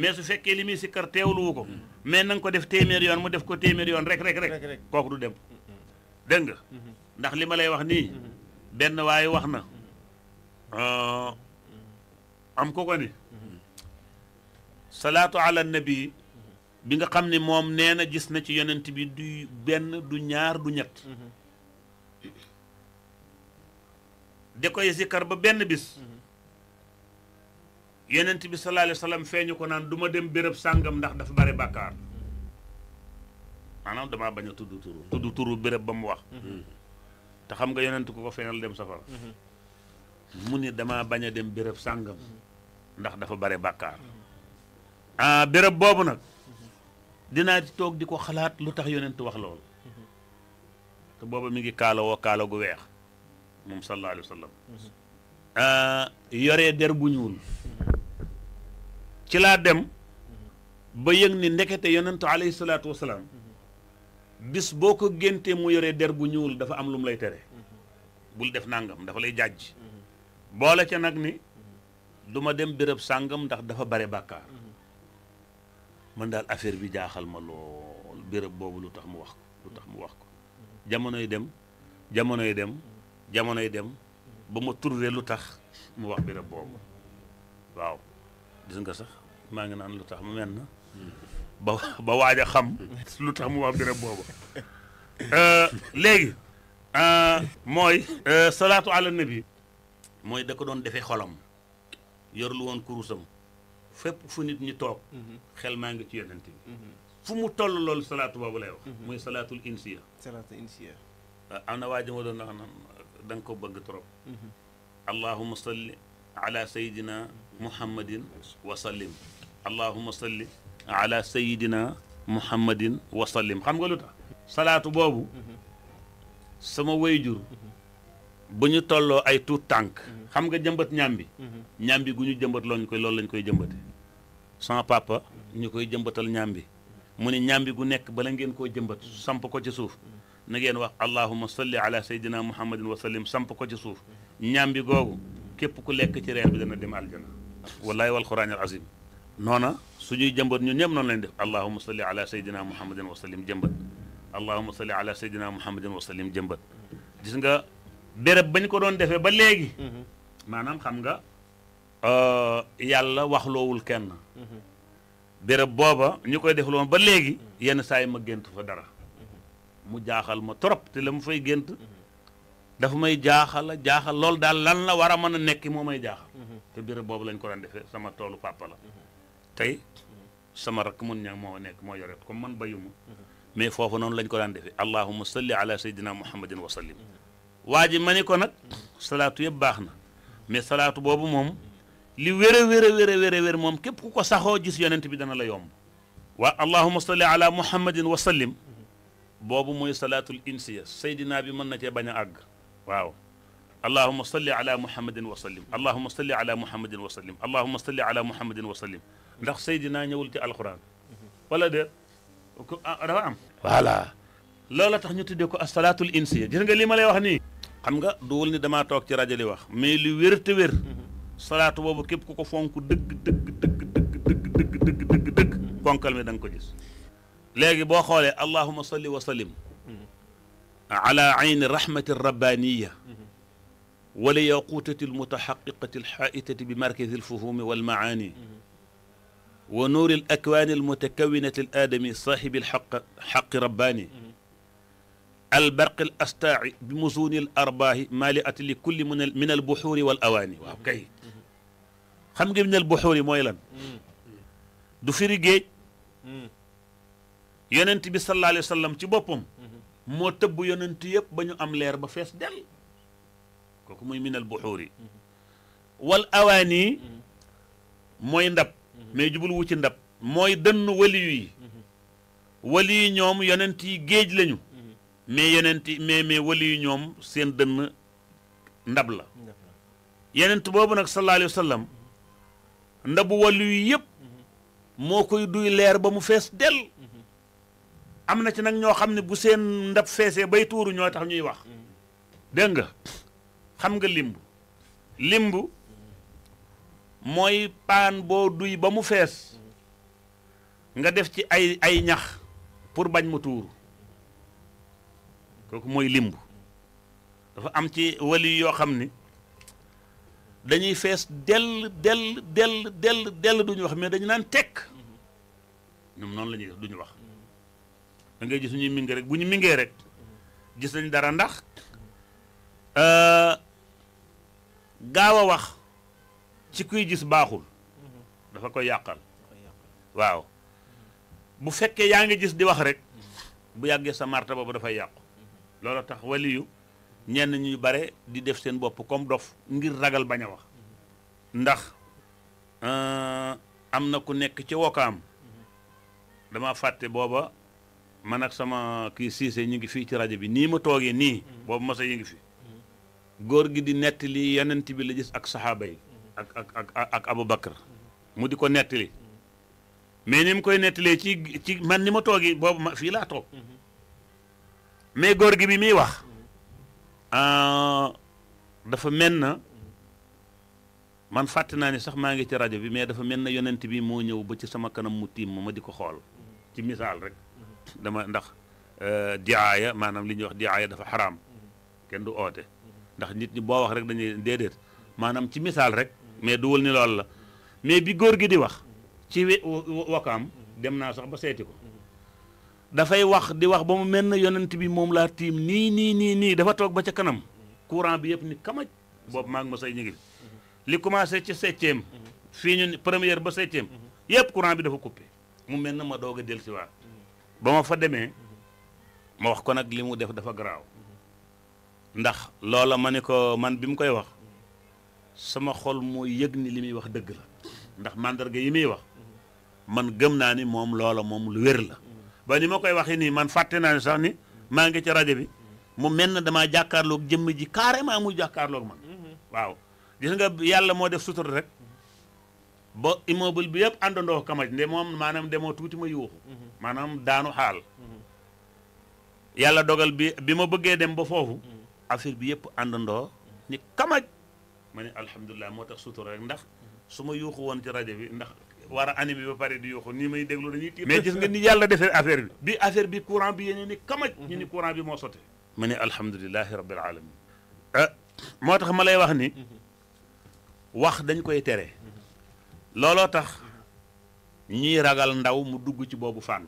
mais su fekkee li muy sikkar teewluwu ko mais na nga ko def téeméer yoon mu def ko téeméer yoon rek rek rek kooku du dem mm-hmm. dégg nga mm-hmm. ndax li ma lay wax nii mm-hmm. benn waaye wax na ah, am ko ko ni salaatu ala nabi bi nga xam ne moom nee na gis na ci yonent bi du benn du ñaar du ñett da koy zikkar ba benn bis yonent bi sallallahu alayhi wa feeñu ko naan duma dem bërëb sàngam ndax dafa bari bàkkaar maanaam damaa bañ a tudd turu ba mu wax xam nga yonent ku ko feeñal dem safara mu ni damaa bañ a dem béréb sàngam ndax dafa bare bàkkaar ah béréb boobu nag dinaa ci toog di ko xalaat lu tax yonent wax loolu te booba mi ngi kaala woo kaala gu weex moom sallallahu alayhi wa sallam mm-hmm. uh, der bu ñuul mm-hmm. ci laa dem mm-hmm. ba yëg ni ndekete yonentu alayhi salaatu wa salaam bis boo ko géntee mu yore der bu ñuul dafa am lu mu lay tere bul def nangam dafa lay jàjj boole ca nag ni duma dem béréb sàngam ndax dafa bare bàkkaar mën daal affaire bi jaaxal ma lool béréb boobu lu tax mu wax ko lu tax mu wax ko jamonoy dem jamonoy dem jamono dem ba ma touré lutax mu wax bi rek boobu waaw gis nga sax ma nga nan lutax mu men na ba ba waja xam lutax mu wax bi rek boobu léegi mooy salatu ala nabi moy da ko don defé xolam yor lu woon kurusam fep fu nit ñi tok xel ma nga ci yonent fu mu toll lol salatu bobu lay wax muy salaatul insiya salaatu insiya am na waa ji ma doon wax da nga ko bëgg trop mhm. allahuma salli ala sayidina muhammadin wa sallim allahuma salli ala sayidina muhammadin wa sallim xam nga lu tax salaatu boobu mhm. sama wayjur mhm. bu ñu tolloo ay tuut tànk xam nga jëmbat ñambi ñambi gu ñu jëmbat looñ koy loolu lañ koy jëmbate sans papa ñu koy jëmbatal ñambi mu ne ñambi gu nekk bala ngeen koo jëmbat samp ko ci suuf na ngeen wax allahuma salli ala sayyidina muhammadin wa sallim samp ko ci suuf ñaam bi googu képp ku lekk ci reer bi dana dem aljana wallahi wal quran al azim noona suñuy jëmbat ñun ñëpp noonu lañ def allahuma salli ala sayyidina muhammadin wa sallim jëmbat allahuma salli ala sayyidina muhammadin wa sallim jëmbat gis nga béréb bañ ko doon defee ba léegi maanaam xam nga yàlla waxloowul kenn béréb booba ñu koy defloon ba léegi yenn saa yi ma géntu fa dara mu jaaxal ma trop te la mu fay gént dafa may jaaxal jaaxal loolu daal lan la war a mën a nekki moo may jaaxal te béréb boobu lañ ko daan defee sama toolu papa la tey sama rakk mun ñang moo nekk moo yoret comme man bayuma mais foofu noonu lañ ko daan defee allahuma salli ala sayyidina muhammadin wa sallim waa ji ma ni ko nag salaatu yëpp baax na mais salaatu boobu moom li wér a wér a wér moom képp ku ko saxoo gis yonent bi dana la yomb waa allahuma salli ala muhammadin wa sallim boobu moy salatul insiya saydinaa bi mën na cee bañ a waaw allahuma salli ala muhammadin wa sallim allahuma salli ala muhammadin wa sallim allahuma salli ala muhammadin wa sallim ndax sayidina ñëwul ci alquran wala de dafa am voilà loola tax ñu tuddee ko asalaatul insiya gis nga li ma lay wax nii xam nga duwul ni dama toog ci rajo li wax mais li wér te wér salaatu boobu képp ku ko fonk dëgg dëgg dëgg dëgg dëgg dëgg dëgg dëgg fonkal mi da nga ko gis لاجي بو خولي اللهم صل وسلم على عين الرحمة الربانية ولياقوتة المتحققة الحائتة بمركز الفهوم والمعاني ونور الأكوان المتكونة الآدمي صاحب الحق حق رباني البرق الأستاع بمزون الأرباه مالئة لكل من, من البحور والأواني أوكي خمجي من البحور مويلا دفري جيت yonent bi sallallahu alayhi wa ci boppam moo tëbb yonent yëpp ba ñu am leer ba fees dell kooku mooy minal buxuuri wal awaani mooy ndab mais jubul wu ci ndab mooy dënn waliyu yi waliyu ñoom yonent yi géej lañu mais yonent yi ñoom seen dënn ndab la yonent boobu nag sallallahu alayhi wa sallam ndabu waliyu yëpp moo koy duy leer ba mu fees dell am na ci nag ñoo xam ne bu seen ndab feesee bay tuuru ñoo tax ñuy wax dégg nga xam nga limb limb mooy paan boo duy ba mu fees nga def ci ay ay ñax pour bañ mu tuuru kooku mooy limb dafa am ci wali yoo xam ni dañuy fees dell dell dell dell dell duñu wax mais dañu naan tekk ñoom noonu la duñu wax da ngay gis ñuy mingi rek bu ñu mingee rek gis nañ dara ndax euh, gaaw a wax ci kuy gis baaxul dafa koy yàqal waaw bu fekkee yaa ngi gis di wax rek bu yàggee sa marta boobu dafay yàqu loolu tax waliyu ñenn ñuy bare di def seen bopp comme dof ngir ragal bañ a wax ndax euh, am na ku nekk ci wokaam dama fàtte booba man ak sama kii siise ñu ngi fii ci rajo bi nii ma toogee nii. boobu masa yi ngi fi. góor gi di nettalii yonent bi la gis ak saxaaba yi. ak ak ak ak Aboubacar. mu di ko nettali. mais ni mu koy nettalee ci ci man ni ma toogee boobu ma fii laa toog. mais góor gi bi muy wax. Ah, dafa mel na man fàtte naa ne sax maa ngi ci rajo bi mais dafa mel na yonent bi moo ñëw ba ci sama kanam mu tiim ma ma di ko xool ci misaal rek. it dama ndax euh, ya maanaam li ñuy wax diaaya dafa xaraam kenn du oote ndax nit ñi boo wax rek dañuy déedéet maanaam ci misaal rek mais du duwul ni lool la mais bi góor gi di wax ci wakaam dem naa sax ba seeti ko dafay wax di wax ba mu mel ne yonent bi moom laa tiim nii nii nii nii dafa toog ba ca kanam courant bi yëpp ni kamaj boobu maa ma say ñu ngi li commencé ci septième fii ñu première ba septième yëpp courant bi dafa coupé mu mel na ma doog a dellusiwaat ba ma fa demee ma wax ko nag li mu def dafa garaaw ndax loola ma ne ko man bi mu koy wax sama xol moo yëg ni li muy wax dëgg la ndax màndarga yi muy wax man gëm naa ni moom loola moom lu wér la ba ni ma koy waxee nii man fàtte naa ni sax ni maa ngi ci rajo bi mu mel na damaa jàkkaarloog jëmm ji carrément muy jàkkaarloog man mhm. waaw gis yàlla moo def sutura rek ba immeuble bi yëpp àndandoo kamaj nde moom maanaam demoo tuuti ma yuuxu maanaam daanu xaal yàlla dogal bi bi ma bëggee dem ba foofu affaire bi yëpp àndandoo ni kamaj ma ne alhamdulilah moo tax sutura rek ndax su ma yuuxu woon ci rajo bi ndax war a animé ba di yuuxu nii may déglu dañuy mais gis nga ni yàlla defee affaire bi bi affaire bi courant bi yéene ni kamaj ñu ni courant bi moo sote ma ne alhamdulilahi rabbil alamin eh, moo tax ma lay wax ni wax dañ koy tere looloo tax ñiy ragal ndaw mu dugg ci boobu fànn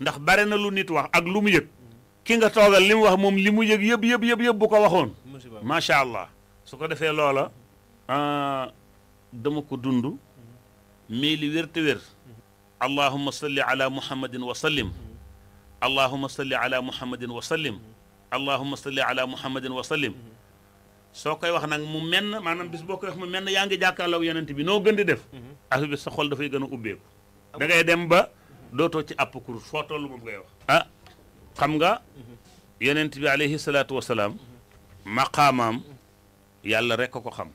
ndax bare na lu nit wax ak lu mu yëg ki nga toogal li mu wax moom li mu yëg yëpp yëpp yëpp yëpp bu ko waxoon macha allah su ko defee loola ah, dama ko dund mais li wér te wér allahuma salli ala muhammadin wa sallim allahuma salli ala muhammadin wa sallim allahuma salli ala muhammadin wa sallim soo koy wax nag mu menn maanaam bis boo koy wax mu menn yaa ngi jàkkaarloog yonent bi noo gën di def mm-hmm. affaire bi sa xol dafay gën a ubbeeku da dem ba dootoo ci àpp kur foo toll moom ngay wax ah, xam nga mm-hmm. yonent bi alayhi salaatu wasalaam mm-hmm. maqaamaam yàlla rek ko xam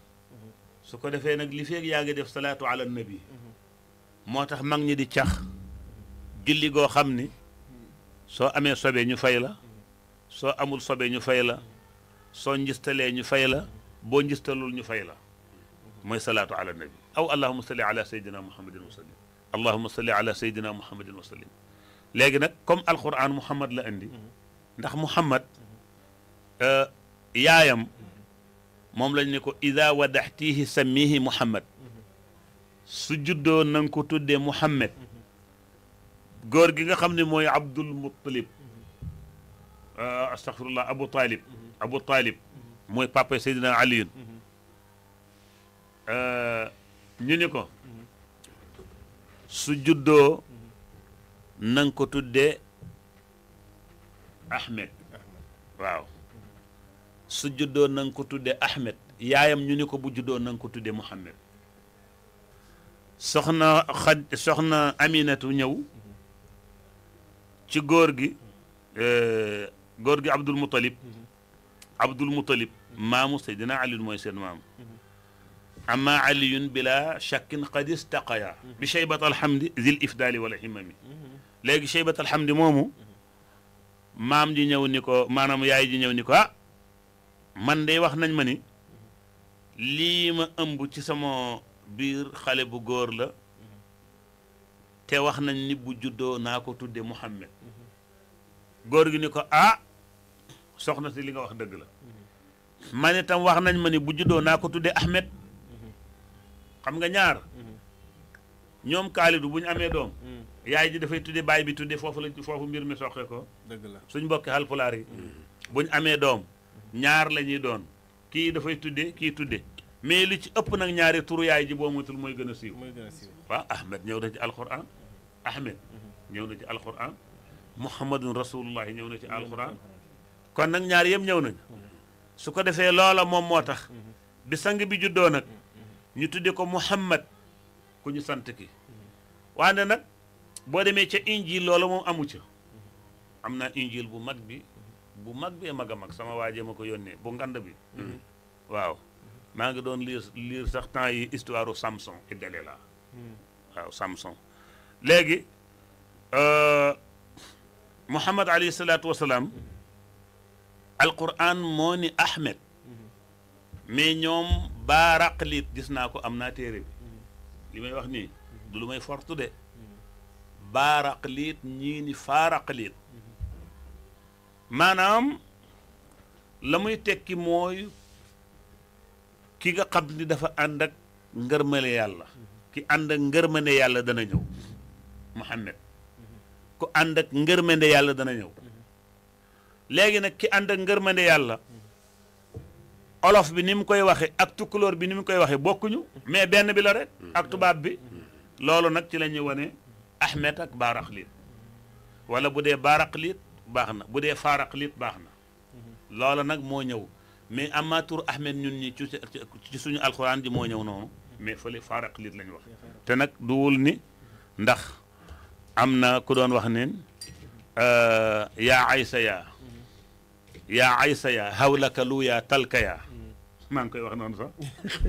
su ko defee nag li feeg yaa ngi def salaatu ala nabi moo tax mag ñi di cax julli goo xam ni soo amee sobe ñu fay la soo amul sobe ñu fay la soo njistalee ñu fay la boo njistalul ñu fay la mooy salaatu ala nabi aw allahuma salli ala sayyidina muhammadin wa sallim allahuma salli ala sayyidina muhammadin wa sallim léegi nag comme alquran muhammad la indi ndax muhammad yaayam moom lañ ne ko ida wadaxtihi sammihi muhammad su juddoo na nga ko tuddee muhammad góor gi nga xam ne mooy abdul muttalib astaghfirullah abu talib Abu Talib mooy papa Seydina Aliyun euh, ñu ni ko su juddoo na ko tudde Ahmed su juddoo na ko tuddee Ahmed yaayam ñu ni ko bu juddoo na ko tuddee Muhammad soxna xaj soxna Aminatu ñëw ci góor gi euh, góor gi Abdul Muttalib abdul mutalib maamu saydina aliyun mooy seen maam amma aliyun bila shakkin qad istaqaya bi shaybat alhamdi zil ifdali wala himami léegi shaybat alhamdi moomu maam ji ñëw ni ko maanaam yaay ji ñëw ni ko ah man de wax nañ ma ni lii ma ëmb ci sama biir xale bu góor la te wax nañ ni bu juddoo naa ko tudde Muhammad góor gi ni ko ah soxna si li nga wax dëgg la man itam wax nañ ma ni bu juddoo naa ko tuddee Ahmed xam nga ñaar ñoom kaalidu bu ñu amee doom yaay ji dafay tudde baay bi tudde foofu la foofu mbir mi soxe ko dëgg la suñ mbokki Haalpulaar yi mm. bu ñu amee doom ñaar la ñuy doon kii dafay tudde kii tudde mais li ci ëpp nag ñaari turu yaay ji boo moytul mooy gën a siiw waaw Ahmed ñëw na ci alquran Ahmed mm-hmm. ñëw na ci alquran Muhammadun Rasulullah ñëw na ci alquran kon nag ñaar yëpp ñëw nañ su ko defee loola moom moo tax bi sang bi juddoo nag ñu tudde ko Muhammad ku ñu sant ki waande nag boo demee ca injil loola moom amu ca am naa injil bu mag bi bu mag bee mag a mag sama waajee ma ko yónnee bu ngand bi waaw maa ngi doon liir sax temps yi histoire u Samson et Dalila waaw Samson léegi euh, Muhammad alayhi salaatu wasalaam alquran moo ni Ahmed mais ñoom baaraq gis naa ko am naa téere bi li may wax nii du lu may fortu de baaraq liit ñii ni faaraq maanaam la muy tekki mooy ki nga xam ni dafa ànd ak ngërmale yàlla ki ànd ak ngërmande yàlla dana ñëw Muhammad ku ànd ak ngërmande yàlla dana ñëw léegi nag ki ànd ak ngërmande yàlla olof bi ni mu koy waxe ak tukkulóor bi ni mu koy waxe bokkuñu mais benn bi la rek ak tubaab bi loolu nag ci la ñuy wane ahmet ak baaraqliit wala bu dee baaraqliit baax na bu dee faaraqliit baax na loolu nag moo ñëw mais ama tur ahmet ñun ñi ci ci suñu alxuraan ji moo ñëw noonu mais fële faaraqliit la ñu wax te nag duwul ni ndax am na ku doon wax neen yaa aysa yaa yaa aysa ya hawlaka lu yaa talka ya maa ngi koy wax noonu sax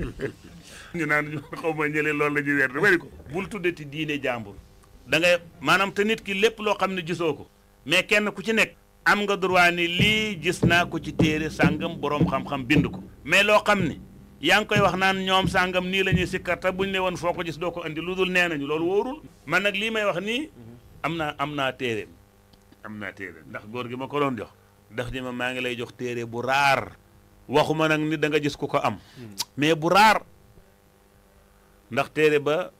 ñu naan ñu xaw ma ñële loolu la ñuy weer wari ko bul tuddati diine jàmbur da ngay maanaam te nit ki lépp loo xam ne gisoo ko mais kenn ku ci nekk am nga droit ni lii gis naa ko ci téere sàngam boroom xam-xam bind ko mais loo xam ne yaa ngi koy wax naan ñoom sàngam nii la ñuy sikkarta buñ ne woon foo ko gis doo ko andi lu dul nee nañu loolu wóorul man nag lii may wax nii am naa am naa téere am naa ndax góor gi ma ko doon jox daf ni ma maa ngi lay jox téere bu raar waxuma nag ni da nga gis ku ko am mais bu raar ndax téere ba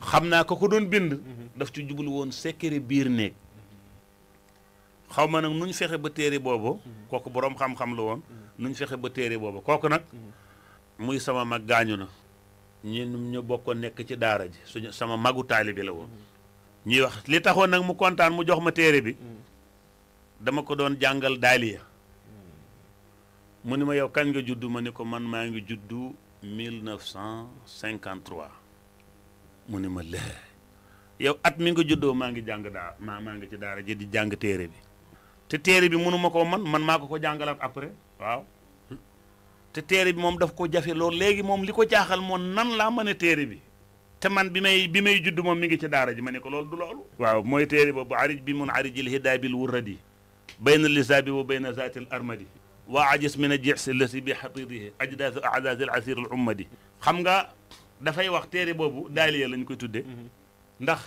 xam naa ko ko doon bind daf ci jublu woon secret biir néeg xawma ma nag nuñ fexe ba téere boobu kooku borom xam-xam la woon nuñ fexe ba téere boobu kooku nag muy sama mag gaañu na ñun ñu bokko nekk ci daara ji suñu sama magu taali bi la woon ñuy wax li taxoon nag mu kontaan mu jox ma téere bi dama ko doon jàngal daaliya mu ni ma yow kañ nga judd ma ni ko man maa ngi juddu 1953 mu ni ma leer yow at mi nga juddoo maa ngi jàng daal ma maa ngi ci daara ji di jàng téere bi te téere bi mënuma koo man man maa ko ko jàngalaat après waaw te téere bi moom daf ko jafe loolu léegi moom li ko jaaxal moom nan laa mën a téere bi te man bi may bi may judd moom mi ngi ci daara ji ma ne ko loolu du loolu waaw mooy téere boobu arij bi mun arijil hidaa bil wurradi بين اللزاب وبين ذات الأرمد وعجس من الجعس الذي بحطيضه أجداث أعداث العثير العمد خمغا دفعي وقتيري بوبو دالي يلن كتو دي نخ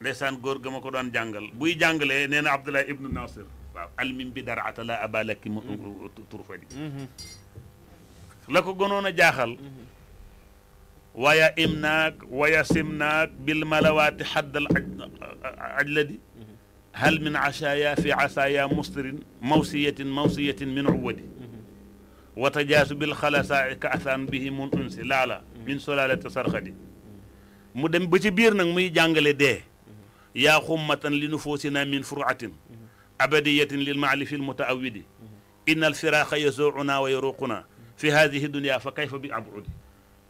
لسان غور غم قرآن جانجل بوي جانجل نين عبد الله ابن ناصر علمين بدرعة لا أبا لك ترفدي لكو قنونا جاخال ويا إمناك ويا سمناك بالملوات حد العجلدي العجل هل من عشايا في عسايا مصر موسية موسية من عود وتجاس بالخلاصاء كأثان به من أنس لا لا من سلالة سرخدي مدن بجي بيرنا مي جانجل ده يا خمة لنفوسنا من فرعة أبدية للمعلف المتأود إن الفراخ يزوعنا ويروقنا في هذه الدنيا فكيف بأبعد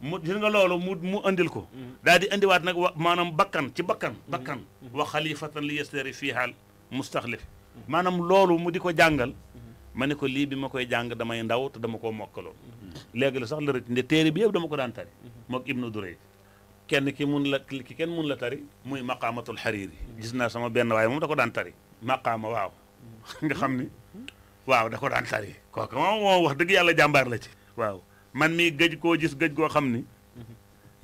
mu gis nga loolu mu mu andil ko daal di andiwaat nag wa maanaam bakkan ci bakkan bakkan wa xalifatan li yastari fiiha mustaxlif maanaam loolu mu di ko jàngal ma ne ko lii bi ma koy jàng damay ndaw te dama koo mokkaloon léegi la sax la rëcc nde téere bi yëpp dama ko daan tari mook ibnu duray kenn ki mun la ki kenn mun la tari muy maqaamatul xariiri gis naa sama benn waaye moom da ko daan tari maqaama waaw nga xam ni waaw da ko daan tari kooku moom moom wax dëgg yàlla jàmbaar la ci waaw man mii gëj koo gis gëj goo xam ni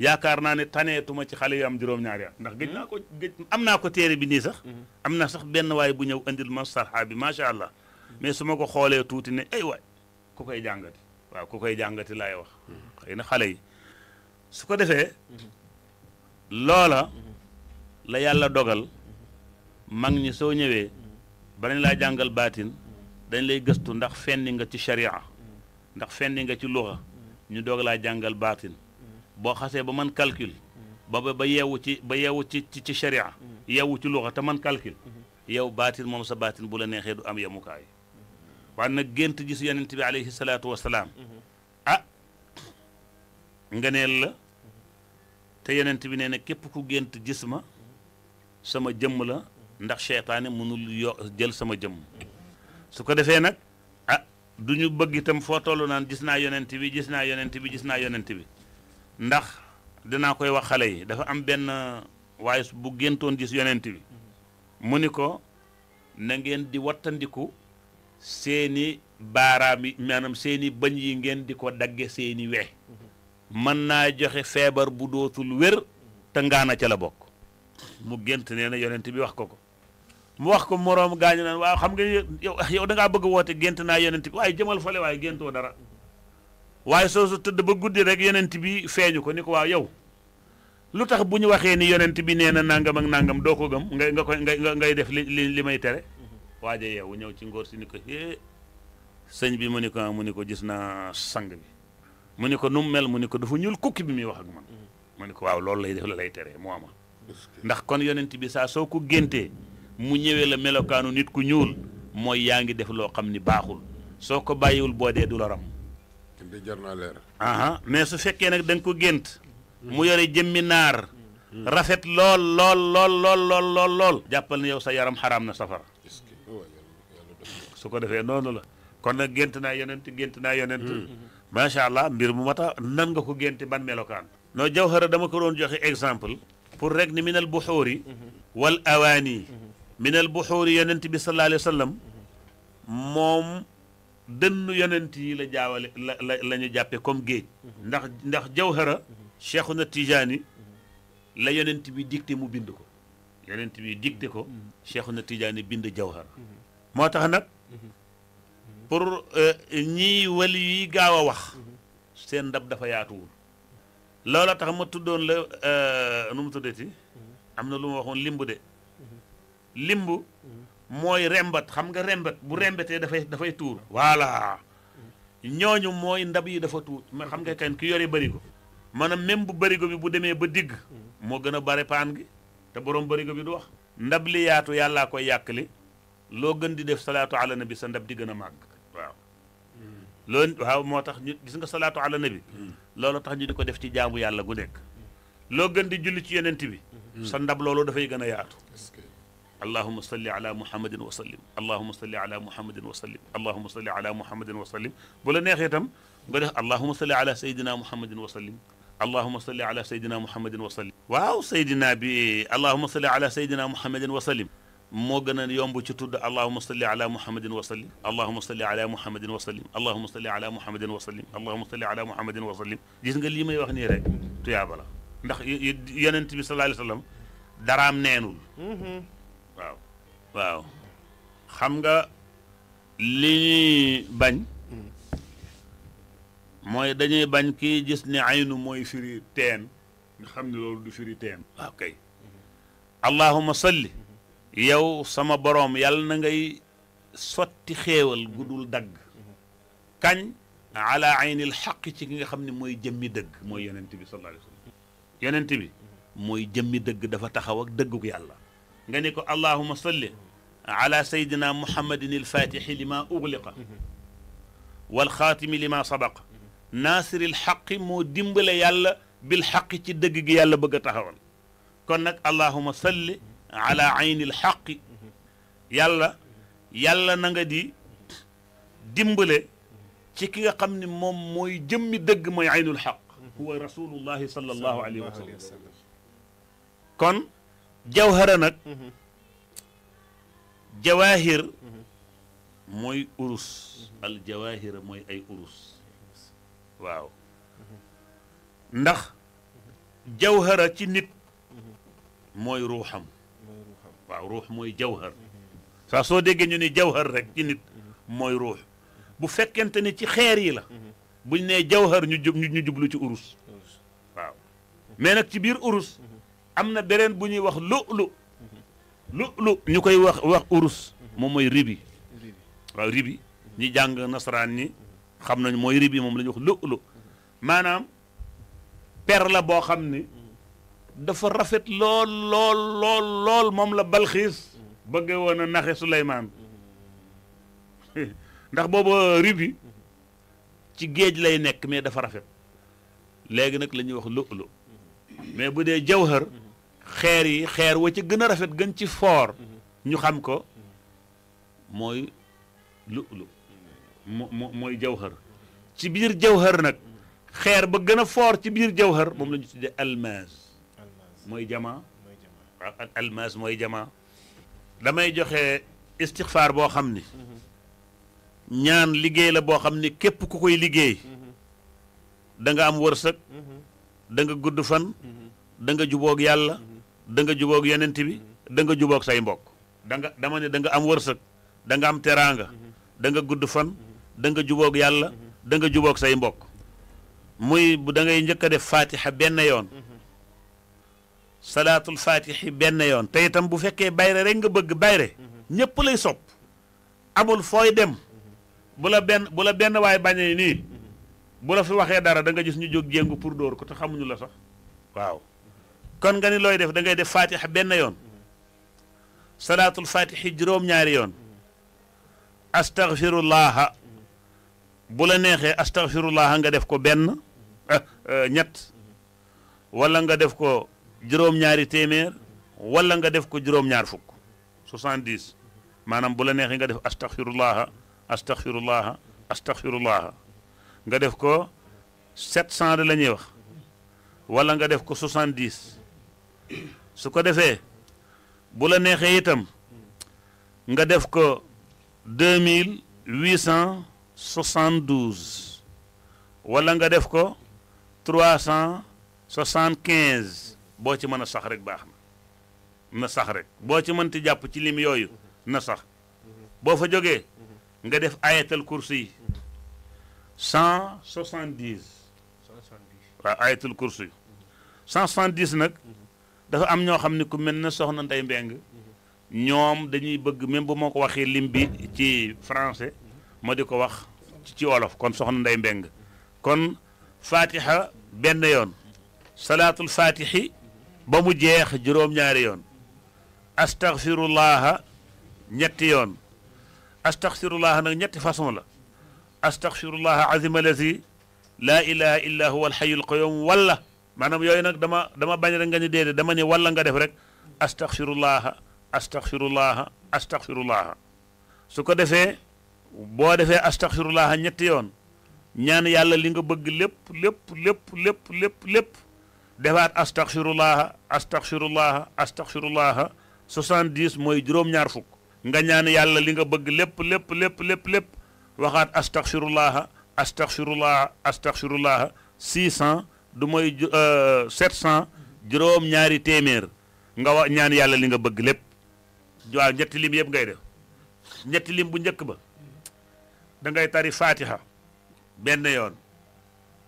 yaakaar naa ne taneetuma ci xale yu am juróom-ñaari at ndax gëj naa ko gëj am naa ko téere bi nii sax am na sax benn waay bu ñëw indil ma sarxa bi macha allah mais su ma ko xoolee tuuti ne ay waay ku koy jàngati waaw ko koy jàngati laay wax xëy na xale yi su ko defee loola la yàlla dogal mag ñi soo ñëwee banañ laa jàngal baatin dañ lay gëstu ndax fenni nga ci sharia ndax fenni nga ci luxa ñu dog la jàngal baatin bo xasse ba man calcul ba ba yewu ci ba yewu ci ci sharia yewu ci lugha ta man calcul yow baatin mom sa baatin bu la nexé du am yemukaay waaye nag gént su yannati bi alayhi salaatu wasalaam ah ngeneel la te yannati bi neena kep ku gént jisma sama jëm la ndax shaytané mënul jël sama jëm su ko défé nak du ñu bëgg itam foo toll naan gis naa yonent bi gis naa yonent bi gis naa yonent bi ndax dinaa koy wax xale yi dafa am benn waaye bu géntoon gis yonent bi mu ni ko na ngeen di wattandiku seeni baaraam yi maanaam seeni bëñ yi ngeen di ko dagge seeni we mën naa joxe feebar bu dootul wér te ngaana ca la bokk mu gént nee na yonent bi wax ko ko mu wax ko moroom gaañu naan waaw xam nga yow yow da bëgg woote gént naa yonent bi waaye jëmal fale waaye géntoo dara waaye soo su tëdd ba guddi rek yonent bi feeñu ko ni ko waaw yow lu tax bu ñu waxee ni yonent bi nee na nangam ak nangam doo ko gëm ngay nga koy nga ngay def li li li may tere mhm. waaja yeewu ñëw ci ngóor si ni ko hée eh. sëñ bi mu ni ko mu ni ko gis naa sang bi mu ni ko nu mu mel mu ni ko dafa ñuul kukki bi muy wax ak man mhm. mu ni ko waaw loolu lay def la lay tere moo ma ndax kon yonent bi saa soo ko géntee mu ñëwee la melokaanu nit ku ñuul mooy yaa ngi def loo xam ni baaxul soo ko bàyyiwul boo dee du la ram jar naa leer aha mais su fekkee nag da nga ko gént mu yore jëmmi naar rafet lool lool lool lool lool lool lool jàppal ne yow sa yaram xaraam na safara oh, su ko defee noonu la kon nag gént naa yonent gént naa yonent hmm. macha allah mbir bu mata nan nga ko génte ban melokaan noo jawhara dama ko doon joxe exemple pour rek ni minal buxóori hmm. wal awaani hmm. من البحور يننت بي صلى الله عليه وسلم موم دن يننت لا جاول لا ني جابي كوم گيج نخ نخ جوهره شيخنا تيجاني لا يننت بي ديكتي مو بيندكو يننت بي ديكتي كو شيخنا تيجاني بيند جوهر موتاخ نك بور ني ولي غاوا واخ سين داب دا فياتو لولا تخ ما تودون لا نوم تودتي امنا لوم واخون ليمبو دي limb mooy rembat xam nga rembat bu rembatee dafay dafay tuur voilà ñooñu mooy ndab yi dafa tuur ma xam nga kenn ki yore bërigo maanaam même bu bërigo bi bu demee ba digg moo gën a bare paan gi te borom bërigo bi du wax ndab li yaatu yàllaa koy yàqali loo gën di def salaatu ala bi sa ndab di gën a màgg waaw loolu waaw moo tax ñu gis nga salaatu ala bi loolu tax ñu di ko def ci jaamu yàlla gu nekk loo gën di julli ci yonent bi sa ndab gën a yaatu اللهم صل على محمد وسلم اللهم صل على محمد وسلم اللهم صل على محمد وسلم بولا نيخ يتم اللهم صل على سيدنا محمد وسلم اللهم صل على سيدنا محمد وسلم واو سيدنا بي اللهم صل على سيدنا محمد وسلم مو غن يوم اللهم صل على محمد وسلم اللهم صل على محمد وسلم اللهم صل على محمد وسلم اللهم صل على محمد وسلم جيس نغا لي ماي واخ ني رك تيابلا نخ يننتي صلى الله عليه وسلم درام نينول waaw xam nga li ñuy bañ mooy dañuy bañ kii gis ne aynu mooy firi teen nga xam ne loolu du firi teen waaw kay allahuma salli yow sama boroom yàlla na ngay sotti xéewal gudul dagg kañ ala aynil xaq ci ki nga xam ne mooy jëmmi dëgg mooy yonent bi sallallahu alayhi wa sallam yonent bi mooy jëmmi dëgg dafa taxaw ak dëgguk yàlla غني كو اللهم صل على سيدنا محمد الفاتح لما اغلق والخاتم لما سبق ناصر الحق مو ديمبل يالا بالحق تي دغغي يالا بغا تخاول كون نك اللهم صل على عين الحق يالا يالا نغا دي ديمبل تي كيغا خامني موم موي جيمي دغ موي عين الحق هو رسول الله صلى الله عليه وسلم كون jawhara nag mhm. jawaahir mhm. mooy urus mhm. al mooy ay urus waaw ndax jawhara ci nit mooy ruuxam waaw ruux mooy jawhar sa soo déggee ñu ne jawhar rek ci nit mooy ruux bu fekkente ni ci xeer yi la buñ nee jawhar ñu jub ñu jublu ci urus waaw nag ci biir urus am na beneen bu ñuy wax lu'lu lu'lu ñu koy wax wax urus moom mooy ribi waaw ribi ñi jàng nasaraan ñi xam nañ mooy ribi moom la ñuy wax lu'lu maanaam per la boo xam ni dafa rafet lool lool lool lool moom la balxiis bëgge woon a naxe Suleymaan ndax booba ribi ci géej lay nekk mais dafa rafet léegi nag la ñuy wax lu'lu mais bu dee jawhar xeer yi xeer wa ci gën a rafet gën ci foor ñu xam ko mooy lu lu mo mooy jawhar ci biir jawhar nag xeer ba gën a foor ci biir jawhar moom lañu ñu tuddee almaas mooy jama almaas mooy jama damay joxe istixfaar boo xam ni ñaan liggéey la boo xam ni képp ku koy liggéey mm-hmm. da am wërsëg mm-hmm. da nga gudd fan da nga jubóog yàlla da nga jubóog yenent bi da nga jubóog say mbokk da nga dama ne da nga am wërsëg da nga am teranga da nga gudd fan da nga jubóog yàlla da nga jubóog say mbokk muy bu da ngay njëkk a def fatiha benn yoon salatul fatihi benn yoon te itam bu fekkee bayre rek nga bëgg bayre ñëpp lay sopp amul fooy dem bu la benn bu la benn waay bu la fi waxee dara danga nga gis ñu jóg jéngu pour dóor ko te xamuñu la sax waaw kon nga ni looy def da ngay def faatixa benn yoon salaatul faatixi juróom-ñaari yoon astaghfirullaha bu la neexee astaghfirullaha nga def ko benn eh, eh, ñett wala nga def ko juróom téeméer wala nga def ko juróom-ñaar fukk maanaam bu la neexee nga def astaghfirullaha astaghfirullaha astaghfirullaha nga def ko 700 de la ñuy wax wala nga def ko 70 su ko defee bu la neexee itam nga def ko 2872 wala nga def ko 375 boo ci mën a sax rek baax na na sax rek boo ci mënti jàpp ci lim yooyu na sax boo fa jógee nga def ayatal kursi yi cent soixante dix. waaw ayatul kursi yi. nag. dafa am ñoo xam ne ku mel ne soxna Ndeye Mbeng ñoom dañuy bëgg même bu moo ko waxee lim bi ci français ma di ko wax ci wolof kon soxna Ndeye Mbeng kon fatiha benn yoon salaatul fatihi ba mu jeex juróom-ñaari yoon astaghfirullaha ñetti yoon astaghfirullaha nag ñetti façon la astaghfiru llaha azima lazi laa ilaha illa huwa alhayyul qayyum wala maanaam yooyu nag dama dama bañ rek nga ni déedéet dama ni wala nga def rek astaghfirullaha astaghfirullaha astaghfirullaha su ko defee boo defee astaghfirullaha ñetti yoon ñaan yàlla li nga bëgg lépp lépp lépp lépp lépp lépp defaat astaghfirullaha astaghfirullaha astaghfirullaha soixante-dix mooy juróom-ñaar fukk nga ñaan yàlla li nga bëgg lépp lépp lépp lépp lépp waxaat astaghfirullah astaghfirullah astaghfirullah 600 du moy 700 euh, juroom ñaari témèr nga wa ñaan yalla li nga bëgg lepp waaw ñett lim yeb ngay def ñett lim bu njëkk ba da ngay tari fatiha ben yoon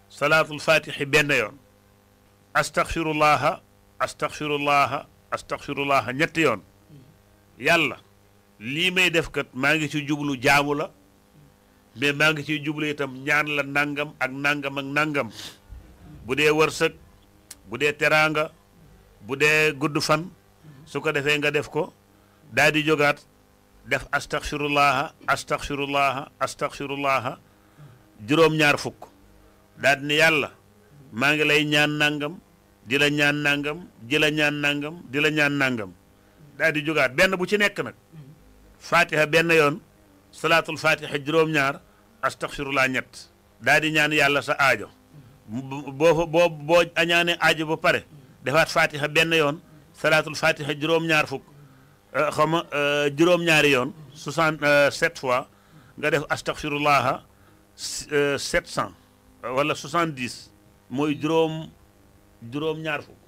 salatul fatih ben yoon astaghfirullah astaghfirullah astaghfirullah ñett yoon yalla li may def kat ma ngi ci jublu jaamu la mais maa ngi ciy jublu itam ñaan la nangam ak nangam ak nangam bu dee wërsëg bu dee teraanga bu dee gudd fan su ko nga def ko daal di jógaat def astaghfirullah astaghfirullah astaghfirullah juróom-ñaar fukk daal ni yàlla maa ngi lay ñaan nangam di la ñaan nangam di la ñaan nangam di la ñaan nangam daal di jógaat benn bu ci nekk nag fatiha benn yoon salaatul fatiha juróom-ñaar astaxfirullah ñett daal di ñaan yàlla sa aajo boo boo boo añaane aajo ba pare defaat fatiha benn yoon salaatul fatiha juróom-ñaar fukk xaw ma juróom-ñaari yoon 67 fois nga def astaxfirullah 700 wala 70 mooy juróom juróom-ñaar fukk.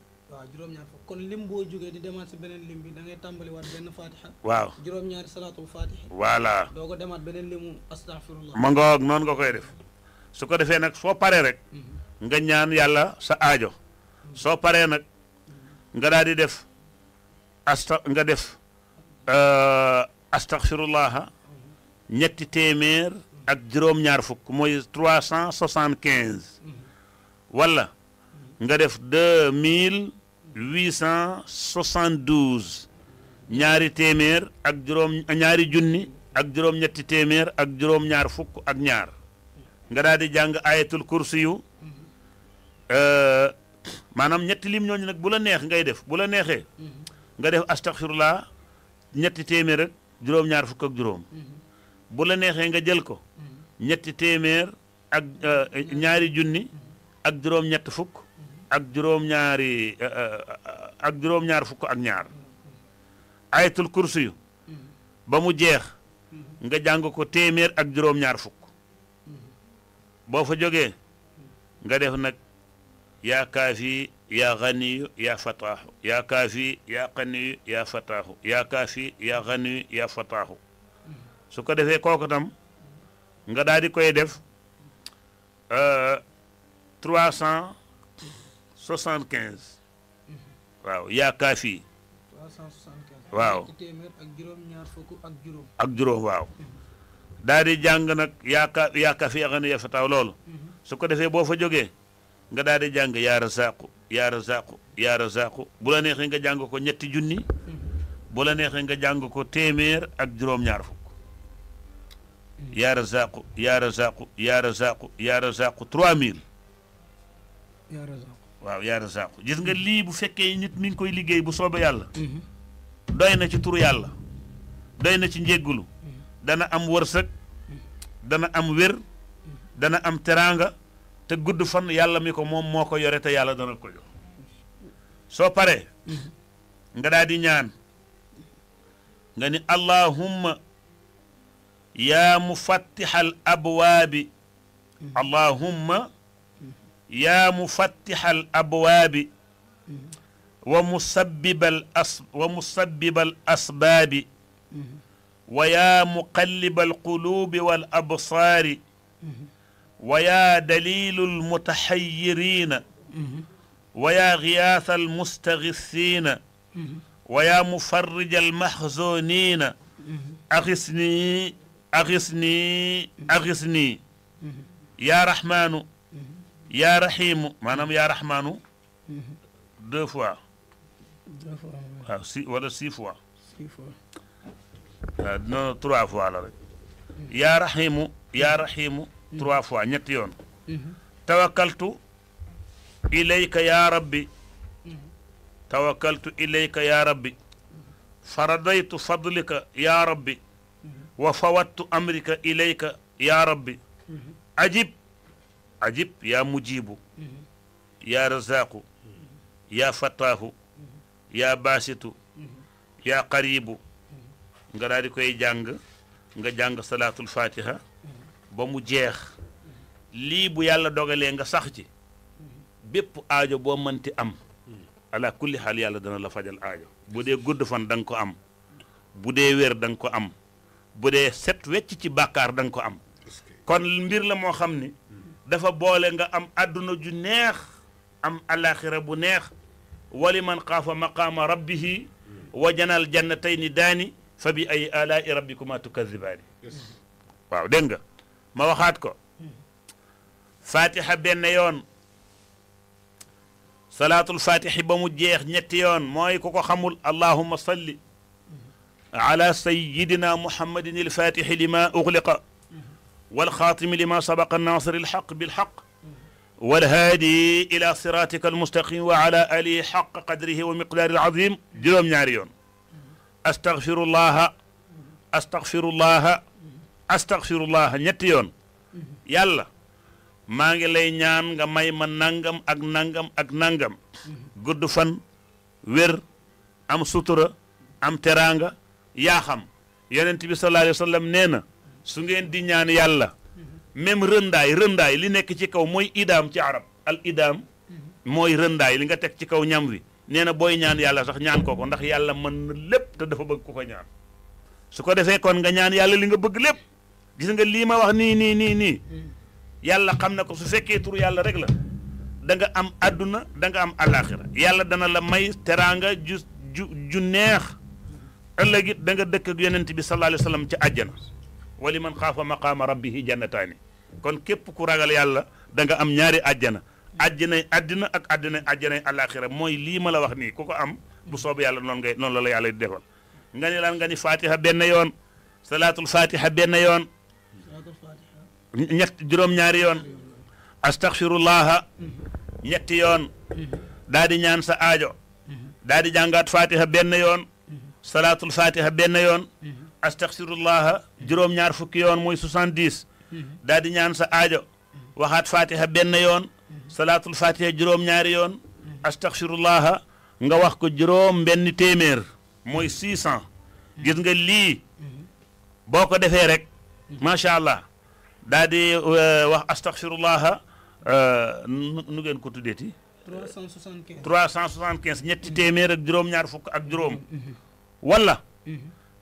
juróom-ñaar fukk. kon lim boo jógee di demaat si beneen lim bi da ngay tàmbaliwaat benn fatiha. waaw juróom-ñaari salaatu fatiha. voilà doo ko demaat beneen limu astaghfirullah. ma ngoog noonu nga koy def su ko defee nag soo paree rek. Mhm. nga ñaan yàlla sa ajo mhm. soo paree nag mhm. nga daal di def asta nga def euh, astaghfirullah ñetti téeméer ak juróom-ñaar fukk mooy trois cent soixante quinze. wala nga def deux mille. 872 ñaari téeméer ak juróom ñaari junni ak juróom-ñetti téeméer ak juróom-ñaar fukk ak ñaar nga daal di jàng ayatul kursi yu euh, maanaam ñetti lim ñooñu nag bu la neex ngay def bu la neexee nga def astaghfirullah ñetti téeméer ak juróom-ñaar fukk ak juróom bu la neexee nga jël ko ñetti téeméer ak euh, ñaari junni ak juróom-ñett fukk ak juróom eh, eh, ak juróom-ñaar fukk ak ñaar ayatul kursi yu ba mu jeex nga jàng ko téeméer ak juróom-ñaar fukk boo fa jógee nga def nag yaa kaafi yaa xaniyu yaa fataaxu yaa kaafi yaa xaniyu yaa fataaxu su ko defee kooku tam nga daal koy def eh, trois cent 75 waaw yaa kaafi waaw ak juróom waaw mhm. daal di jàng nag yaa ka yaa kaafi yaa xane yaa fataaw su ko defee boo fa jógee nga daal di jàng yaa razaqu yaa razaqu yaa razaqu bu la neexee nga jàng ko ñetti junni mhm. bu la neexee nga jàng ko téeméer ak juróom-ñaar fukk mhm. yaa yaa yaa yaa yaa waaw yaa razaqu gis nga mm-hmm. lii bu fekkee nit mi ngi koy liggéey bu soobee yàlla mm-hmm. doy na ci turu yàlla doy na ci njéggulu mm-hmm. dana am wërsëg dana am wér dana am teraanga te gudd fan yàlla mi ko moom moo ko yore te yàlla dana ko yor soo paree nga daal di ñaan nga ni allahumma yaa mufattihal abwaabi allahumma يا مفتح الأبواب ومسبب الأص ومسبب الأسباب ويا مقلب القلوب والأبصار ويا دليل المتحيرين ويا غياث المستغثين ويا مفرج المحزونين أغثني أغثني أغثني يا رحمن yaa raxiimu maanaam yaa raxmaanu deux fois waaw si wala six fois waaw non trois fois la rek yaa raxiimu yaa raxiimu trois fois ñetti yoon tawakkaltu ilayka yaa rabbi tawakkaltu ilayka yaa rabbi faradaytu fadlika yaa rabbi wa fawadtu amrika ilayka yaa rabbi ajib ajib yaa mujibu yaa razaqu yaa fattaahu yaa baasitu yaa qaribu nga daal di koy jàng nga jàng salaatul fatiha ba mu jeex lii bu yàlla dogalee nga sax ci bépp aajo boo mënti am ala xaal yàlla dana la fajal aajo bu dee gudd fan da ko am bu dee wér da ko am bu dee set wecc ci bàkkaar da ko am kon mbir la moo xam ni dafa boole nga am àdduna ju neex am alaxira bu neex wali man xaafa maqaama rabbihi wa janal jannatayni daani fa bi ay alaai rabbikuma tukadibaani waaw dégg nga ma waxaat ko fatiha benn yoon salaatul fatihi ba mu jeex ñetti yoon mooy ku ko xamul allahuma salli ala sayidina muhammadin alfatihi lima uxliqa والخاتم لما سبق الناصر الحق بالحق والهادي الى صراطك المستقيم وعلى اله حق قدره ومقدار العظيم جرم ناريون استغفر الله استغفر الله استغفر الله نتيون يلا ماغي لاي نيان نعم، غا ماي ما نانغام اك نانغام اك نانغام غود فان وير ام سوتورا ام تيرانغا يا خام يونتبي صلى الله عليه وسلم نينا su ngeen di ñaan yàlla même rëndaay rëndaay li nekk ci kaw mooy idaam ci arab al idam, mooy rëndaay li nga teg ci kaw ñam wi nee na booy ñaan yàlla sax ñaan ko ko ndax yàlla mën na lépp te dafa bëgg ku ko ñaan su ko defee kon nga ñaan yàlla li nga bëgg lépp gis nga lii ma wax nii nii nii nii yàlla xam na ko su fekkee turu yàlla rek la da nga am aduna, da nga am alaxira yàlla dana la may teranga ju ju ju neex ëllëgit da nga dëkk ak yonent bi sallallahu alayhi wa ci àjjana wali man xaafa maqaama rabbihi jannataani kon képp ku ragal yàlla danga am ñaari àjjana àjjanay àddina ak àddinay àjjanay àllaaxira mooy lii ma la wax nii ku ko am bu soobu yàlla noonu ngay noonu yàlla di defal nga ni laan nga ni fatiha benn yoon salaatul fatiha benn yoon ñett juróom-ñaari yoon astaxfirullaha ñetti yoon daa di ñaan sa aajo daa fatiha benn yoon salaatul fatiha benn yoon Astaghfirullah, juróom-ñaar fukki yoon muy 70 daal di ñaan sa aajo mhm. waxaat fatiha benn yoon mhm. salatul fatiha juróom-ñaari yoon mhm. astaghfirullah nga wax ko juróom benn téeméer mooy 600 gis nga lii boo ko defee rek macha allah daal di euh, wax astaxfirullaha euh, nu ngeen ko ti 375 375 ñetti téeméer ak juróom-ñaar fukk ak juróom wala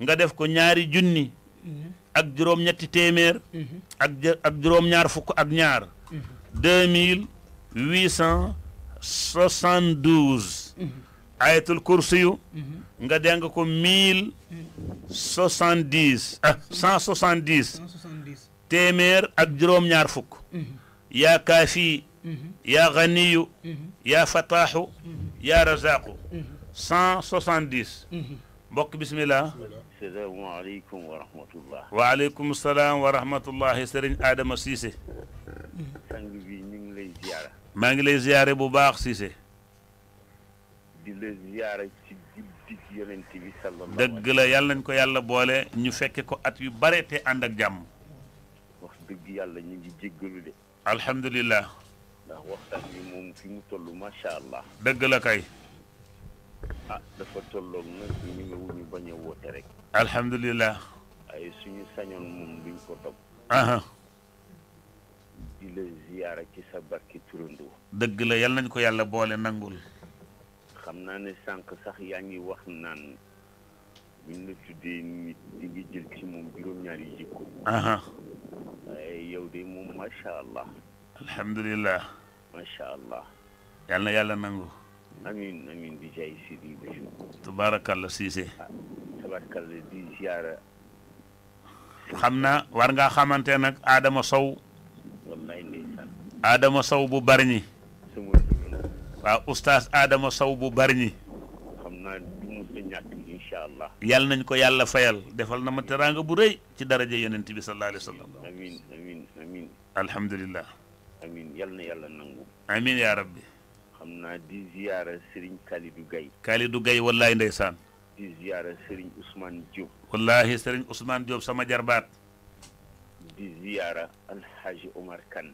nga def ko ñaari junni mhm. ak juróom-ñetti téeméer mhm. ak ak juróom-ñaar fukk ak ñaar mhm. deux mille huit cent soixante douze ayatul kursi nga denga ko mille soixante dix ah cent soixante dix téeméer ak juróom-ñaar fukk yaa kaafi yaa ganiyu yaa fataaxu yaa razaqu cent soixante dix mbokk bismillah السلام عليكم ورحمة الله وعليكم السلام ورحمة الله سرين آدم سيسي sang bi ñu ngi lay ziara maa ngi lay ziare bu baax Cissé di la ziara ci guddik yonent bi sallallahu dëgg la yàlla nañ ko yàlla boole ñu fekke ko at yu bare te ànd ak jàmm wax dëgg yàlla ñu ngi jéggalu de alhamdulilah ndax waxtaan bi moom fi mu toll macha allah dëgg la kay ah dafa tolloog nag ñu ngi wuñu bañ a woote rek. alhamdulilah. ay suñu sañoon moom duñ ko topp. di la ziyaara ci sa barki turando. dëgg la yal nañ ko yàlla boole nangul. xam naa ne sànq sax yaa ngi wax naan buñ la tuddee nit di ngi jël ci moom juróom-ñaari jikko. waaye yow de moom macha allah. alhamdulilah. macha allah. yal na yàlla nangu. amin amin jaay Sidi Bachir. tabaarakalla Cissé. Ah, tabaarakalla di ziara. xam naa war ngaa xamante nag Adama Sow. wallaay ndeysaan. Sow bu bari ñi. waaw oustaz Adama Sow bu bari ñi. xam naa du mu yàlla nañ ko yàlla fayal defal na ma teraanga bu rëy ci daraja yonent bi sallallahu alayhi wa sallam. amin alhamdulillah. yal na yàlla nangu. amin yaa rabbi. xam naa di ziyaara Serigne Kalidou Gaye Kalidou Gaye wallaay ndeysaan di ziyaara Serigne Ousmane Diop wallahi Serigne Ousmane Diop sama jarbaat di ziyaara Alhaji Omar Kane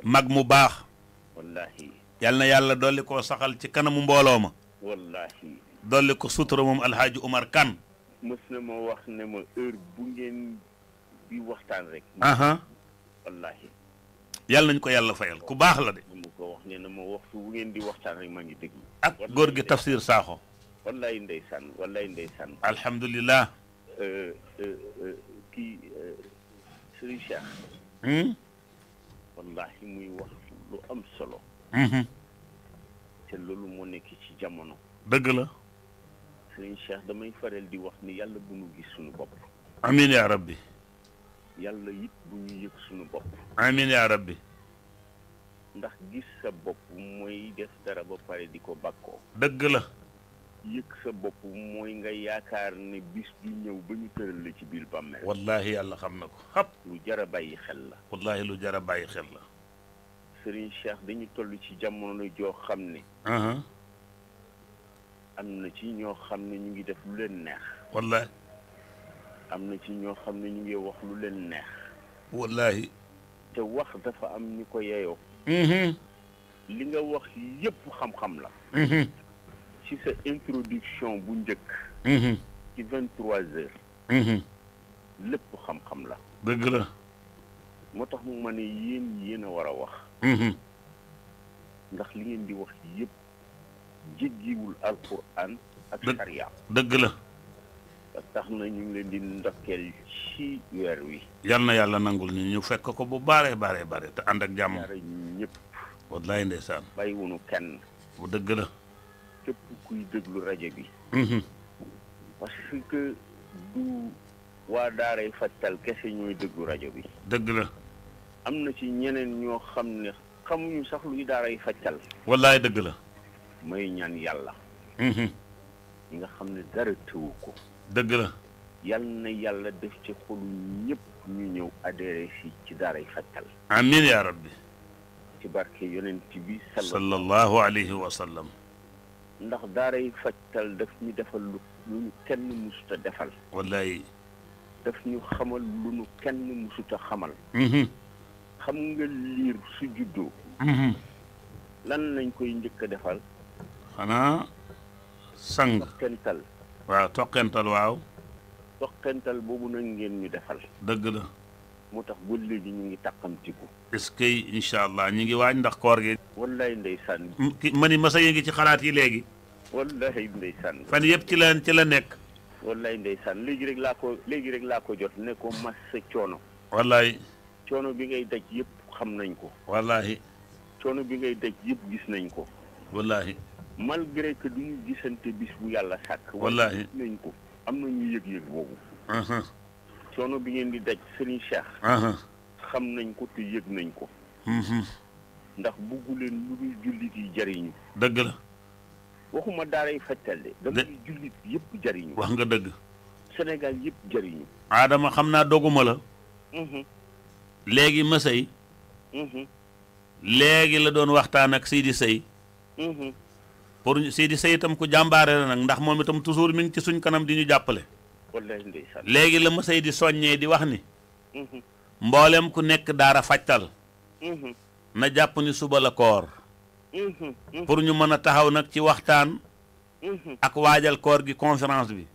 mag mu baax wallahi yal na yàlla dolli koo saxal ci kanamu mbooloo ma ko sutura moom Alhaji Omar mës na ma wax ne ma heure bu ngeen waxtaan rek wallaahi. yàlla nañ ko yàlla fayal ku baax la de. mu ko wax nee na ma wax fu ngeen di waxtaan rek maa ngi déglu. ak góor gi Tafsir Sakho. wallaahi ndeysaan wallaahi ndeysaan. alhamdulilah. Euh, euh, euh, kii Serigne Cheikh. Hmm? wallaahi muy wax lu am solo. te loolu moo nekk ci jamono. dëgg la. Serigne Cheikh damay faral di wax ni yàlla bu nu gis sunu bopp. amiin yaa rabbi. yàlla it bu ñu yëg suñu bopp. amiin yaa rabbi. ndax gis sa bopp mooy def dara ba pare di ko bakkoo. dëgg la. yëg sa bopp mooy nga yaakaar ne bis du ñëw ba ñu tëral la ci biir bàmmeel. wallaahi yàlla xam na ko xap. lu jar a bàyyi xel la. wallaahi lu jar a bàyyi xel la. sëriñ Cheikh dañu toll ci jamono joo xam ne. am na ci ñoo xam ne ñu ngi def lu leen neex. am na ci ñoo xam ne ñu ngi wax lu leen neex. wallahi te wax dafa am ñu ko yeyoo. li nga wax yépp xam-xam la. ci sa introduction bu njëkk. ci vingt trois heures. lépp xam-xam la. dëgg la. moo tax mu ma ne yéen yéen a war a wax. ndax li ngeen di wax yépp jéggiwul alquran ak charia. dëgg la. ba tax na ñu ngi leen di ndokkeel ci weer wi. yal na yàlla nangul ñu ñu fekk ko bu baaree baaree baaree te ànd ak jàmm. ñëpp. wallaay ndeysaan. bàyyiwunu kenn. bu dëgg la. képp kuy déglu rajo bi. Mhm. parce que du waa daaray fajtal kese rajo bi. dëgg la. am na ci ñeneen ñoo xam ne xamuñu sax luy daaray fajtal. wallaay dëgg la. may ñan yàlla. ñi mhm. nga xam ne dara tëwu ko. dëgg la. yal na yàlla def ci xolu ñëpp ñu ñëw adhéré fii ci daaray Fajtal. amiin yaa rabbi. ci barke yonent bi. sallallahu alayhi wa sallam. ndax daaray Fajtal daf ñu defal lu ñu kenn musuta defal. wallaay. daf ñu xamal lu ñu kenn musuta xamal. xam nga liir su juddoo. lan lañ koy njëkk a defal. xanaa sang. kental. waaw toqental waaw. toqental boobu nag ngeen ñu defal. dëgg la. moo tax ba léegi ñu ngi tàqamtiku. est-ce que incha allah ñu ngi waaj ndax koor gi. wallaay ndeysaan. ki ma ni masa yi ngi ci xalaat yi léegi. wallaay ndeysaan. fan yëpp ci la ci la nekk. wallaay ndeysaan léegi rek laa ko léegi rek laa ko jot ne ko mas sa coono. wallaay. coono bi ngay daj yëpp xam nañ ko. wallahi coono bi ngay daj yépp gis nañ ko. wallahi malgré que du ñu gisante bis bu yàlla sàkk. wallaahi nañ ko am na ñu yëg-yëg boobu. Uh-huh. coono bi ngeen di daj Serigne Cheikh. Uh-huh. xam nañ ko te yëg nañ ko. Uh-huh. ndax bugg leen lu dul jullit yi jariñu. dëgg la. waxuma daaray fajtal de. dama di jullit yëpp jariñu. wax nga dëgg. Sénégal yëpp jariñu. Adama xam naa doguma la. léegi ma Masay. léegi la doon waxtaan ak Sidi Sey. pour Sidi Seye itam ku jàmbaare la nag ndax moom itam toujours mi ngi ci suñ kanam di ñu jàppale. léegi la ma Seydi soññee di wax ni. Mhm. mbooleem ku nekk daara fajtal. Mhm. na jàpp ni suba la koor. Mhm. pour ñu mën a taxaw nag ci waxtaan. ak waajal koor gi conférence bi.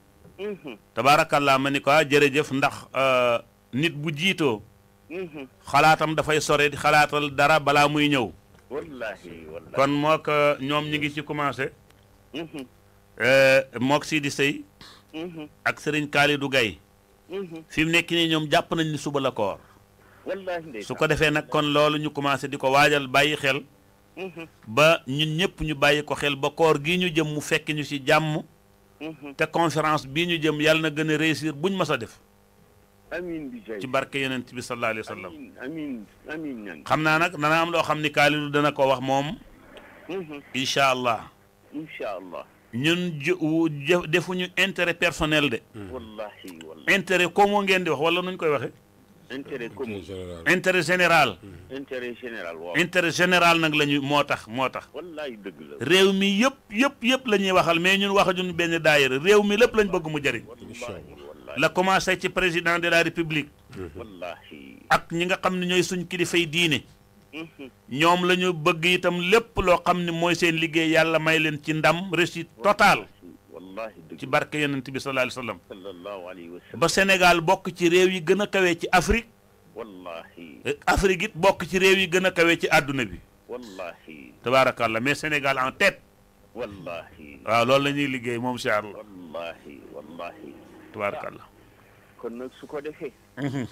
tabaarakallaa ma ni ko ah, jëf ndax euh, nit bu jiitoo. xalaatam dafay sore di xalaatal dara balaa muy ñëw. wallahi wallahi kon moo ko euh, ñoom ñu ngi ci commencé. Mm-hmm. Euh, mook di sëy mm-hmm. ak sëriñ Serigne du gay mm-hmm. fi mu nekk nii ñoom jàpp nañ ni suba la koor. su ko defee nag kon loolu ñu commencé di ko waajal bàyyi xel. ba ñun ñëpp ñu bàyyi ko xel ba koor gii ñu jëm mu fekk ñu ci jàmm. te conférence bii ñu jëm yal na gën a réussir buñ mës a def. amiin ci barke yeneen bi sallallahu alayhi wa sallam. amiin xam naa nag dana am loo xam ni Kalidou dana ko wax moom. Mm-hmm. incha allah. ñun jë defuñu intérêt personnel de. Mm-hmm. wallaahi wallaahi. intérêt ngeen di wax wala nuñ koy waxee. intérêt commun intérêt général. intérêt général mm-hmm. waaw. intérêt général nag la ñu moo tax moo tax. wallaahi dëgg réew mi yëpp yëpp yëpp la ñuy waxal mais ñun waxajuñu benn daayira réew mi lép lañ bëgg mu jëriñ. la commencé ci président de la république. Mhm. ak ñi nga xam ne ñooy suñ kilifay diine. Mhm. ñoom lañu bëgg itam lépp loo xam ne mooy seen liggéey yàlla may leen ci ndam réussite totale. ci barke yonent bi sallallahu alayhi wasallam ba Sénégal bokk ci réew yi gën a kawe ci Afrique. wallaahi eh, Afrique it bokk ci réew yi gën a kawe ci àdduna bi. wallaahi tabaarakallah mais Sénégal en tête. waaw loolu lañuy liggéey moom si àll. tubaarkàlla kon nag su ko defee ñuy mhm.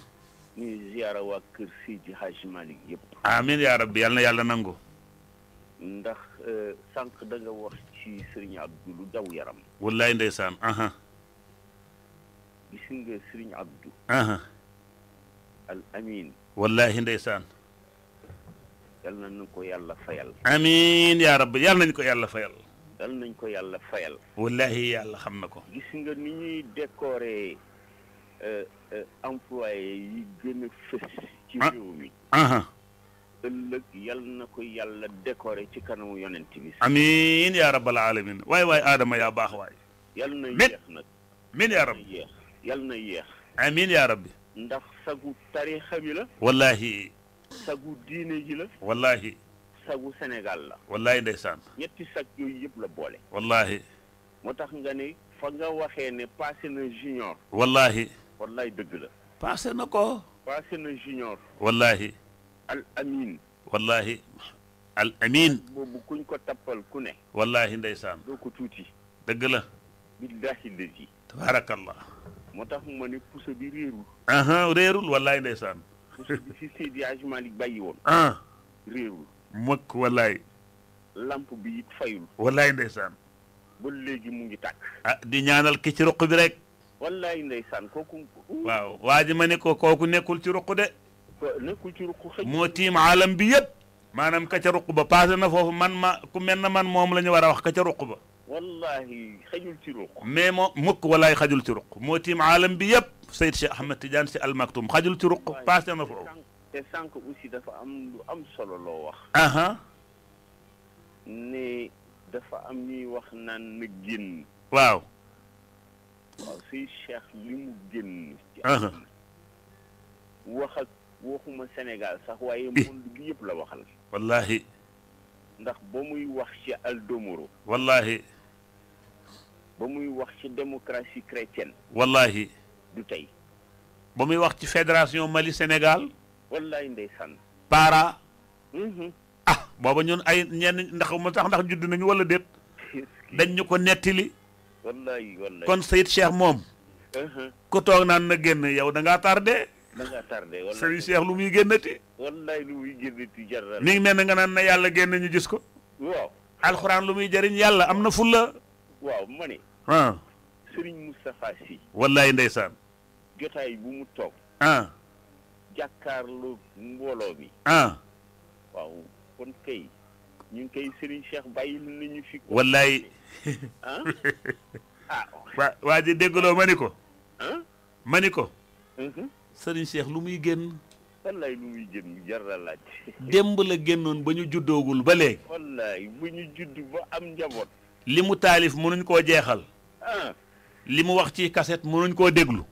ziyaara waa kër Seydi Hadji Malick yëpp amiin yaa rabbi yal na yàlla nangu ndax euh, sànq da nga wax ci Serigne Abdou lu daw yaram wallaay ndeysaan aha gis nga Serigne Abdou aha al amin yal na ñu ko yàlla fayal amiin yaa rabbi yal nañ ko yàlla fayal dal nañ ko yàlla fayal. wallahi yàlla xam na ko. gis nga ni ñuy décorer employé yi gën a fës. ci réew mi. ëllëg yal na ko yàlla décorer ci kanamu yonent bi. amiin yaa rabbal alamin waay waay Adama yaa baax waay. yal na yéex nag. min yaa rabbi yal na yéex. amiin yaa rabbi. ndax sagu tariixa bi la. wallahi sagu diine ji la. wallahi sagu Sénégal la. wallaahi ndeysaan. ñetti sag yooyu yëpp la boole. wallaahi. moo tax nga ne fa nga waxee ne passé na junior. wallaahi. wallaahi dëgg la. passé na ko. passé na junior. wallaahi. al amin. wallaahi. boobu kuñ ko tappal ku ne. wallaahi ndeysaan. doo ko tuuti. dëgg la. billaahi lazi. tabaarakallah. moo tax ma ne puso bi réerul. réerul wallaahi ndeysaan. puso bi si Seydi Hadji bàyyi woon. Ah. réerul. mokk wallaay. lamp bi it fayul. wallaay ndeysaan. ba léegi mu ngi tàkk. ah di ñaanal ki ci ruq bi rek. wallaay ndeysaan kooku. waaw waa ji ma ne ko kooku nekkul ci ruq de. nekkul ci ruq xëy moo tiim alam bi yëpp. maanaam ka ca ruq ba passé na foofu man ma ku mel na man moom la ñu war a wax ka ca ruq ba. wallahi xajul ci ruq. mais moo mukk wallahi xajul ci ruq moo tiim alam bi yëpp Seyd Cheikh Ahmed Tidiane si almaktum xajul ci ruq passé na foofu. te aussi dafa am lu am solo loo wax. ne dafa am ñuy wax nan na génn. waaw. waaw suy Cheikh li mu génn. ci wax ak waxuma Sénégal sax waaye monde bi yëpp la waxal. wallahi ndax ba muy wax ci aldomoro. wallahi ba muy wax ci démocratie chrétienne. wallahi du tey. ba muy wax ci fédération Mali Sénégal. wallaay ndeysaan parent mm-hmm. ah booba ñun ay ñenn ndax mu tax ndax judd nañu wala déet dañ ñu ko nettali wallaay wallaay kon Sayid Cheikh moom mm-hmm. ku toog naan na génn yow da ngaa tardé da ngaa tardé lu muy génnati wallaay lu muy na nga naan na yàlla génn ñu gis ko waaw alxuraan lu muy jariñ yàlla am na fulla waaw ma ne ah Serigne Moustapha Sy wallaay ndeysaan jotaay bu mu toog ah jàkkaarlu mbooloo mi. ah. waaw kon ñu koy Serigne Cheikh bàyyil nañu fi. wallaay. ah. ah waa waa ji déggloo ma ni ko. Ah? ma ni ko. Mhm. Serigne Cheikh lu muy génn. wallaay lu muy génn la génnoon ba ñu juddoogul ba léegi. wallaay ñu judd ba am njaboot. li mu taalif mënuñ koo jeexal. Ah. li mu wax ci kaset mënuñ koo déglu.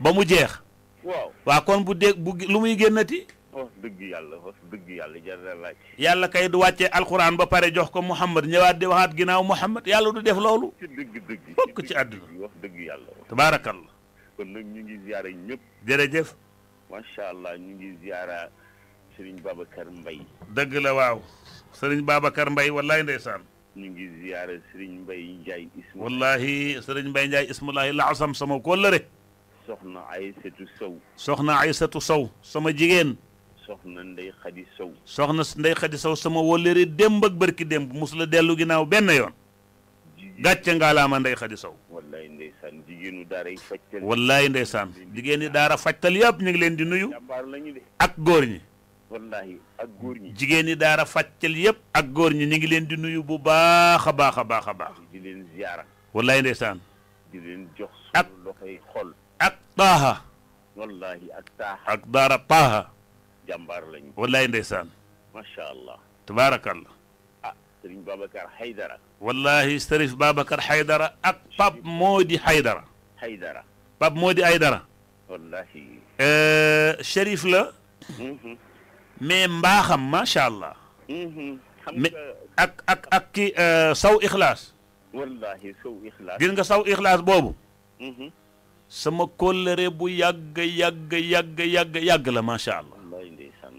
ba mu jeex. waaw waaw kon bu dee bu lu muy génnati. wax oh, dëgg yàlla wax oh, dëgg yàlla jar na laaj. kay du wàccee alxuraan ba pare jox ko Muhammad ñëwaat di waxaat ginnaaw Muhammad yàlla du def loolu. dëgg dëgg fokk ci àdduna wax dëgg yàlla. tabaarakallah. kon nag ñu ngi ziara ñëpp. jërëjëf. macha allah ñu ngi ziara Serigne Babacar Mbaye. dëgg la waaw. Serigne Babacar Mbaye wallaay ndeysaan. ñu ngi ziara Serigne Mbaye Ndiaye. isma wallaahi Serigne Mbaye Ndiaye ismalahi laasam sama kóllëre. soxna ay Sow soxna Aysatu Sow sama jigéen soxna Ndey Xadi Sow soxna Ndey Xadi Sow sama wóllëre démb ak bërki démb mosu la dellu ginnaaw benn yoon gàcce ngaalaama Ndey Xadi Sow wallaay ndeysaan jigéenu daara yi fajtal wallaay ndeysaan jigéen ñi daara fajtal yëpp ñu ngi leen di nuyu ak góor ñi wallaay ak góor ñi jigéen ñi daara fajtal yëpp ak góor ñi ñu ngi leen di nuyu bu baax a baax a baax a baax di leen ziyaara wallaay ndeysaan di leen jox ak loxoy xol طه والله اكتاه اقدار طه جمبار لين والله ندسان ما شاء الله تبارك الله سيرين كار حيدر والله سيرين كار حيدر اقطب مودي حيدر حيدر باب مودي حيدر والله أه، شريف لا مي باخم ما شاء الله اك اك اك أه سو اخلاص والله سو اخلاص جينغا سو اخلاص بابو sama kóllëre bu yàgg yàgg yàgg yàgg yàgg la macha allah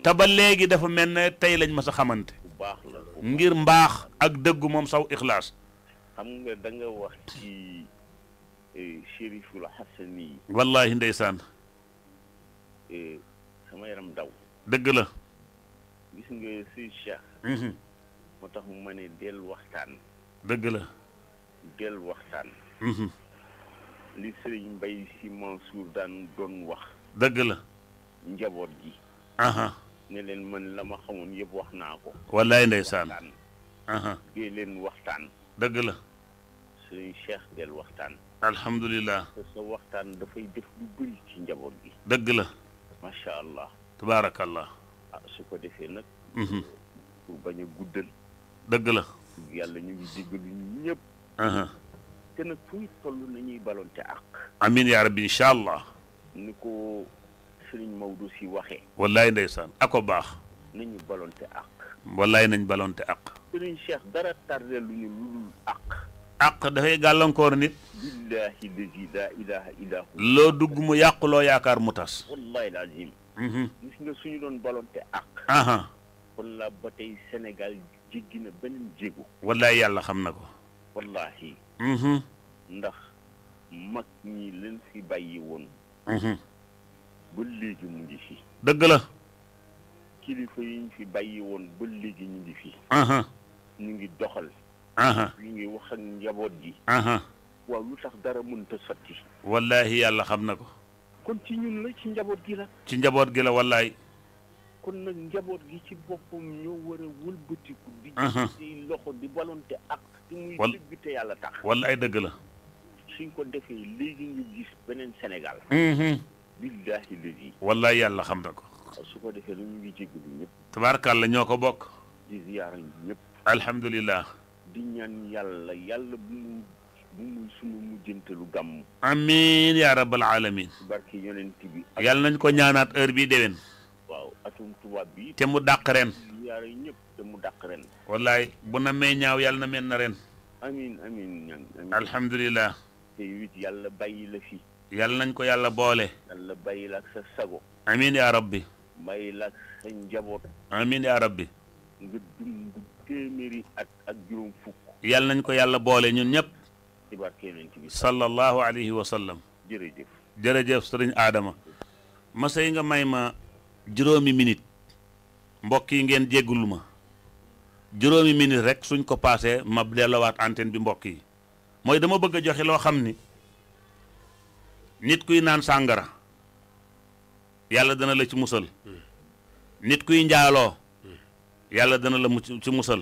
te ba léegi dafa mel ne tey lañ ma sa xamante ngir mbaax ak dëggu moom saw ixlaas xam nga da nga wax ci e, Chériful Hassani wallaahi ndeysaan e, sama yaram daw dëgg la gis nga si Cheikh mhm. moo tax ma ne del waxtaan dëgg la del waxtaan mhm. li sëriñ Mbay Si Mansour daan doon wax. dëgg la. njaboot gi. aha ne leen man la ma xamoon yëpp wax naa ko. wallaay ndeysaan waxtaan. dee leen waxtaan. dëgg la. sëriñ Cheikh del waxtaan. alhamdulilah. te sa waxtaan dafay def lu bëri ci njaboot gi. dëgg la. macha allah. tabaarakallah. ah su ko defee nag. pour bañ a guddal. dëgg la. yàlla ñu ngi diggalu ñëpp. te nag fu ñu toll nañuy balonte ak. amiin yaa rabbi incha allah. ni ko Serigne Maodo si waxee. wallaay ndeysaan ako baax. nañu balonte ak. wallaay nañ balonte ak. Serigne Cheikh dara tardé lu ñu ludul ak. ak dafay gàllankoor nit. billaahi lazi laa ilaaha illaa hu. loo dugg mu yàqu loo yaakaar mu tas. wallaay lazim. gis nga suñu doon balonte ak. kon la ba tey Sénégal jéggi na beneen jéego. wallaay yàlla xam na ko. wallaahi. Mm-hmm. ndax mag ñi leen fi bàyyi woon mm-hmm. ba léegi mu ngi fi dëgg la kilifa yi ñu fi bàyyi woon ba léegi ñu ngi fi mm-hmm. ñu ngi doxal ñu ngi wax ak njaboot gi waaw lu tax dara mënta sotti wallaahi yàlla xam na ko kon ci ñun la ci njaboot gi la ci njaboot gi la wallaahi kon nag njaboot gi ci boppam ñoo war a wëlbatiku. di ci uhhuh. loxo di balonte ak. di muy dëgg te yàlla tax. ay dëgg la. suñ ko defee léegi ñu gis beneen Sénégal. Uhhuh. billaahi léegi. yàlla xam na ko. su ko defee lu ñu ngi jégalu ñoo ko bokk. di ziyaara ñëpp. alhamdulilah. di ñaan yàlla yàlla bu mu bu mu sunu mujjantalu gàmm. amiin yaa rabbal aalamiin. barki yonent bi. yàlla nañ ko ñaanaat eur bii déwén. waaw atum tubaab bi. te mu dàq ren. yaare ñëpp mu dàq ren. wallaay bu na mee ñaaw yàlla na mel na ren. amiin amiin yàlla bàyyi la fi. yàlla nañ ko yàlla boole. yàlla bàyyi la ak sa rabbi. njaboot. amiin yaa rabbi. nga dund téeméeri ak juróom fukk. yàlla nañ ko yàlla boole ñun ñëpp. ci barke nañ ci bi. alayhi wa sallam. jërëjëf. jërëjëf sëriñ Adama. ma sey nga may ma. juróomi minit mbokk yi ngeen jéggul ma juróomi minute rek suñ ko paasee ma dellowaat antenne bi mbokk yi mooy dama bëgg a joxe loo xam ni nit kuy naan sàngara yàlla dana la ci musal nit kuy njaaloo yàlla dana la mu ci musal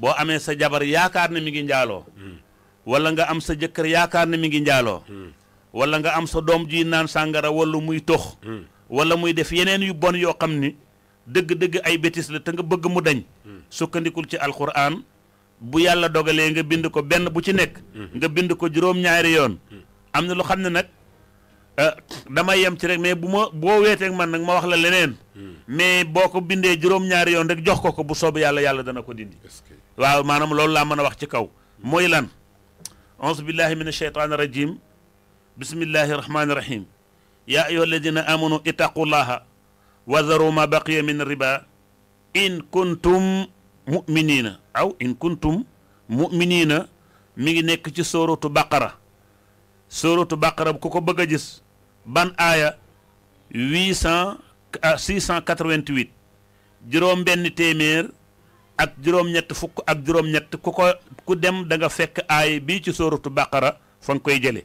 boo amee sa jabar yaakaar ne mi ngi njaaloo wala nga am sa jëkkër yaakaar ne mi ngi njaaloo wala nga am sa doom ji naan sàngara wala muy tox wala muy def yeneen yu bon yoo xam ni dëgg-dëgg ay bêtises la te nga bëgg mu dañ hmm. sukkandikul ci alxuraan bu yàlla dogalee nga bind ko benn bu ci nekk hmm. nga bind ko juróom-ñaari yoon hmm. am na lu xam ne nag eh, damay yem ci rek mais bu ma boo weeteeg man nag ma wax la leneen mais boo ko bindee juróom-ñaari yoon rek jox ko ko bu soob yàlla yàlla dana ko dindi waaw maanaam loolu laa mën a wax ci kaw mooy lan auzu billahi min asheytaani rajim bismillahi rahmaani rahim yaa ayyuha alladina amanu ittaqullaha wa daru ma baqiya min riba in kuntum muminina aw in kuntum muminina mi ngi nekk ci sóoratu baqara sóoratu baqara ku ko bëgg a gis ban aaya huit ah, juróom benn téeméer ak juróom-ñett ku ko ku dem da fekk aaya bii ci sóoratu baqara fa nga koy jële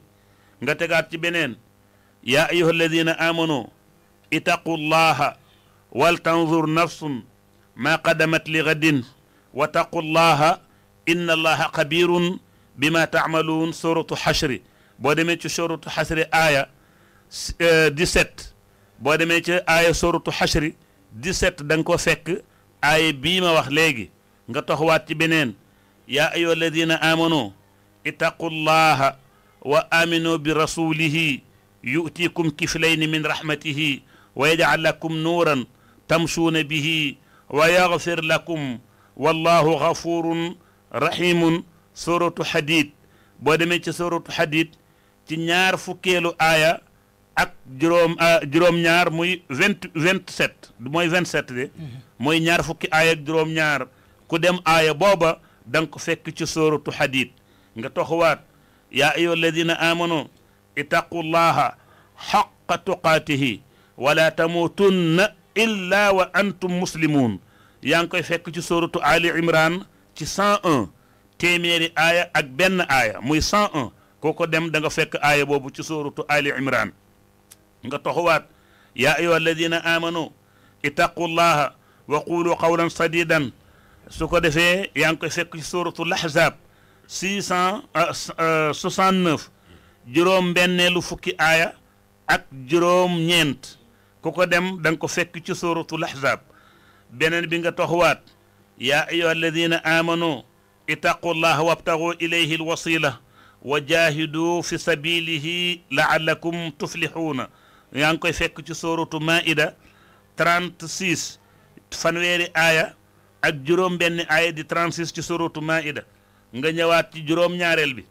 nga tegaat ci beneen يا أيها الذين آمنوا اتقوا الله ولتنظر نفس ما قدمت لغد واتقوا الله إن الله خبير بما تعملون سورة حشر بودميتش سورة حشر آية ديست بودميتش آية سورة حشر ديست دنكو فك آية بيما وخليجي نغتو بنين يا أيها الذين آمنوا اتقوا الله وآمنوا برسوله يؤتيكم كفلين من رحمته ويجعل لكم نورا تمشون به ويغفر لكم والله غفور رحيم سورة حديد بودمي سورة حديد تي نيار فوكيلو آية اك جروم جروم نيار موي 20 27 موي 27 دي موي نيار فوكي آية جروم نيار كو ديم آية بوبا دانكو فك تي سورة حديد nga toxuwaat yaa ayo ladina amanoo اتقوا الله حق تقاته ولا تموتن إلا وأنتم مسلمون يانكو ngi koy سوره ال عمران تي 101 تيميري ايه اك بن ايه موي 101 كوكو ديم داغا da ايه بوبو aaya سوره ال عمران Ali Imran nga toxuwaat yaa ayyuha alladina amanu ittaqullaha wa qulu qawlan sadidan su ko defee yaa ngi koy fekk ci sóoratu Lahzab 669 juróom benneelu fukki aaya ak juróom ñeent ku ko dem da ko fekk ci suratul ahzab beneen bi nga toxwaat yaa ayyuha alladina amanu ittaqullaha wabtagu ilayhi alwasila wa jahidu fi sabilihi laallakum tuflixuuna yaa ngi koy fekk ci suratu maida 36 fanweeri aaya ak juróom benn aaya di 36 ci suratu maida nga ñëwaat ci juróom ñaareel bi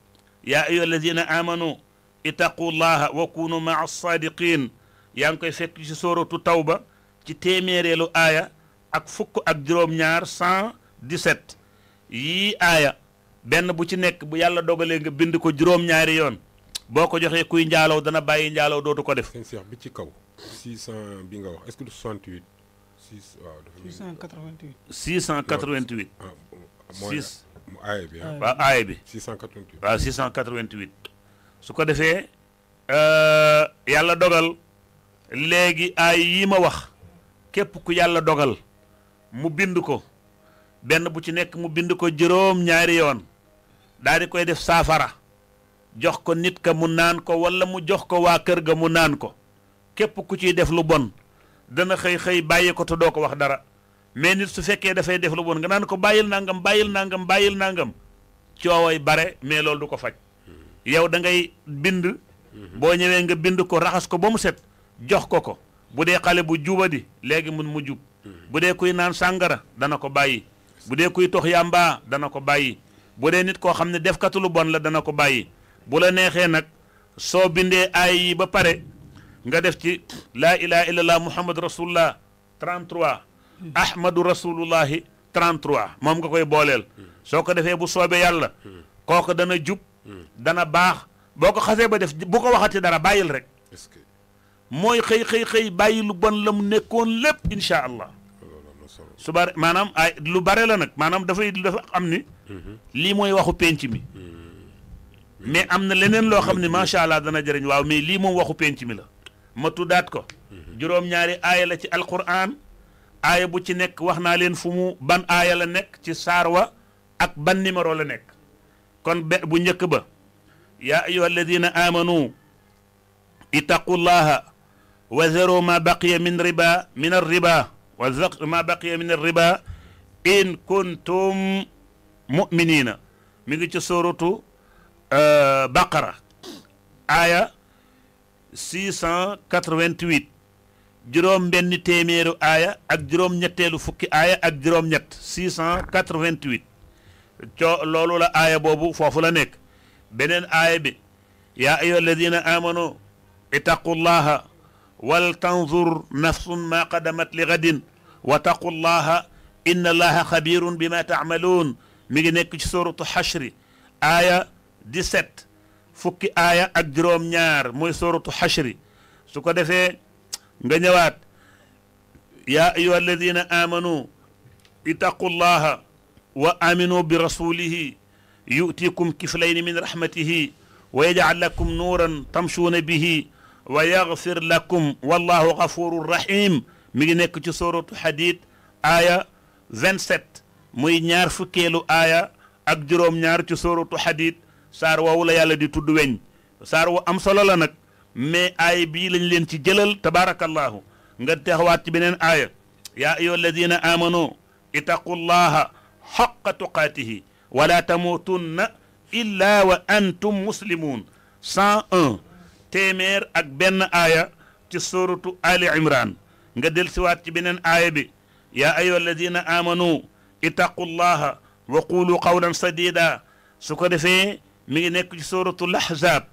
yaa ayyuha alladina amanu ittaqullaha wa kunu maa saadiqin yaa ngi koy fekk ci sóoratu tawba ci téeméereelu aaya ak fukk ak juróom-ñaar cent dix-sept yii aaya benn bu ci nekk bu yàlla dogalee nga bind ko juróom-ñaari yoon boo ko joxee kuy njaaloo dana bàyyi njaalaw dootu ko def. seen seex bi ci kaw. 600 bi nga wax est-ce que mu aaye bi ah waaw aaye bi. 688 waaw 688. su ko defee euh, yàlla dogal léegi aay yii ma wax képp ku yàlla dogal mu bind ko benn bu ci nekk mu bind ko juróom ñaari yoon daal di koy def saafara jox ko nit ka mu naan ko wala mu jox ko waa kër ga mu naan ko képp ku ciy def lu bon dana xëy xëy bàyyi ko te doo ko wax dara. mais nit su fekkee dafay def lu bon nga naan ko bàyyil nangam bàyyil nangam bàyyil nangam cooway bare mais loolu du ko faj yow da ngay bind boo ñëwee nga bind ko raxas ko ba mu set jox ko ko bu dee xale bu di léegi mun mu jub bu dee kuy naan sàngara dana ko bàyyi bu dee kuy tox yàmbaa dana ko bàyyi bu dee nit koo xam ne def lu bon la dana ko bàyyi bu la neexee nag soo bindee aay yi ba pare nga def ci laa ilaha illallah muhammad rasulullah 33 ahmadu rasulullahi 33 moom nga koy booleel soo ko defee bu soobee yàlla kooku dana jub dana baax boo ko xasee ba def bu ko waxati dara bàyyil rek mooy xëy xëy xëy bàyyi lu bon la mu nekkoon lépp insha allah su bare maanaam ay lu bare la nag maanaam dafay dafa am ni lii mooy waxu penc mi mais am na leneen loo xam ne macha allah dana jëriñ waaw mais lii moom waxu penc mi la ma tuddaat ko mhm. juróom-ñaari aaya la ci alquran aaya bu ci nekk wax naa leen fu mu ban aaya la nekk ci saar wa ak ban numéro la nekk kon be bu njëkk ba yaa ayuha alladina amanu ittaqullaha wa zaru ma baqiya min riba min arriba wa zaq ma baqiya min arriba in kuntum muminina mi ngi ci sóoratu baqara aaya 688 juróom benn téeméeru aaya ak juróom ñetteelu fukki aaya ak juróom ñett 688 co loolu la aaya boobu foofu la nekk beneen aaya bi yaa ayuha alladina amanu ittaqullaha wal tanzur nafsun ma qadamat li gadin wa taqullaha inna allaha xabirun bima taamaluun mi ngi nekk ci suratu xashri aaya 17 fukki aaya ak juróom ñaar mooy suratu xashri su ko defee nga ñëwaat yaa ayuha alladina amanu ittaqu llaha wa aminu bi rasulihi yutikum kiflayni min rahmatihi wa yajcal lakum nuuran tamshuuna bihi wa yagfir lakum wallahu gafurun rahim mi ngi nekk ci sóoratu xadid aaya 27 muy ñaar fukkeelu aaya ak juróom ñaar ci sóoratu xadid saar woowu la yàlla di tudd weñ saar wu am solo la nag mais aaya bii lañ leen ci jëlal tabaarakallahu nga taxawaat ci beneen aaya yaa ayyuha alladina amanu itaqu llaha xaqa tuqaatihi wala tamuutunna illa wa antum muslimun cent téeméer ak benn aaya ci suratu ali imran nga del siwaat ci beneen aaya bi yaa ayyuha alladina amanu itaqu llaha wa qulu qawlan sadida su ko defee mi ngi nekk ci suratu lahzab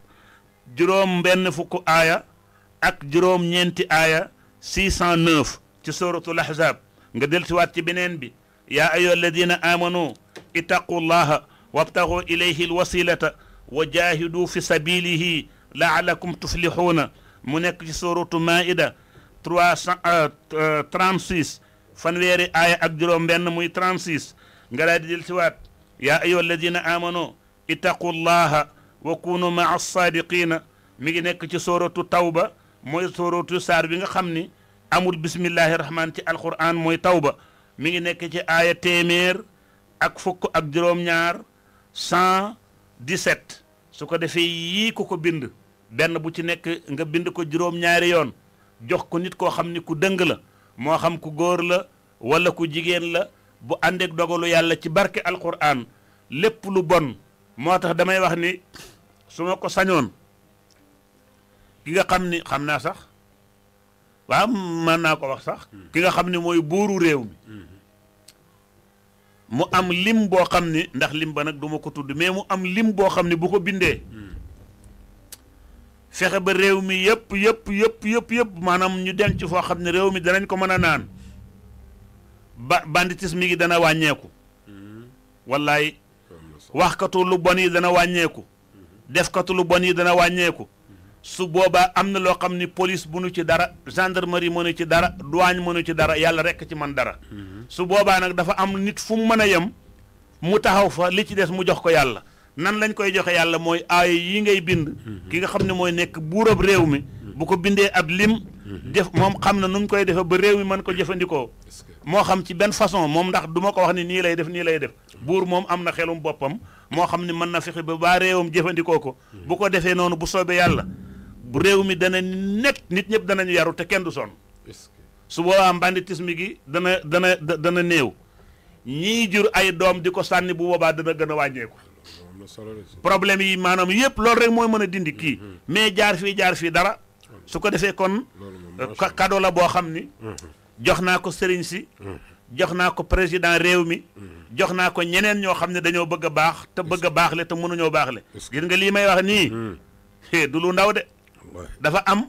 juróom benn fukk aaya ak juróom ñeenti aaya 609 ci suratul ahzab nga delsiwaat ci beneen bi yaa ayyuha alladina amanu ittaqullaha wabtagu ilayhi alwasilata wa jahidu fi sabilihi laalakum tuflixuuna mu nekk ci suratu maida 336 fanweeri aaya ak juróom benn muy 36 nga daal di delsiwaat yaa ayyuha alladina amanu ittaqullaha wa kunu maa as-saadiqiina mi ngi nekk ci sóoratu tawba mooy sóoratu saar bi nga xam ni amul bismillahi rahmaan ci alquran mooy tawba mi ngi nekk ci aaya téeméer ak fukk ak juróom-ñaar cent dix su ko defee yii ku ko bind benn bu ci nekk nga bind ko juróom-ñaari yoon jox ko nit koo xam ni ku dëng la moo xam ku góor la wala ku jigéen la bu àndeek dogalu yàlla ci barke alquran lépp lu bon moo tax damay wax ni su ma ko sañoon ki nga xam ni xam naa sax waaw mën naa ko wax sax ki nga xam ni mooy buuru réew mi mu am lim boo xam ni ndax lim ba nag du ko tudd mais mu am lim boo xam ni bu ko bindee fexe ba réew mi yëpp yëpp yëpp yëpp yëpp maanaam ñu denc foo xam ne réew mi danañ ko mën a naan ba mi gi dana wàññeeku mm-hmm. wallaay waxkatu lu bon yi dana wàññeeku defkatu lu bon yi dana wàññeeku su boobaa am na loo xam ni police bu nu ci dara gendarmerie mënu ci dara douane mënu ci dara yàlla rekk ci man dara su boobaa nag dafa am nit fu mu mën a yem mu taxaw fa li ci des mu jox ko yàlla nan lañ koy joxe yàlla mooy aaya yi ngay bind ki nga xam ne mooy nekk buurab réew mi bu ko bindee ab lim. Mhm. def moom xam na nu koy defee ba réew mi man ko jëfandikoo. moo xam ci benn façon moom ndax duma ko wax ni nii lay def nii lay def. buur moom am na xelum boppam moo xam ni mën na fexe ba baa réewam jëfandikoo ko. Mhm. bu ko defee noonu bu soobee yàlla. bu réew mi dana nekk nit ñëpp danañu yaru te kenn du sonn. su boobaa banditisme gi dana dana dana néew. ñii jur ay doom di ko sànni bu boobaa dana gën a wàññeeku. problème yi maanaam yëpp loolu rek mooy mën a dindi kii. Mhm. mais jaar jaar fii dara. su ko defee kon euh, cadeau la boo xam ni mhm. jox naa ko sëriñ si mhm. jox naa ko président réew mi mhm. jox naa ko ñeneen ñoo xam ne dañoo bëgg a baax te bëgg a baax le te mënuñoo baax le gis nga lii may wax nii du lu ndaw de dafa am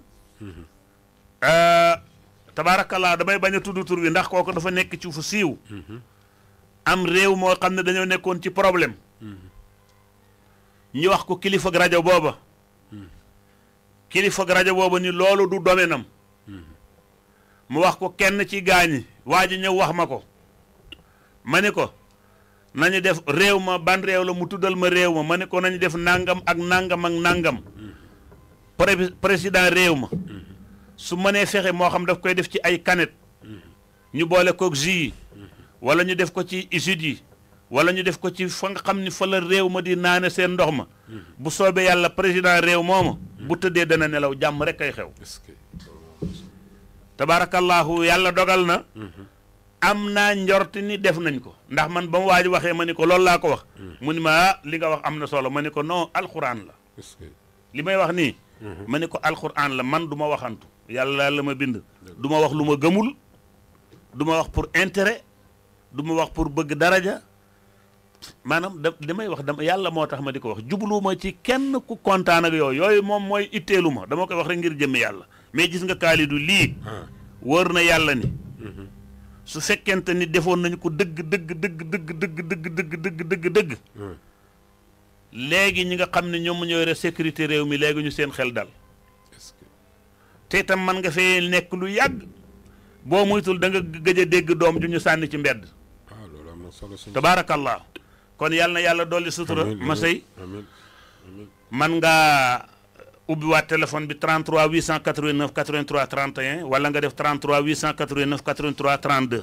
euh, tabaarakallaa damay bañ a tudd tur wi ndax kooku dafa nekk ci fu siiw am réew moo xam ne dañoo nekkoon ci problème ñu wax ko kilifa rajo booba kilifa rajo boobu ni loolu du domaine am hmm. mu wax ko kenn ci gaañi waa ji ñëw wax ma ko ma ni ko nañu def réew ma ban réew la mu tuddal ma réew ma ma ni ko nañu def nàngam ak nàngam ak nangam hmm. président réew ma hmm. su mënee fexe moo xam daf koy def ci ay kanet ñu boole koog jus yi wala ñu def ko ci usines yi wala ñu def ko ci fa nga xam ni fa la réew ma di naane seen ndox ma bu soobee yàlla président réew mooma bu tëddee dana nelaw jàmm rek ay xew tabaarakallaahu yàlla dogal na mhm. am naa njorti ni def nañ ko ndax man ba mu waaj waxee ma ni ko loolu laa ko wax mhm. mu ni ma ah, li nga wax am na solo ma ni ko non alxuraan la li may wax nii mhm. ma ni ko alxuraan la man du ma waxantu yàlla la ma bind du ma wax lu ma gëmul du ma wax pour intérêt du ma wax pour bëgg daraja maanaam da damay wax dama yàlla moo tax ma di ko wax jubluwuma ci kenn ku kontaan yooyu yooyu moom mooy itteelu ma dama koy wax rek ngir jëmmi yàlla mais gis nga kaalidu lii. wër na yàlla ni. su fekkente ni defoon nañu ko dëgg dëgg dëgg dëgg dëgg dëgg dëgg léegi ñi nga xam ne ñoom ñoo yore sécurité réew mi léegi ñu seen xel dal. te itam man nga fee nekk lu yàgg boo muytul da gëj a dégg doom ju ñu sànni ci mbedd. waaw ah, loolu am tabaarakallah kon yalna yàlla doli sutura ma sëy man nga ubbiwaat téléphone bi 33 889 83 31 wala nga def 33 889 83 32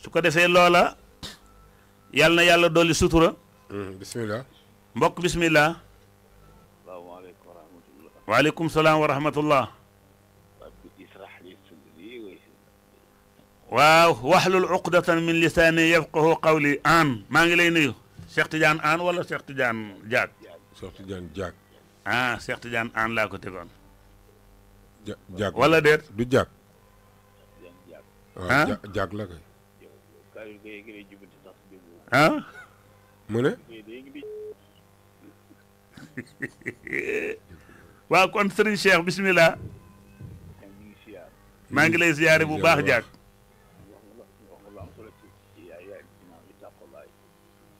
su ko defé lola yalna yàlla doli sutura bismillah mbok bismillah wa alaykum salam wa rahmatullah waaw waxlul uqdatan min lisaani yafqahu qawli aan maa ngi lay nuyu Cheikh Tidiane Aan wala Cheikh Tidiane Diak. Cheikh Tidiane Diak. ah Cheikh Tidiane Aan laa ko tegoon. ja Diak wala du Diak. ah Diak la kay. ah. mu ne. waaw kon Serigne Cheikh bisimilah. maa ngi lay ziyaare bu baax Diak.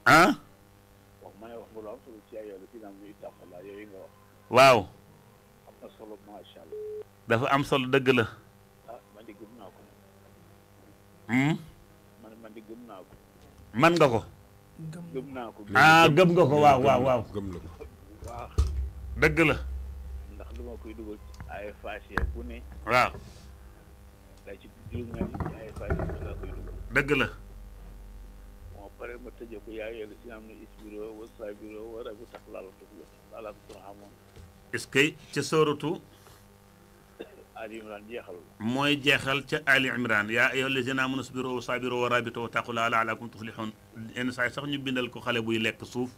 Hein waaw. dafa am solo dëgg la. man nga ko. ah gëm nga ko waaw waaw waaw. gëm la dëgg la. ndax lu koy dugal ay fàccee bu ne. waaw. daa ci dëgg la. pare ma tëjee ko yaa yàlla si am na isbiroo wa sabiroo wa rabu tax laal tufla laala turhamoon est-ce que ca sóoratu Ali Imran jeexal mooy jeexal ca Ali Imran yaa ayyuha allazina amanu isbiru wa sabiru wa rabitu wa taqullaha la'allakum tuflihun yenn saa yi sax ñu bindal ko xale buy lekk suuf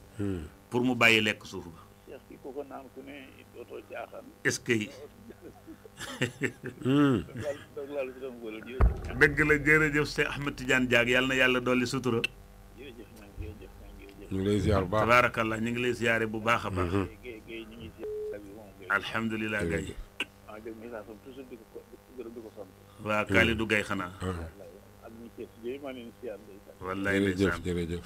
pour mu bàyyi lekk suuf ba Cheikh ki ko ko naan ku ne dootoo caaxaan est-ce que yi dëgg la jërëjëf Cheikh Ahmed Tidiane Diack yàlla na yàlla dolli sutura ñu ngi lay ziar bu baax tabaarakallah ñu ngi lay ziare bu baax a baax. alhamdulilah Gaye. waa Kalidou Gaye xanaa. wallaay jërëjëf jërëjëf.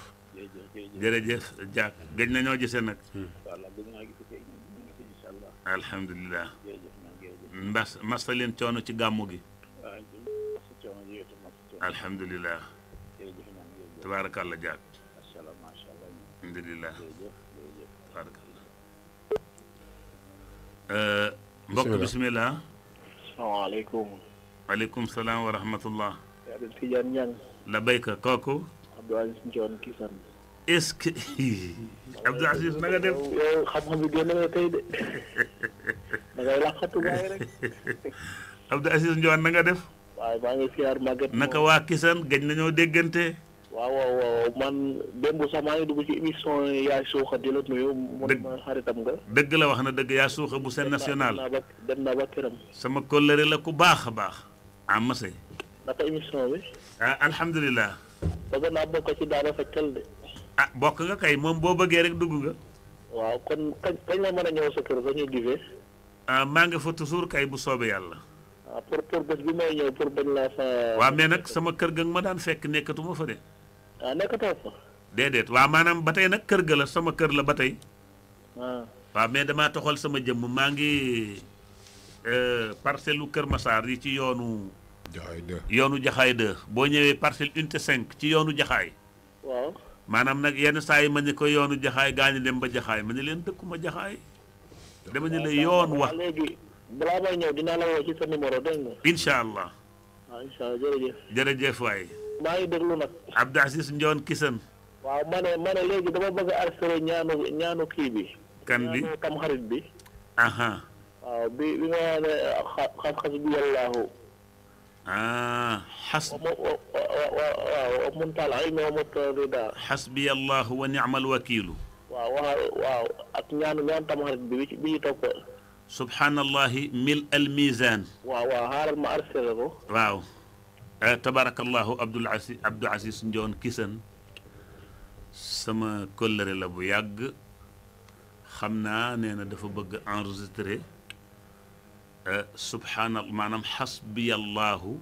jërëjëf Diak gëj nañoo gisee nag. alhamdulilah. mbas masta leen coono ci gàmmu gi. alhamdulilah. tabaarakallah Diak. الحمد لله tabaaraka allah mbokk bismillah salaamaaleykum waaleykum salaam wa rahmatullah Abdou Tidiane Niang la béyka kooku Abdou Aziz Ndione Kisane est-ce que Abdou Aziz na nga def yow xam-xam bi génn nga tey de da ngay laqatu gaay rek Abdou Aziz Ndione na nga def waaye maa ngi siyaar màggat naka waa Kisane gëj nañoo déggante waaw waaw man démb sax maa ngi dugg ci émission yaay suuxa di la nuyu. dëgg ma xaritam nga. dëgg la wax na dëgg yaay suuxa bu seen national dem naa ba këram. sama kóllëre la ku baax a baax. ah Masey. naka émission bi. ah alhamdulilah. bëgg naa bokk ci daara Fajtal de. Ah, bokk nga kay moom boo bëggee rek dugg nga. waaw kon kañ kañ la mën a ñëw sa kër ba ñu gisee. Ah, maa ngi fa toujours bu soobee yàlla. ah pour pour bés bi may pour bañ laa fa. mais nag sama kër ga ma daan fekk nekkatuma fa de. ah nekkatoo fa. déedéet waaw maanaam ba tey nag kër ga la sama kër la ba tey. Ah. waaw mais damaa toxal sama jëmm maa ngi euh, parcelle lu Kër Massar yi ci yoonu. yoonu Jaxaay 2 boo ñëwee parcelle unité cinq ci yoonu Jaxaay. waaw maanaam nag yenn saa yi ma ne ko yoonu Jaxaay gaa ñu dem ba Jaxaay ma ne leen dëkkuma Jaxaay. dama ne la yoon wax léegi balaa may ñëw dinaa la woo ci sa allah. waaw incha allah ah, maa ngi déglu nag. Abdou Aziz Ndione Kissane. waaw ma ne ma ne léegi dama bëgg a assuré ñaanu ñaanu kii bi. kan bi ñaanu tam xarit bi. waaw bi bi nga xam ne xas xas bi yàllaahu. xas. waaw muntaal ilmi wa mutarida. xasbi allahu wa nicmal wakiilu. waaw waaw ak ñaanu ñaan tam xarit bi bi bi ñu topp. subhaanallahi mil al miizaan. waaw waaw xaaral ma assuré ko. waaw. تبارك الله عبد العزيز عبد العزيز نجون كيسن سما كولري لا بو ياغ خمنا نينا دا فا بوج انريستري سبحان الله مانام حسبي الله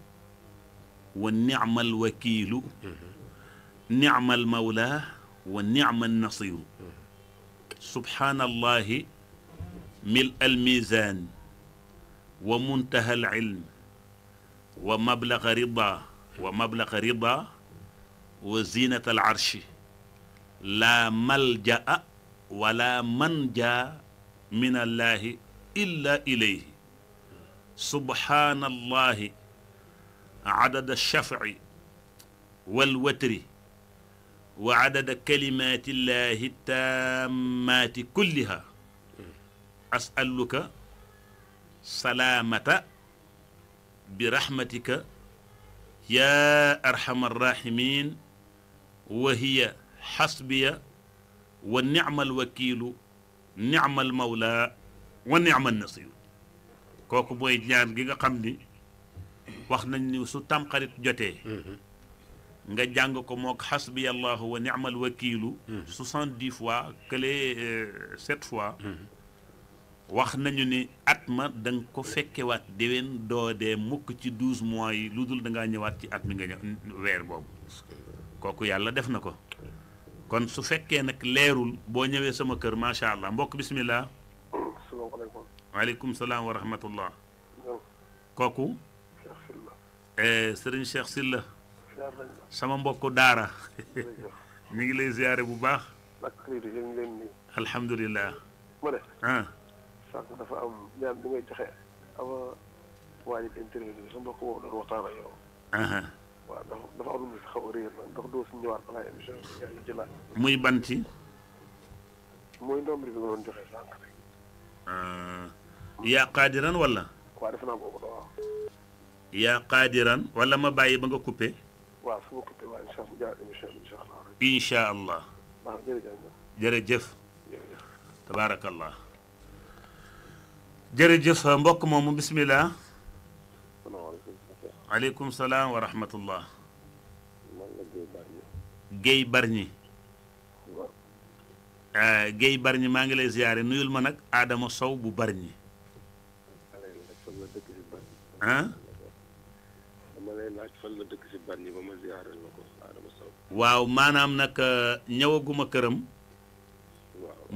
ونعم الوكيل نعم المولى ونعم النصير سبحان الله ملء الميزان ومنتهى العلم ومبلغ رضا ومبلغ رضا وزينة العرش لا ملجأ ولا منجا من الله إلا إليه سبحان الله عدد الشفع والوتر وعدد كلمات الله التامات كلها أسألك سلامة برحمتك يا أرحم الراحمين وهي حسبي ونعم الوكيل نعم المولى ونعم النصير كوكو بوي جان جيغا خامني واخنا ني سو تام خريت جوتي nga jang ko mok hasbi allah wa ni'mal wakil 70 fois kele 7 euh, fois wax nañu ni at ma da ko fekkewaat déwén doo dee mukk ci douze mois yi lu dul da ngaa ñëwaat ci at mi nga ñëw weer boobu kooku yàlla def na ko kon su fekkee nag leerul boo ñëwee sama kër macha allah mbokk bisimilah. asalaamaaleykum. waaleykum salaam wa rahmatullah. kooku. sëriñ Cheikh Sylla. Eh, sama mbokk Daara. ñu ngi lay ziare bu baax. alhamdulilah. sànq dafa am ñaan bi ngay joxe ama waajib intervenir sax mbokk moom doon waxtaan ak yow. waaw ndax dafa am lu mu xaw a réer nag ndax doo si ñëwaat balaa émission bi yaa ngi ci muy ban ci. mooy nombre bi nga doon joxe sànq rek. yaa qaadiran wala. waaw defe naa boobu la waaw. yaa qaadiran wala ma bàyyi ba nga coupé. waaw su ma coupé waaw incha allah émission bi incha allah. incha allah. jërëjëf. jërëjëf. tabaarakallah. جرجف مبوك مومو بسم الله عليكم السلام ورحمة الله جاي برني جاي برني ما نجلي زيارة نويل منك آدم صو ببرني ها waaw maanaam nag eh, ñëwaguma këram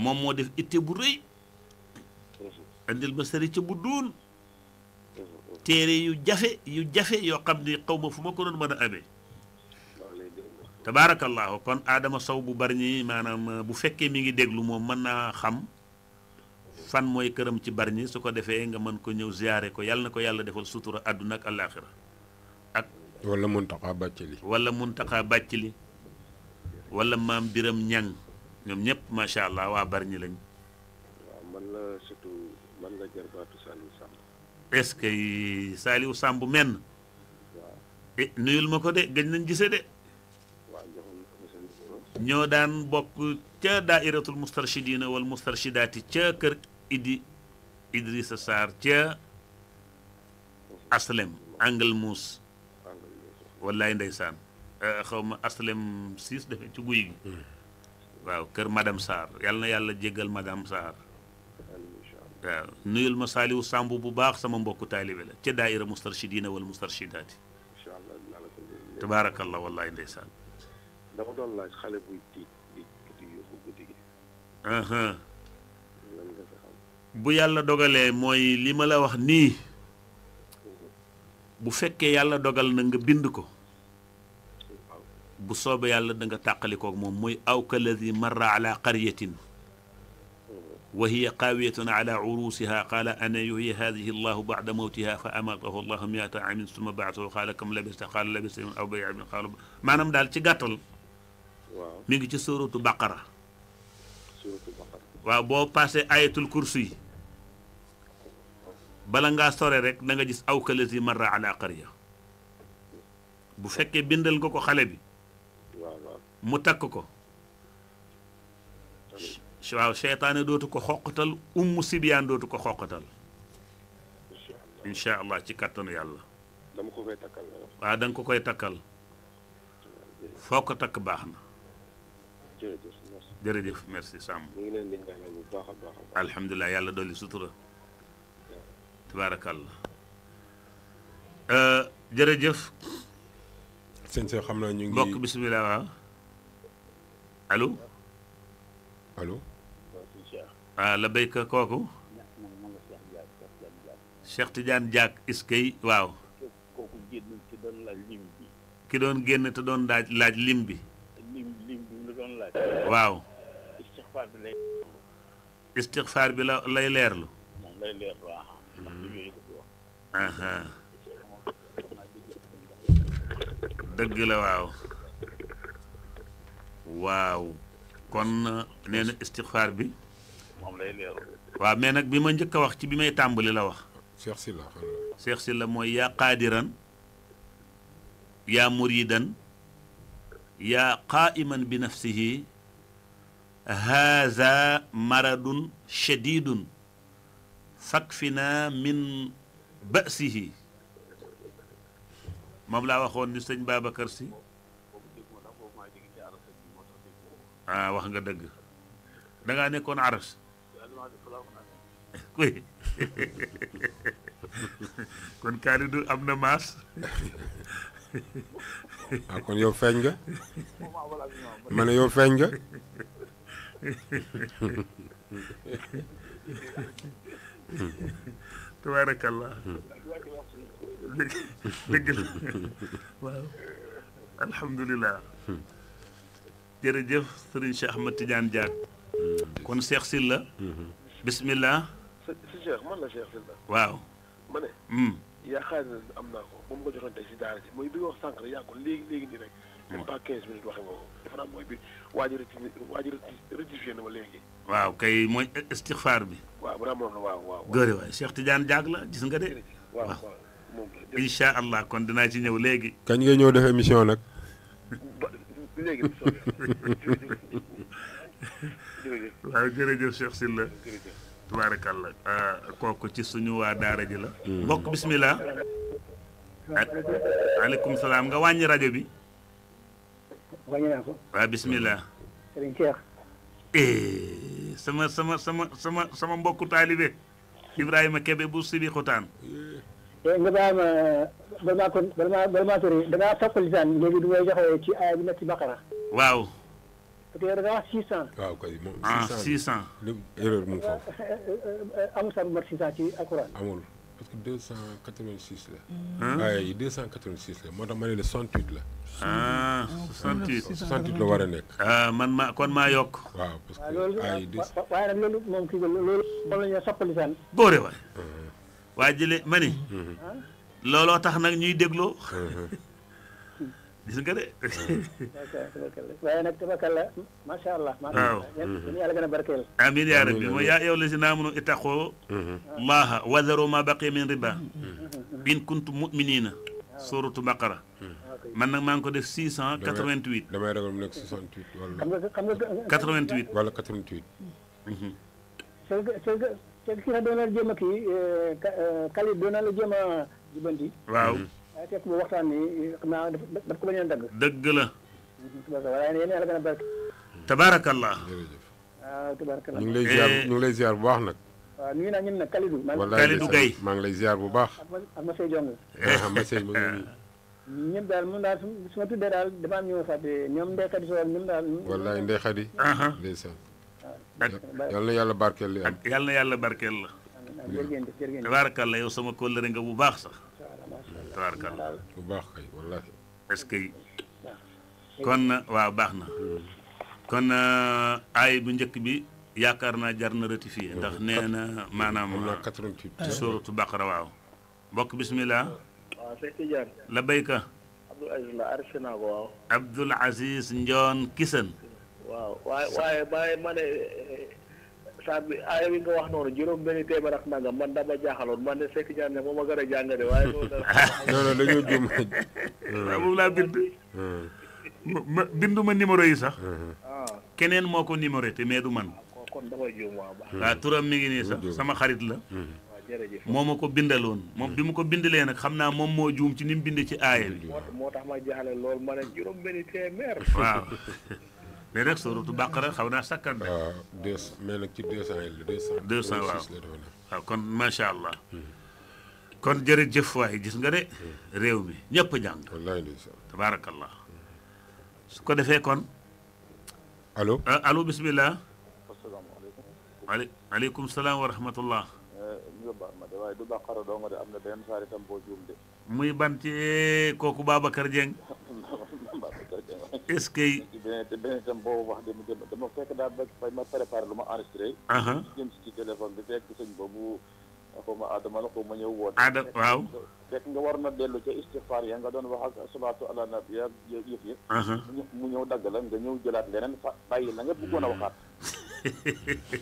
moom moo def andil basari ci tiri bu yu jafé yu mana yo xamni xawma xaw fu ma ko doon mana ham, tabarakallah kon adama saw bu barni manam uh, bu fekke mi ngi deglu mom man na xam fan moy kërëm ci barni su ko défé nga man ko ñew ziaré ko yalla nako yalla sutura adunak ak akhirah. ak wala muntaqa bàccili wala muntaqa bàccili wala mam biram ñang ñep ma sha allah wa barni lañ man la man nga jarbaatu Saliou Samb. est-ce que Saliou menn. Eh, nuyul ma ko de gëj nañ gise de. ñoo daan bokk ca daairatul mustarshidina wal mustarshidaati ca kër Idi Idrissa Sarr ca Aslem Angle Mousse. wallaay ndeysaan eh, xaw ma aslem siis defe ci guy gi hmm. waaw kër madame Sarr yàlla na yàlla jéggal madame Sarr آه، نيل مسالي وسامبو بباخ سما مبوكو تالي بلا تي دائرة مسترشدين والمسترشدات تبارك الله والله إن ديسان دابد الله خالب ويتي اها بو يالا دوغالي موي لي مالا واخ ني بو فكه يالا دوغال نغا بيندكو بو صوب يالا دا نغا تاخاليكو موم موي اوك الذي مر على قريه وهي قاوية على عروسها قال أنا يحيي هذه الله بعد موتها فأماته الله مئة عام ثم بعثه قال كم لبست قال لبست من أو بيع من قال ما نم دال تي قتل ميغي سورة بقرة وا بو باسي آية الكرسي بلنغا سوري رك نغا جيس أو مر على قرية بفك بندل كوكو خالبي متككو شواو شيطان دوتو كو خوقتال ام سبيان دوتو كو خوقتال ان شاء الله تي كاتون يالا دام كو فاي تاكال وا دان كو كاي تاكال فوك تاك باخنا جيرجيف ميرسي سام الحمد لله يالا دولي سوتورا تبارك الله ا جيرجيف سين سي خمنا نيغي بوك بسم الله الو الو waaw ah, la béykat kooku. Cheikh Tidiane Diack iskay waaw. ki doon génn te doon laaj lim bi. waaw. istixfaar bi la lay leerlu. dëgg la waaw. waaw kon nee na bi. moom lay leeru nag bi ma njëkk a wax ci bi may tàmbali la wax. Cheikh Sylla Cheikh Sylla mooy yaa qaadiran yaa muridan yaa qaaiman bi nafsihi haza maradun shadidun fakfina min basihi moom laa waxoon ni sëñ Babacar Sy ah, wax nga dëgg dangaa nekkoon aras koy kon Kalidou am na maas ah kon yow feeñ nga ma ne yow feeñ nga tabarakallah deug waaw alhamdullilah jërëjëf serigne cheikh ahmed tidiane diane kon cheikh la bismillah Cheikh man la Cheikh Sylla waaw ma ne hmm. yaa na am naa ko ba mu mooy bi wax sànq rek yaa ko léegi léegi nii rek hmm. même pas 15 minutes waxe nga ko bi waaji rëti waaji rëti rectifié na kay mooy istixfaar bi waaw bu ramoon la waaw waaw gis nga de waaw waaw moom allah kon dinaa ci ñëw léegi kañ nga ñëw def émission nag léegi waaw jërëjëf Cheikh Sylla tubaarakalla euh, kooku ci suñu waa daara ji la. mbokk mm. bismillah. aleykum salaam nga wàññi rajo bi. wàññi naa ko. waaw bismillah. Eh, sama sama sama mbokku taalibe Ibrahima Kebe bu Sibi Xutaan. Eh, nga baal ma bal maa kon bal maa lisaan léegi du may joxe te yow da nga wax 600. waaw kay moom 600 ah eh, eh, eh, amul sax lu mat 600 la. waaye hmm. ah, 286 la tax ma ne la 68 la. Ah, la war a nekk. Ah, man ma kon maa yokk. waaw parce que ay waaye nag loolu moom kii loolu xool nañu soppali saan. boore waay. Hmm. jële ma ni. Hmm. looloo tax nag ñuy dégloo. gis nga de. waaye nag tabakalla hmm. macha allah. waaw yéen yàlla gën a barkeel. amiin yaa rabbi mooy yaa yow la si naamunu itaqoo. Hmm. allaha ma baqi min riba. Hmm. in kuntum muminina. suratu baqara. man nag maa ngi ko def 688. damay damay ragal mu nekk 68 wala. xam nga xam kii la jéem a kii eh, eh, Khalid doon na la waaw. waaye fekk boobu waxtaan nii xam naa daf ko bañ a dagg. dëgg la. waaye yéen a gën a barke. tabaarakallah. ñu ngi lay ziar eh. ñu ngi lay ziar bu baax nag. waaw nuyu ngi lay ziar bu baax. ak ma ngi eh, nii. ñun daal moom daal su ma tuddee daal damaa am ñu ma fàtte ñoom Ndeye Khady Sow ñoom yàlla barkeel la. ak yal na la. jërëjëf jërëjëf tabaarakallah yow sama kóllëre nga bu baax sax tabaarkal bu baax kay wallaahi que kon waaw baax na kon euh, aay bu njëkk bi yaakaar naa jar na ratifié ndax nee na maanaam euh, suuratu baqara waaw mbokk bismillah waaw Cheikh la béyka Abdoul Aziz la arrêté waaw Abdoul Aziz Njoon Kisan saar bi aaya bi nga wax noonu juróom benn téeméer ak nangam man dama jaaxaloon man de Seck Ndiané moom a gën a jàng de waaye loolu non non dañoo juum. Ah, moom laa bind. Hmm. ma binduma numéro yi sax. Hmm. Ah. keneen moo ko numéroté mais du man. Ah, kon damay juum waaw turam mi ngi nii sax hmm. sama xarit la. moo ma ko bindaloon. moom bi mu ko bind bindalee nag xam naa moom moo juum ci ni mu bind ci aaya bi. moo tax ma jaaxle lool ma ne juróom benn téeméer. waaw. mais nag sóoratu bàqara xaw naa sakkan de. waaw ah, ci deux cent la deux cent. kon macha allah. Hmm. kon jërëjëf waaye gis nga de. Hmm. réew mi ñëpp jàng. su ko defee kon. allo ah, allo bisimilah. maaleykum salaam wa rahmatullah. Eh, muy ban ci kooku Babacar Dieng. est-ce que. te beneen wax dama fekk daal ba préparé lu ma enregistré. Uh-huh. téléphone bi fekk sëñ boobu xaw Adama la xaw ma ñëw woote. fekk nga war na dellu ca istifaar ya nga doon wax ak salaatu ya yëf uh-huh. mu ñëw dagg nga ñëw jëlaat leneen fa bàyyi la nga bëggoon a waxaat.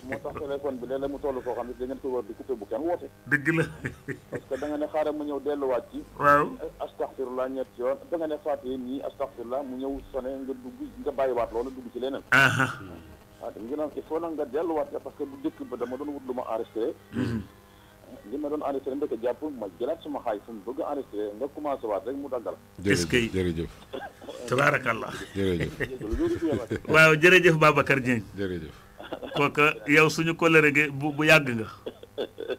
moo tax téléphone bi léeg-léeg mu toll foo xam ne da ngeen ko war di coupé bu kenn woote. dëgg la. parce que da nga ne xaaral ma ñëw delluwaat ci. waaw astaxfirullah ñetti yoon da nga ne fàtte nii astaxfirullah mu ñëw sone nga dugg nga bàyyiwaat loolu dugg ci leneen. waaw da nga il faut nag nga delluwaat parce que du dëkk ba dama doon wut lu ma enregistré. Mhm. li ma doon enregistré ndeke jàpp ma jëlaat suma xaay fu mu bëgg a nga commencé waat rek mu daggal. jërëjëf jërëjëf tabaarakallah. jërëjëf waaw jërëjëf Babacar Dieng jërëjëf. kooka yow suñu kóllëre gi bu bu yàgg nga.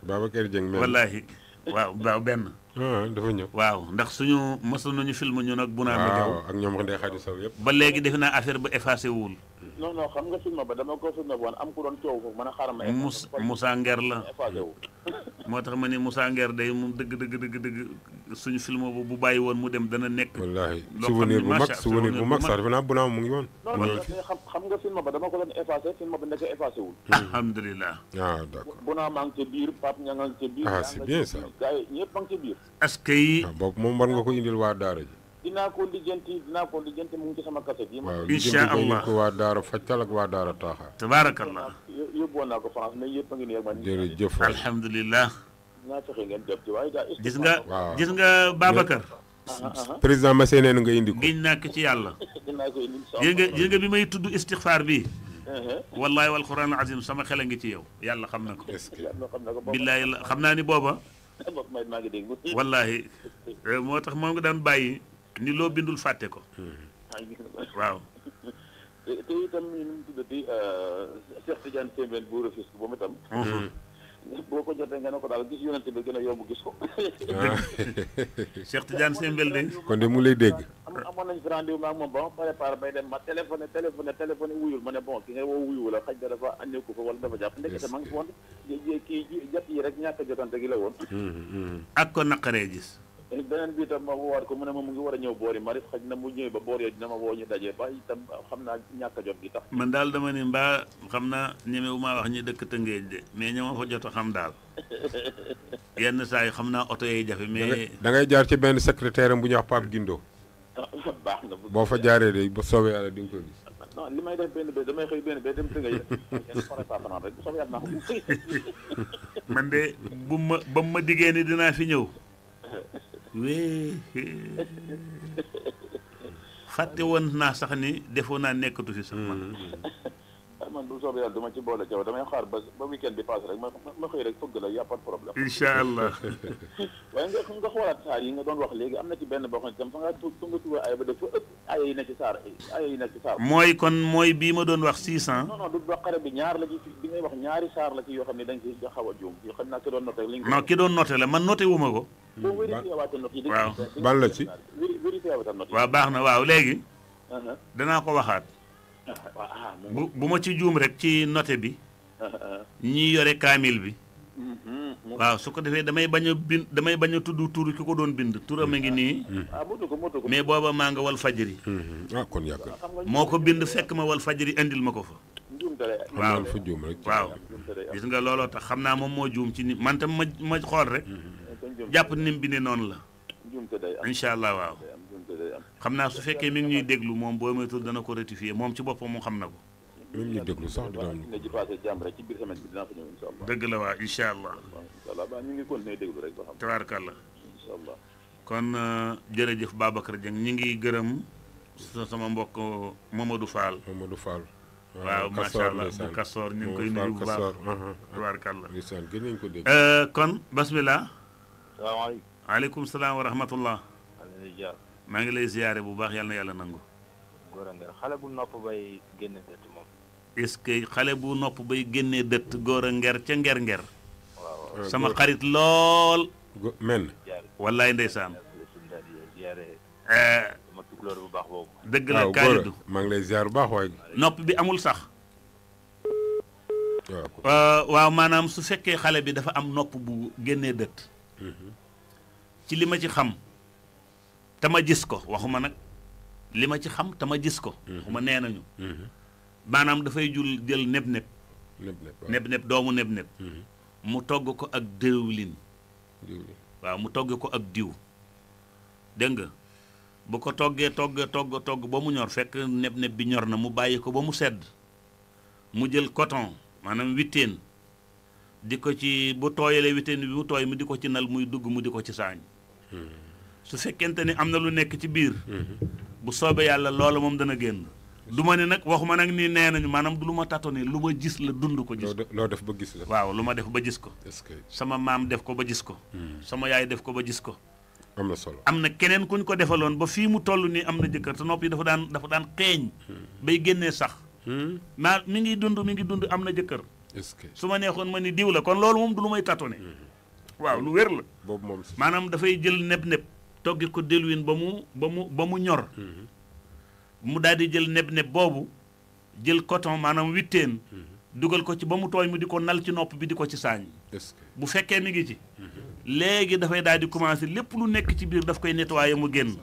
Babacar Dieng wallaahi waaw waaw benn. Ah, dafa ñëw waaw ndax suñu mos nañu film ñun ak. bu naan la jaww ah, ak ñoom Ndeye Khady Sow yëpp. ba léegi defe naa affaire ba effacé wul. non non xam nga filma ba dama ko filma woon am ku doon coow foofu mën a xaaral ma. Moussa Moussa Nguer la moo tax ma ne Moussa ngeer day mu dëgg dëgg dëgg dëgg suñu film bu bu bàyyi woon mu dem dana nekk. wallaahi souvenir bu mag souvenir mag sax defe naa bu mu ngi woon. wallaahi xam nga filma ba dama ko doon effacé hmm. ah, nga ca biir. ah yi ñëpp ah, boobu moom war nga ko indil waa Daara ji. dinaa ko lijjanti dinaa ko lijjanti mu ngi ci sama kase bi. incha allah waaw waa Daara Fajtal waa Daara Taaxa. tabaarakallah. yóbbuwoon naa a gis nga gis nga Babacar. président Massé neen nga indi ko. giñ nàkk ci yàlla. ma ko indi incha bi may tudd istixfaar bi. wallaahi sama xel ngi ci yow yàlla xam na ko. est xam naa ni booba. wallaahi moo tax moom nga daan bàyyi ni loo bindul fàtte ko. waaw. te itam ñu ngi tuddati euh, Cheikh Tidiane Sembène bu Rufisque boobu itam. Mhm. boo ko jotee nga ne ko daal gis yonent bi gën a yomb gis ko. waaw ah. Cheikh Tidiane Sembène de. kon de mu lay dégg. amoon nañu fi rendez-vous ak moom ba ma préparé bay dem ma téléphoné téléphoné téléphoné wuyul ma ne bon ki nga woo wuyu la xaj da dafa àndee ko fa wala dafa jàpp ndekete ma ngi fi woon kii jot yi rek ñàkk a jotante gi la woon. Mhm, mhm. ak ko naqaree gis. beneen bi itam ma woowaat ko mu ne ma mu ngi war a ñëw boori Maris xaj na mu ñëwee ba boor yooyu dina ma woo ñu dajee ba itam xam naa ñàkk a jot gi tax. man daal dama ni mbaa xam naa ñemewu maa wax ñu dëkk Tëngéej de mais ñoo ma fa jot a xam daal yenn yi xam naa oto yay jafe. da ngay jaar ci benn secrétaire am bu ñuy wax Pape Guindo. baax na boo fa jaaree de ba soobee yàlla di nga ko damay xëy benn bés dem Tëngéej rek bu soobee yàlla ma ba ma diggee ni dinaa fi ñëw. wéé fàtte woon naa sax ni defoo naa nekkatu si sax ay eh, ma ci boole jaww damay xaar ba weekend bi passé rek ma ma xëy rek fëgg la y' problème. incha allah. waaye nga nga xoolaat saar yi nga doon wax léegi am na ci benn boo xam ne tam fa nga tu mooy bii ma doon wax 600. non bi ñaar la bi ngay wax ñaari saar la yoo xam ne da nga ciy xaw a juum yoo xam naa ki doon noté li nga. non ki baax na waaw léegi. Uh-huh. danaa ko waxaat bu bu ma ci juum rek ci note bi. ñi yore kaamil bi. Mm-hmm. waaw su ko defee damay bañ a bind damay bañ a tudd tuur ki ko doon bind turam a ngi nii. Ah, mais booba maa nga wal fajri. Mm-hmm. ah kon moo ko bind fekk ma wal fajri indil ma ko fa. waaw fa juum rek. waaw gis nga looloo tax xam naa moom moo juum ci ni manta ma ma xool rek. Mm-hmm. jàpp ni mu bindee noonu la. incha waaw. xam naa su fekkee mi ngi ñuy déglu moom boo moytuwul dana ko ratifié moom ci boppam mu xam na ko. même ñu déglu sax bi dinaa fa ñëw incha allah. dëgg la waa incha allah. incha allah ba ñu ngi continuer déglu rek ba xam. tabaarkalla. incha allah kon euh, jërëjëf Babacar Dieng ñu ngi gërëm sama mbokk Mamadou Fall. Mamadou Fall. waaw macha allah bu kastoor ñu ngi koy nuyu bu baax uh-huh. tabaarkalla gën euh, kon basmillah salaamaaleykum salaam wa maa ngi lay ziyaare bu baax yàlla na yàlla nangu xale bu nopp bay génne dëtt moom est-ce que xale bu nopp bay génnee dëtt góorangeer ca sama xarit lool men wallaay ndeysaan eh. dëgg la kaalidu maa ngi lay ziar bu baax nopp bi amul sax euh, waaw maanaam su fekkee xale bi dafa am nopp bu génnee dëtt mhm. ci li ci xam te ma gis ko waxuma nag li ma ci xam te ma gis ko. waxuma nee nañu. Mhm. maanaam dafay jul jël neb neb. neb neb doomu neb mhm. mu togg ko ak déwlin. waaw mu togg ko ak diw. dégg nga bu ko toggee togg togg togg ba mu ñor fekk neb neb bi ñor na mu bàyyi ko ba mu sedd mu jël coton maanaam witteen di ko ci bu tooyalee witteen bi mu tooy mu di ko ci nal muy dugg mu di ko ci saañ. Mhm. su fekkente ni am na lu nekk ci biir bu soobee yàlla loola moom dana génn du ma ne nag waxuma nag nii nee nañu maanaam du lu ma tato ni lu ma gis la dund ko gis loo def ba gis la waaw lu ma def ba gis ko sama maam def ko ba gis ko hmm. sama yaay def ko ba gis ko am na solo am na keneen ku ñu ko defaloon ba fii mu toll nii am na jëkkër te nopp yi dafa daan dafa daan xeeñ hmm. bay génnee sax hmm. maa mi ngi dund mi ngi dund am na jëkkër su ma neexoon ma ni diw la kon loolu moom du lu may tato ne waaw lu wér la boobu moom maanaam dafay jël neb neb toggi ko delwin ba mu ba mu ba mu ñor mu daal di jël neb neb boobu jël coton maanaam witteen dugal ko ci ba mu tooy mu di ko nal ci nopp bi di ko ci saañ bu fekkee mi ngi ci mhm. léegi dafay daal di commencé lépp lu nekk ci biir daf koy nettoyé mu génn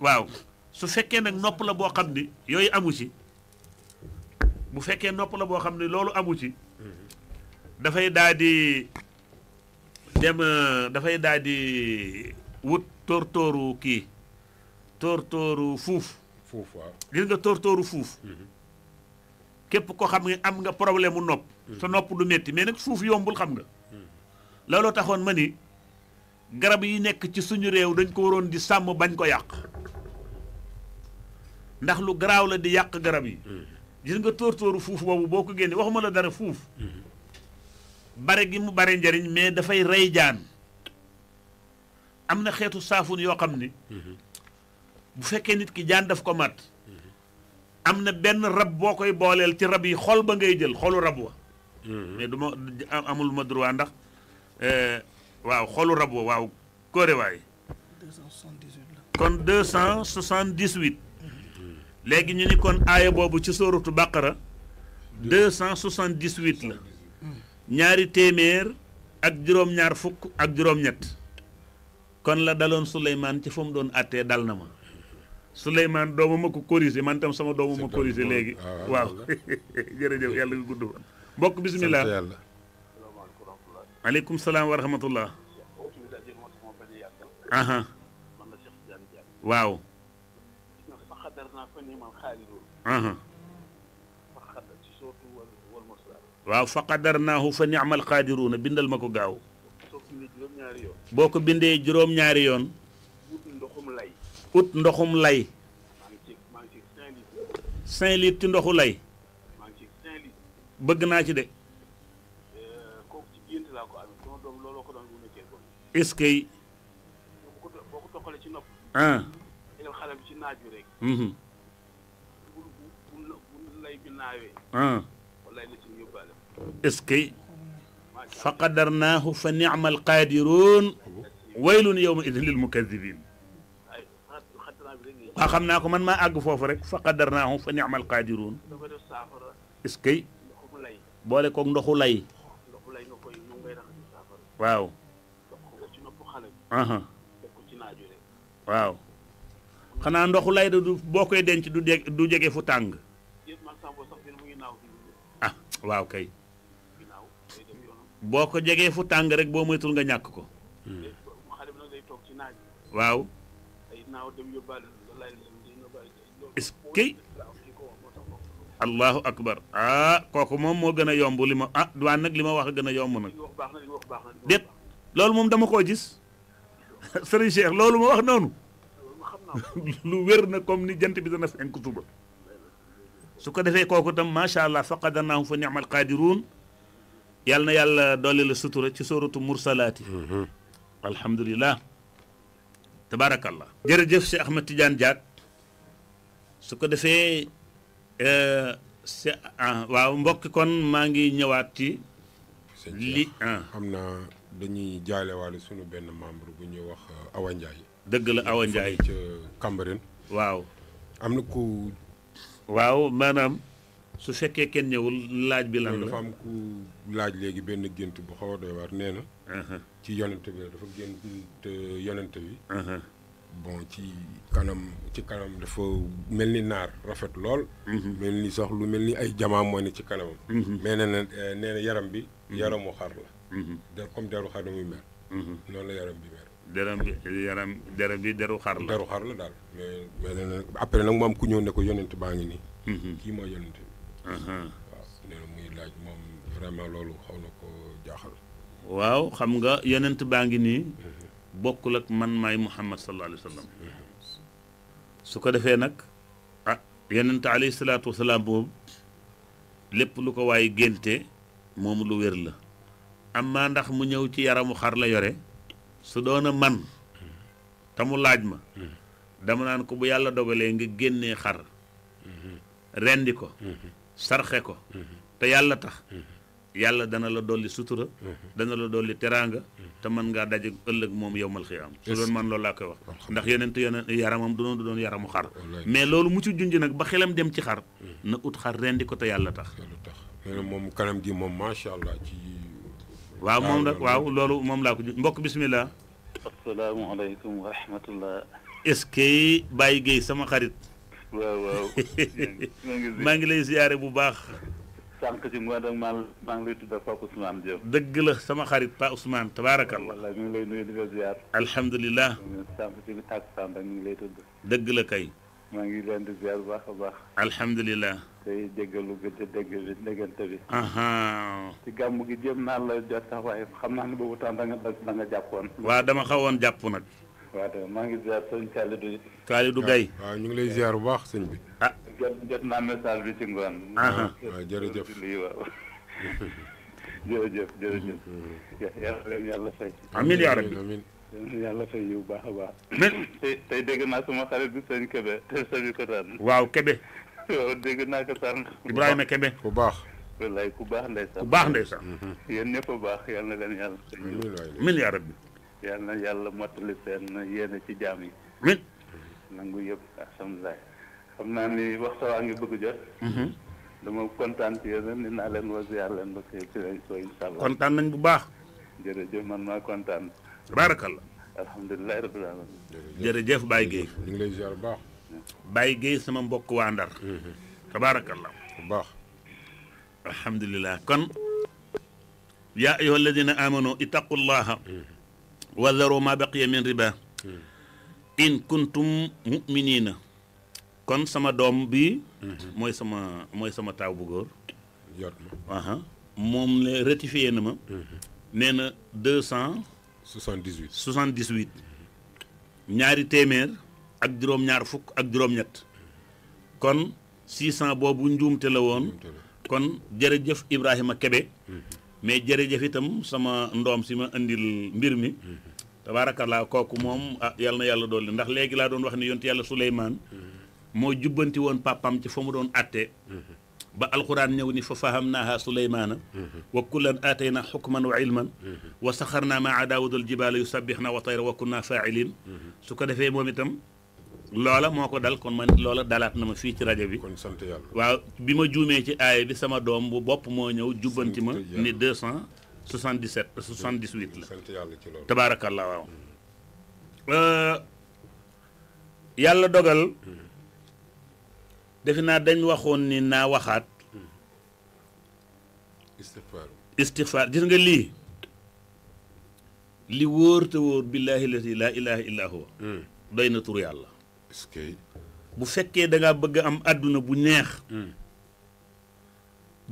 waaw su fekkee nag nopp la boo xam ni yooyu amu ci bu fekkee nopp la boo xam ne loolu amu ci mhm. dafay daal di dem dafay daal di wut tóor tóoru kii tóor tóoru fuuf waaw gis nga tóortóoru fuuf. Mhm. képp ko xam ne am nga problème mu nopp. Mhm. sa nopp du métti mais nag fuuf yombul xam nga. Mhm. looloo taxoon ma ni garab yi nekk ci suñu réew dañ ko waroon di sàmm bañ ko yàq ndax lu garaaw la di yàq garab yi. gis nga tóor tóoru fuuf boobu boo ko génnee waxuma la dara fuuf. bare gi mu bare njariñ mais dafay rey jaan. am na xeetu saafun yoo xam ni bu fekkee nit ki jaan daf ko mat am na benn rab boo koy booleel ci rab yi xol ba ngay jël xolu rab wa mais du ma amul ma droit ndax eh, waaw xolu rab wa waaw kóore waay kon 278 léegi ñu ni kon aaya boobu ci sóoratu bàqara 278 la ñaari téeméer ak juróom-ñaar fukk ak juróom-ñett kon la daloon Souleymane ci fu mu doon attee dal na ma Souleymane doomu ma ko corrigé man tam sama doomu ma corrigé léegi waaw jërëjëf yàlla nga gudd fan mbokk bisimilah aleykum salaam wa rahmatullah aha waaw aha waaw faqadarnaahu fa ni'mal qaadiruuna bindal ma ko gaaw boo ko bindee juróom-ñaari yoon ut ndoxum lay cinq litres ci ndoxu lay bëgg naa ci de euh, est-ce que ah, mm-hmm. ah. est-ce que fa qadarnaahu fa nicma alqaadiruun waylun yowma idin lil mukadibin waa xam naa ko man maa àgg foofu rek fa qadarnaahu fa nicma alqaadiruun est-ce que boole koog ndoxu lay waaw waaw xanaa ndoxu lay da du boo koy denc du jege fu tàng ah waaw kay boo ko jegee fu tàng rek boo moytul nga ñàkk ko. waaw. est-ce que. allahu akbar ah kooku moom moo gën a yomb li ma ah duwaan nag li ma wax a gën a yomb nag. déet loolu moom dama koo gis Serigne loolu ma wax noonu lu wér na comme ni jant bi dana fenk suba su ko defee kooku itam macha allah faqadanaahu fa ni'mal qadiruun yàlla na yàlla dolli la sutura ci sóoratu mursalaati mhm. alhamdulilah tabaarakallah jërëjëf si Ahmed Tidiane Diack su ko defee si eh, ah, waaw mbokk kon maa ngi ñëwaat ci li ah. xam naa dañuy jaalewaale suñu benn membre bu ñuy wax eh, Awa Ndiaye dëgg la Awa Ndiaye ca Cambérène waaw am na ku waaw maanaam su fekkee kenn ñëwul laaj bi lan la dafa am ku laaj léegi benn gént bu xaw a doy waar nee na. Uh-huh. ci yonent bi dafa gént yonent bi. Uh-huh. bon ci kanam ci kanam dafa mel ni naar rafet lool. Uh-huh. mel ni sax lu mel ni ay jamaa moo ne ci kanamam. mais nee na nee yaram bi. yaramu xar la. der comme deru xar la yaram bi mer. deram bi yaram deram bi deru xar la. deru daal mais mais nee na après nag mu am ku ñëw ne ko yonent baa ngi nii. kii mooy yonent bi. waaw loolu muy xam nga yenent baa ngi nii. bokkul ak man maay Muhammad su ko defee nag ah yonent alayhi salaatu wa lépp lu ko waaye génte moom lu wér la. am ma ndax mu ñëw ci yaramu xar la yore. su doon man tamu laaj ma. dama naan ko bu yàlla dogalee nga génnee xar. rendi ko. sarxe ko te yàlla tax yàlla dana la dolli sutura dana la dolli teraanga te man ngaa daje ëllëg moom yowmal xiyaam su doon man loolu laa koy wax ndax yeneen yeneen yaramam du doon du doon yaramu xar mais loolu mu ci junj nag ba xelam dem ci xar na ut xar rendi ko te yàlla tax moom kanam gi moom macha allah ci waaw moom ah, loolu moom laa ko junj mbokk bismillah asalaamaaleykum wa rahmatullah est-ce que Baye Gueye sama xarit waaw waaw. maa ngi lay ziyaare bu baax. sànq ci ngoon ak maa maa ngi lay tudd ak Pape Ousmane Diop. dëgg la sama xarit Pape Ousmane tabaarakallah. wallaay ñu ngi lay nuyu di la ziar. alhamdulilah. sànq ci takkusaan rek ñu ngi lay tudd. dëgg la kay. maa ngi leen di ziar bu baax a baax. alhamdulilah. tey déggalu bi te dégg bi déggante bi. ci gàmm gi jéem naa la jot sax waaye xam naa ne boobu temps da nga da nga jàppoon. waaw dama xawoon jàpp nag. waaw maa ngi ziar sëñ Kalidou. Kalidou ah, Gaye waaw ñu ngi lay ziar bu baax sëñ bi. ah jot jot naa message bi ci ngoon. Ah, ah. waaw jërëjëf waaw jërëjëf jërëjëf. yàlla leen yàlla baax a baax. tey tey dégg naa sama xarit bi sëñ Kébé te sëñ Kotaan. waaw Kébé. waaw dégg naa ko sànq. Ibrahima Kébé bu baax. wallaay ku baax ndeysaan. ku baax ndeysaan. Mm-hmm. yéen ñëpp baax yàlla na leen yàlla. amiin yaa rabbi yal na yàlla mottali seen yéene ci jaam yi. nangu yëpp alhamdulilah xam naa ni waxtu waa ngi bëgg jot. Mhm. dama kontaan ci yéen ni naa leen wasi yàlla leen ba kii ci lañ soo incha allah. kontaan nañ bu baax. jërëjëf man maa kontaan. baarakallah. alhamdulilah rabbil alamin. jërëjëf Baye Guèye. ñu ngi lay ziar bu baax. Baye Guèye sama mbokk waa Ndar. Mhm. tabaarakallah. bu baax. alhamdulilah kon. yaa ayyuha alladina amanu ittaqullaha mhm. wa zaroo ma baqiya min riba hmm. in kuntum na kon sama doom bi hmm. mooy sama mooy sama taaw bu góor moom la ratifié na ma hmm. nee na deux cent soixante-dix-huit soixante ñaari téeméer ak juróom-ñaar fukk ak juróom-ñett kon six cent boobu njuumte la woon kon jërëjëf Ibrahima Kebe mais jërëjëf itam sama ndoom si ma indil mbir mi tabaarakallaa kooku moom ah yal na yàlla dolli ndax léegi laa doon wax ne yontu yàlla Suleymaan moo jubbanti woon papam ci fa mu doon àttee ba alquran ñëw ni fa fahamnaaha suleymaana wa kullan aatayna xukman wa ilman wa saxarna maa daawuda aljibaala yusabbixna wa tayra wa kunna faa'ilin su ko defee moom itam loola moo ko dal kon man loola dalaat na ma fii ci rajo bi kon sant yàlla waaw bi ma juumee ci aaya bi sama doom bu bopp moo ñëw jubbanti ma ni deux cent 77 78 la sant yàlla ci loolu euh, dogal defe naa dañ waxoon ni naa waxaat istigfaar istigfaar gis nga li wóor te wóor billaahi lati laa ilaaha huwa hmm. doy bu fekkee da ngaa bëgg am àdduna bu neex hmm.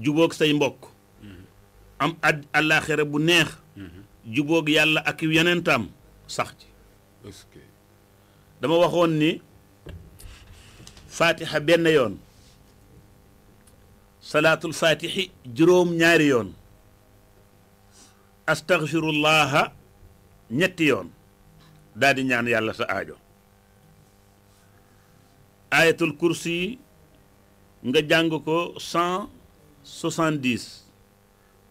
jubóog say mbokk am ad àllaaxira bu neex jubóog yàlla ak yenentam sax ci dama waxoon ni fatiha ben yon salatul fatihi juróom ñaari yon astaghfirullah ñetti yon daal di ñaan yàlla sa aajo ayatul kursi nga jàng ko 170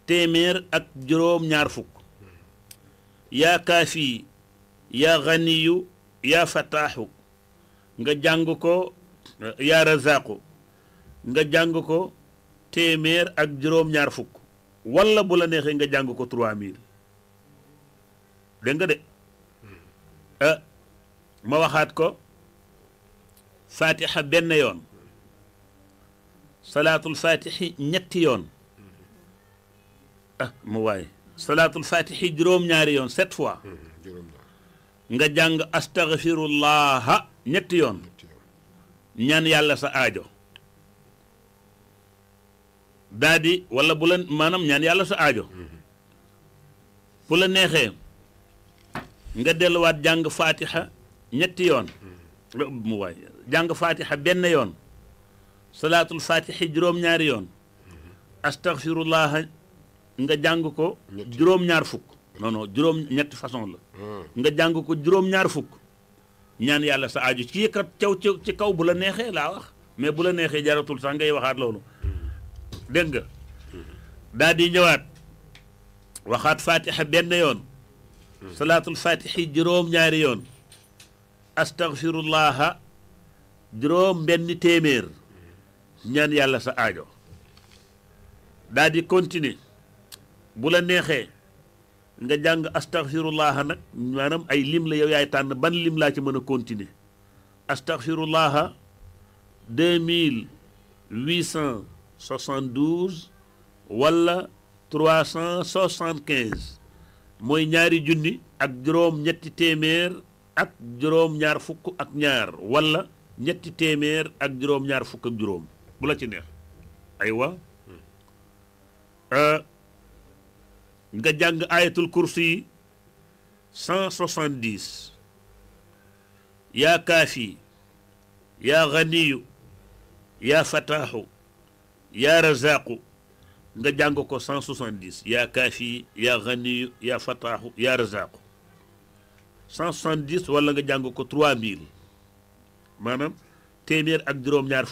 téeméer ak juróom-ñaar fukk yaa kaafi yaa ganiyu yaa fataaxu nga jàng ko yaa razaqu nga jàng ko téeméer ak juróom-ñaar fukk walla bu la neexee nga jàng ko 3000 dégg nga de ah, ma waxaat ko fatiha benn yoon salaatul fatixi ñetti yoon ah mu waay salaatul fatihi juróom-ñaari yoon sept fois mm-hmm, nga jàng astaghfirullaha ñetti yoon ñaan yàlla sa aajo daa di wala bu la maanaam ñaan yàlla sa aajo mm-hmm. bu la neexee nga delluwaat jàng fatiha ñetti yoon mm-hmm. jàng fatiha benn yoon salaatul fatihi juróom-ñaari yoon astaghfirullaha Hmm. nga jàng ko juróom-ñaar fukk façon la nga jàng ko juróom fukk ñaan yàlla sa aju ci yëkkat caw ci kaw bu la neexee laa wax mais bu la neexee jaratul sax ngay waxaat loolu hmm. dégg nga hmm. daal ñëwaat waxaat fatiha benn yoon salaatul fatihi juróom-ñaari yoon astaghfirullaha juróom benn téeméer ñaan yàlla sa aajo daal di bu la neexee nga jàng astaghfirullaha nag maanaam ay lim la yow yaay tànn ban lim laa ci mën a continuer astaghfirullaha deux mille huit cent soixante douze wala trois mooy ñaari junni ak juróom ñetti téeméer ak juróom ñaar fukk ak ñaar wala ñetti téeméer ak juróom ñaar fukk ak juróom bu la ci neex aywa. Hmm. Euh, nga jàng ayatul kursi yi cent soixante dix yaa kaafi yaa ganiyu yaa fataaxu yaa razaqu nga jàng ko cent soixante dix yaa kaafi yaa ganiyu yaa fataaxu yaa razaqu cent wala nga jàng ko trois mille maanaam téeméer ak juróom-ñaar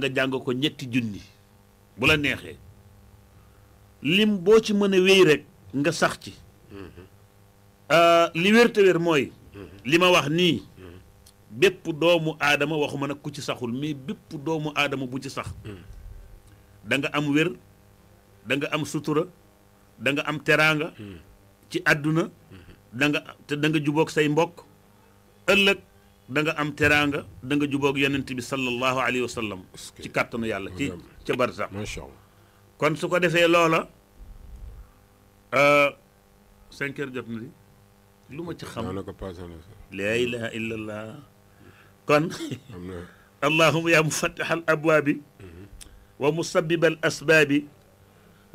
nga jàng ko ñetti junni bu la neexee lim boo ci mën a wéy rek nga sax ci euh, li wér te wér mooy li ma wax nii bépp doomu aadama waxuma nag ku ci saxul mii bépp doomu aadama bu ci sax da am wér danga am sutura danga am teraanga ci àdduna danga nga te da nga say mbokk ëllëg danga am teraanga danga jubook jubóog yonent bi sallallahu alayhi wa sallam ci kàttanu yàlla ci ca barsax kon su ko defee loola cinq heures jot na di lu ma ci xam la ilaha illa allah kon allahuma ya mufattih al abwaabi wa musabbib al asbaabi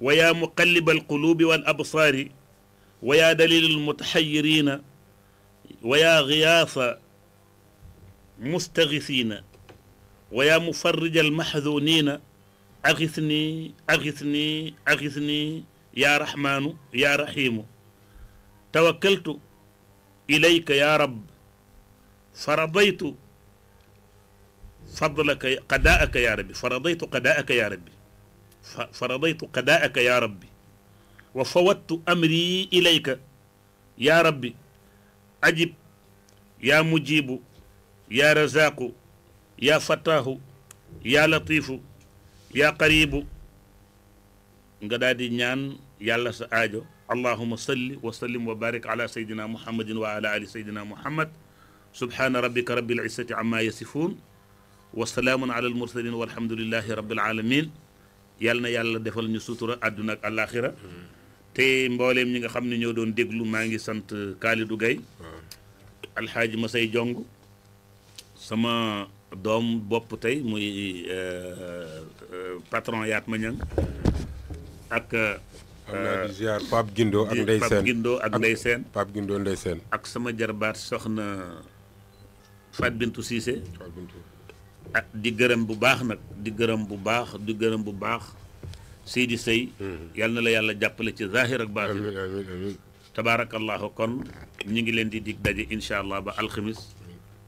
wa ya muqallib al qulubi wal absaari wa ya dalil al mutaxayirina wa ya ghiyafa mustaghithina wa ya mufarrij al maxzunina أغثني أغثني أغثني يا رحمن يا رحيم توكلت إليك يا رب فرضيت فضلك قداءك يا ربي فرضيت قداءك يا ربي فرضيت قداءك يا ربي وفوضت أمري إليك يا ربي أجب يا مجيب يا رزاق يا فتاه يا لطيف yaa qaribu nga daal di ñaan yàlla sa aajo allahuma salli wa sallim wa barik ala sayidina muhammadin wa ala ali sayidina muhammad subhana rabbika rabbil izzati amma yasifun wa salaamun ala almursalin walhamdulillahi rabbil alamin yàlla na yàlla defal ñu sutura àdduna ak àllaaxira te mbooleem ñi nga xam ne ñoo doon déglu maa ngi sant Khalidou Gaye alxaaji Masay Jong sama doom bopp tey muy euh, patron yaat ma ñang ak. Euh, am naa di ziar Pape Guindo ak Ndeye Sène Pape Guindo ak Ndeye ak sama jarbaat soxna Fat Bintou Cissé. ak ah, di gërëm bu baax nag di gërëm bu baax di gërëm bu baax Seydi Sey. Mm-hmm. yal na la yàlla jàppale ci zahir ak baatin. amiin amiin amiin kon ñu ngi leen di dig daje incha allah ba alxamis.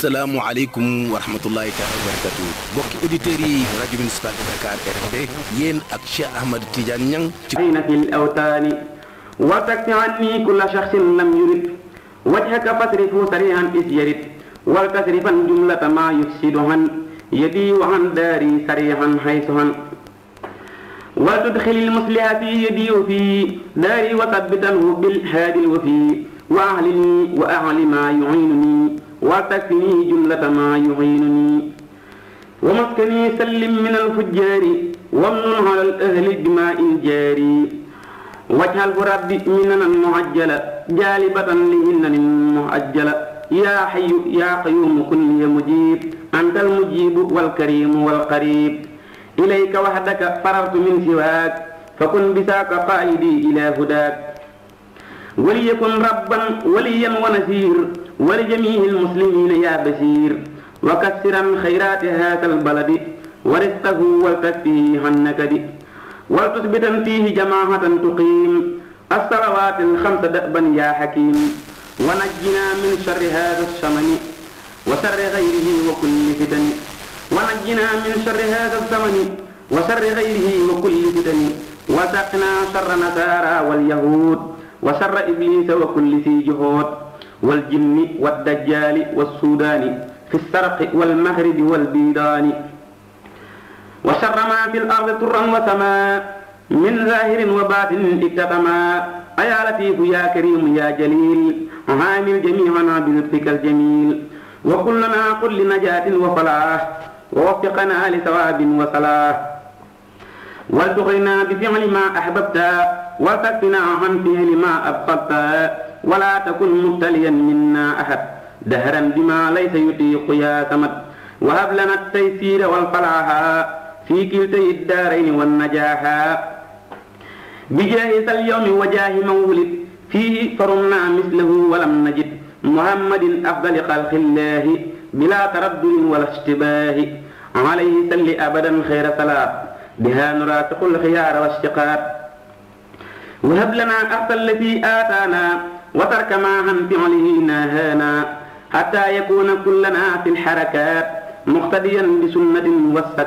السلام عليكم ورحمة الله وبركاته بوك إديتري راديو منسبال دكار إرد ين أكشى أحمد تيجان ين أين في الأوتان وتكت عني كل شخص لم يرد وجهك فصرفه سريعا إذ يرد والكسرفا جملة ما يفسدهن يدي وعن داري سريعا حيثهن وتدخل المصلحة في يدي وفي داري وثبته بالهاد الوفي وأعلني وأعلم ما يعينني وتكني جملة ما يعينني ومسكني سلم من الفجار وامن على الأهل بماء جاري واجعله ربي مننا المعجلة جالبة لإنني المعجلة يا حي يا قيوم كن لي مجيب أنت المجيب والكريم والقريب إليك وحدك فررت من سواك فكن بساك قائدي إلى هداك وليكن ربا وليا ونسير ولجميع المسلمين يا بشير وكثرا من خيرات هذا البلد ورزقه والتكفيه عن ولتثبتا فيه جماعة تقيم الصلوات الخمس دأبا يا حكيم ونجنا من شر هذا الشمن وشر غيره وكل فتن ونجنا من شر هذا الزمن وشر غيره وكل فتن وسقنا شر نصارى واليهود وشر إبليس وكل سي جهود والجن والدجال والسودان في السرق والمغرب والبيدان وشر ما في الأرض طرا وسماء من ظاهر وباطن اكتتما أيا لطيف يا كريم يا جليل عامل جميعنا بلطفك الجميل وكلنا قل لنجاة وفلاح ووفقنا لثواب وصلاح والتغنا بفعل ما أحببت وارتكنا عن فعل ما أبقبت ولا تكن مبتليا منا أحد دهرا بما ليس يطيق يا تمد وهب لنا التيسير والفلاح في كلتي الدارين والنجاح بجاه اليوم وجاه من ولد فيه فرمنا مثله ولم نجد محمد أفضل خلق الله بلا تردد ولا اشتباه عليه سل أبدا خير صلاة بها نراتق الخيار والشقاء وهب لنا أفضل الذي آتانا وترك ما عن فعله نهانا حتى يكون كلنا في الحركات مقتديا بسنة والسكن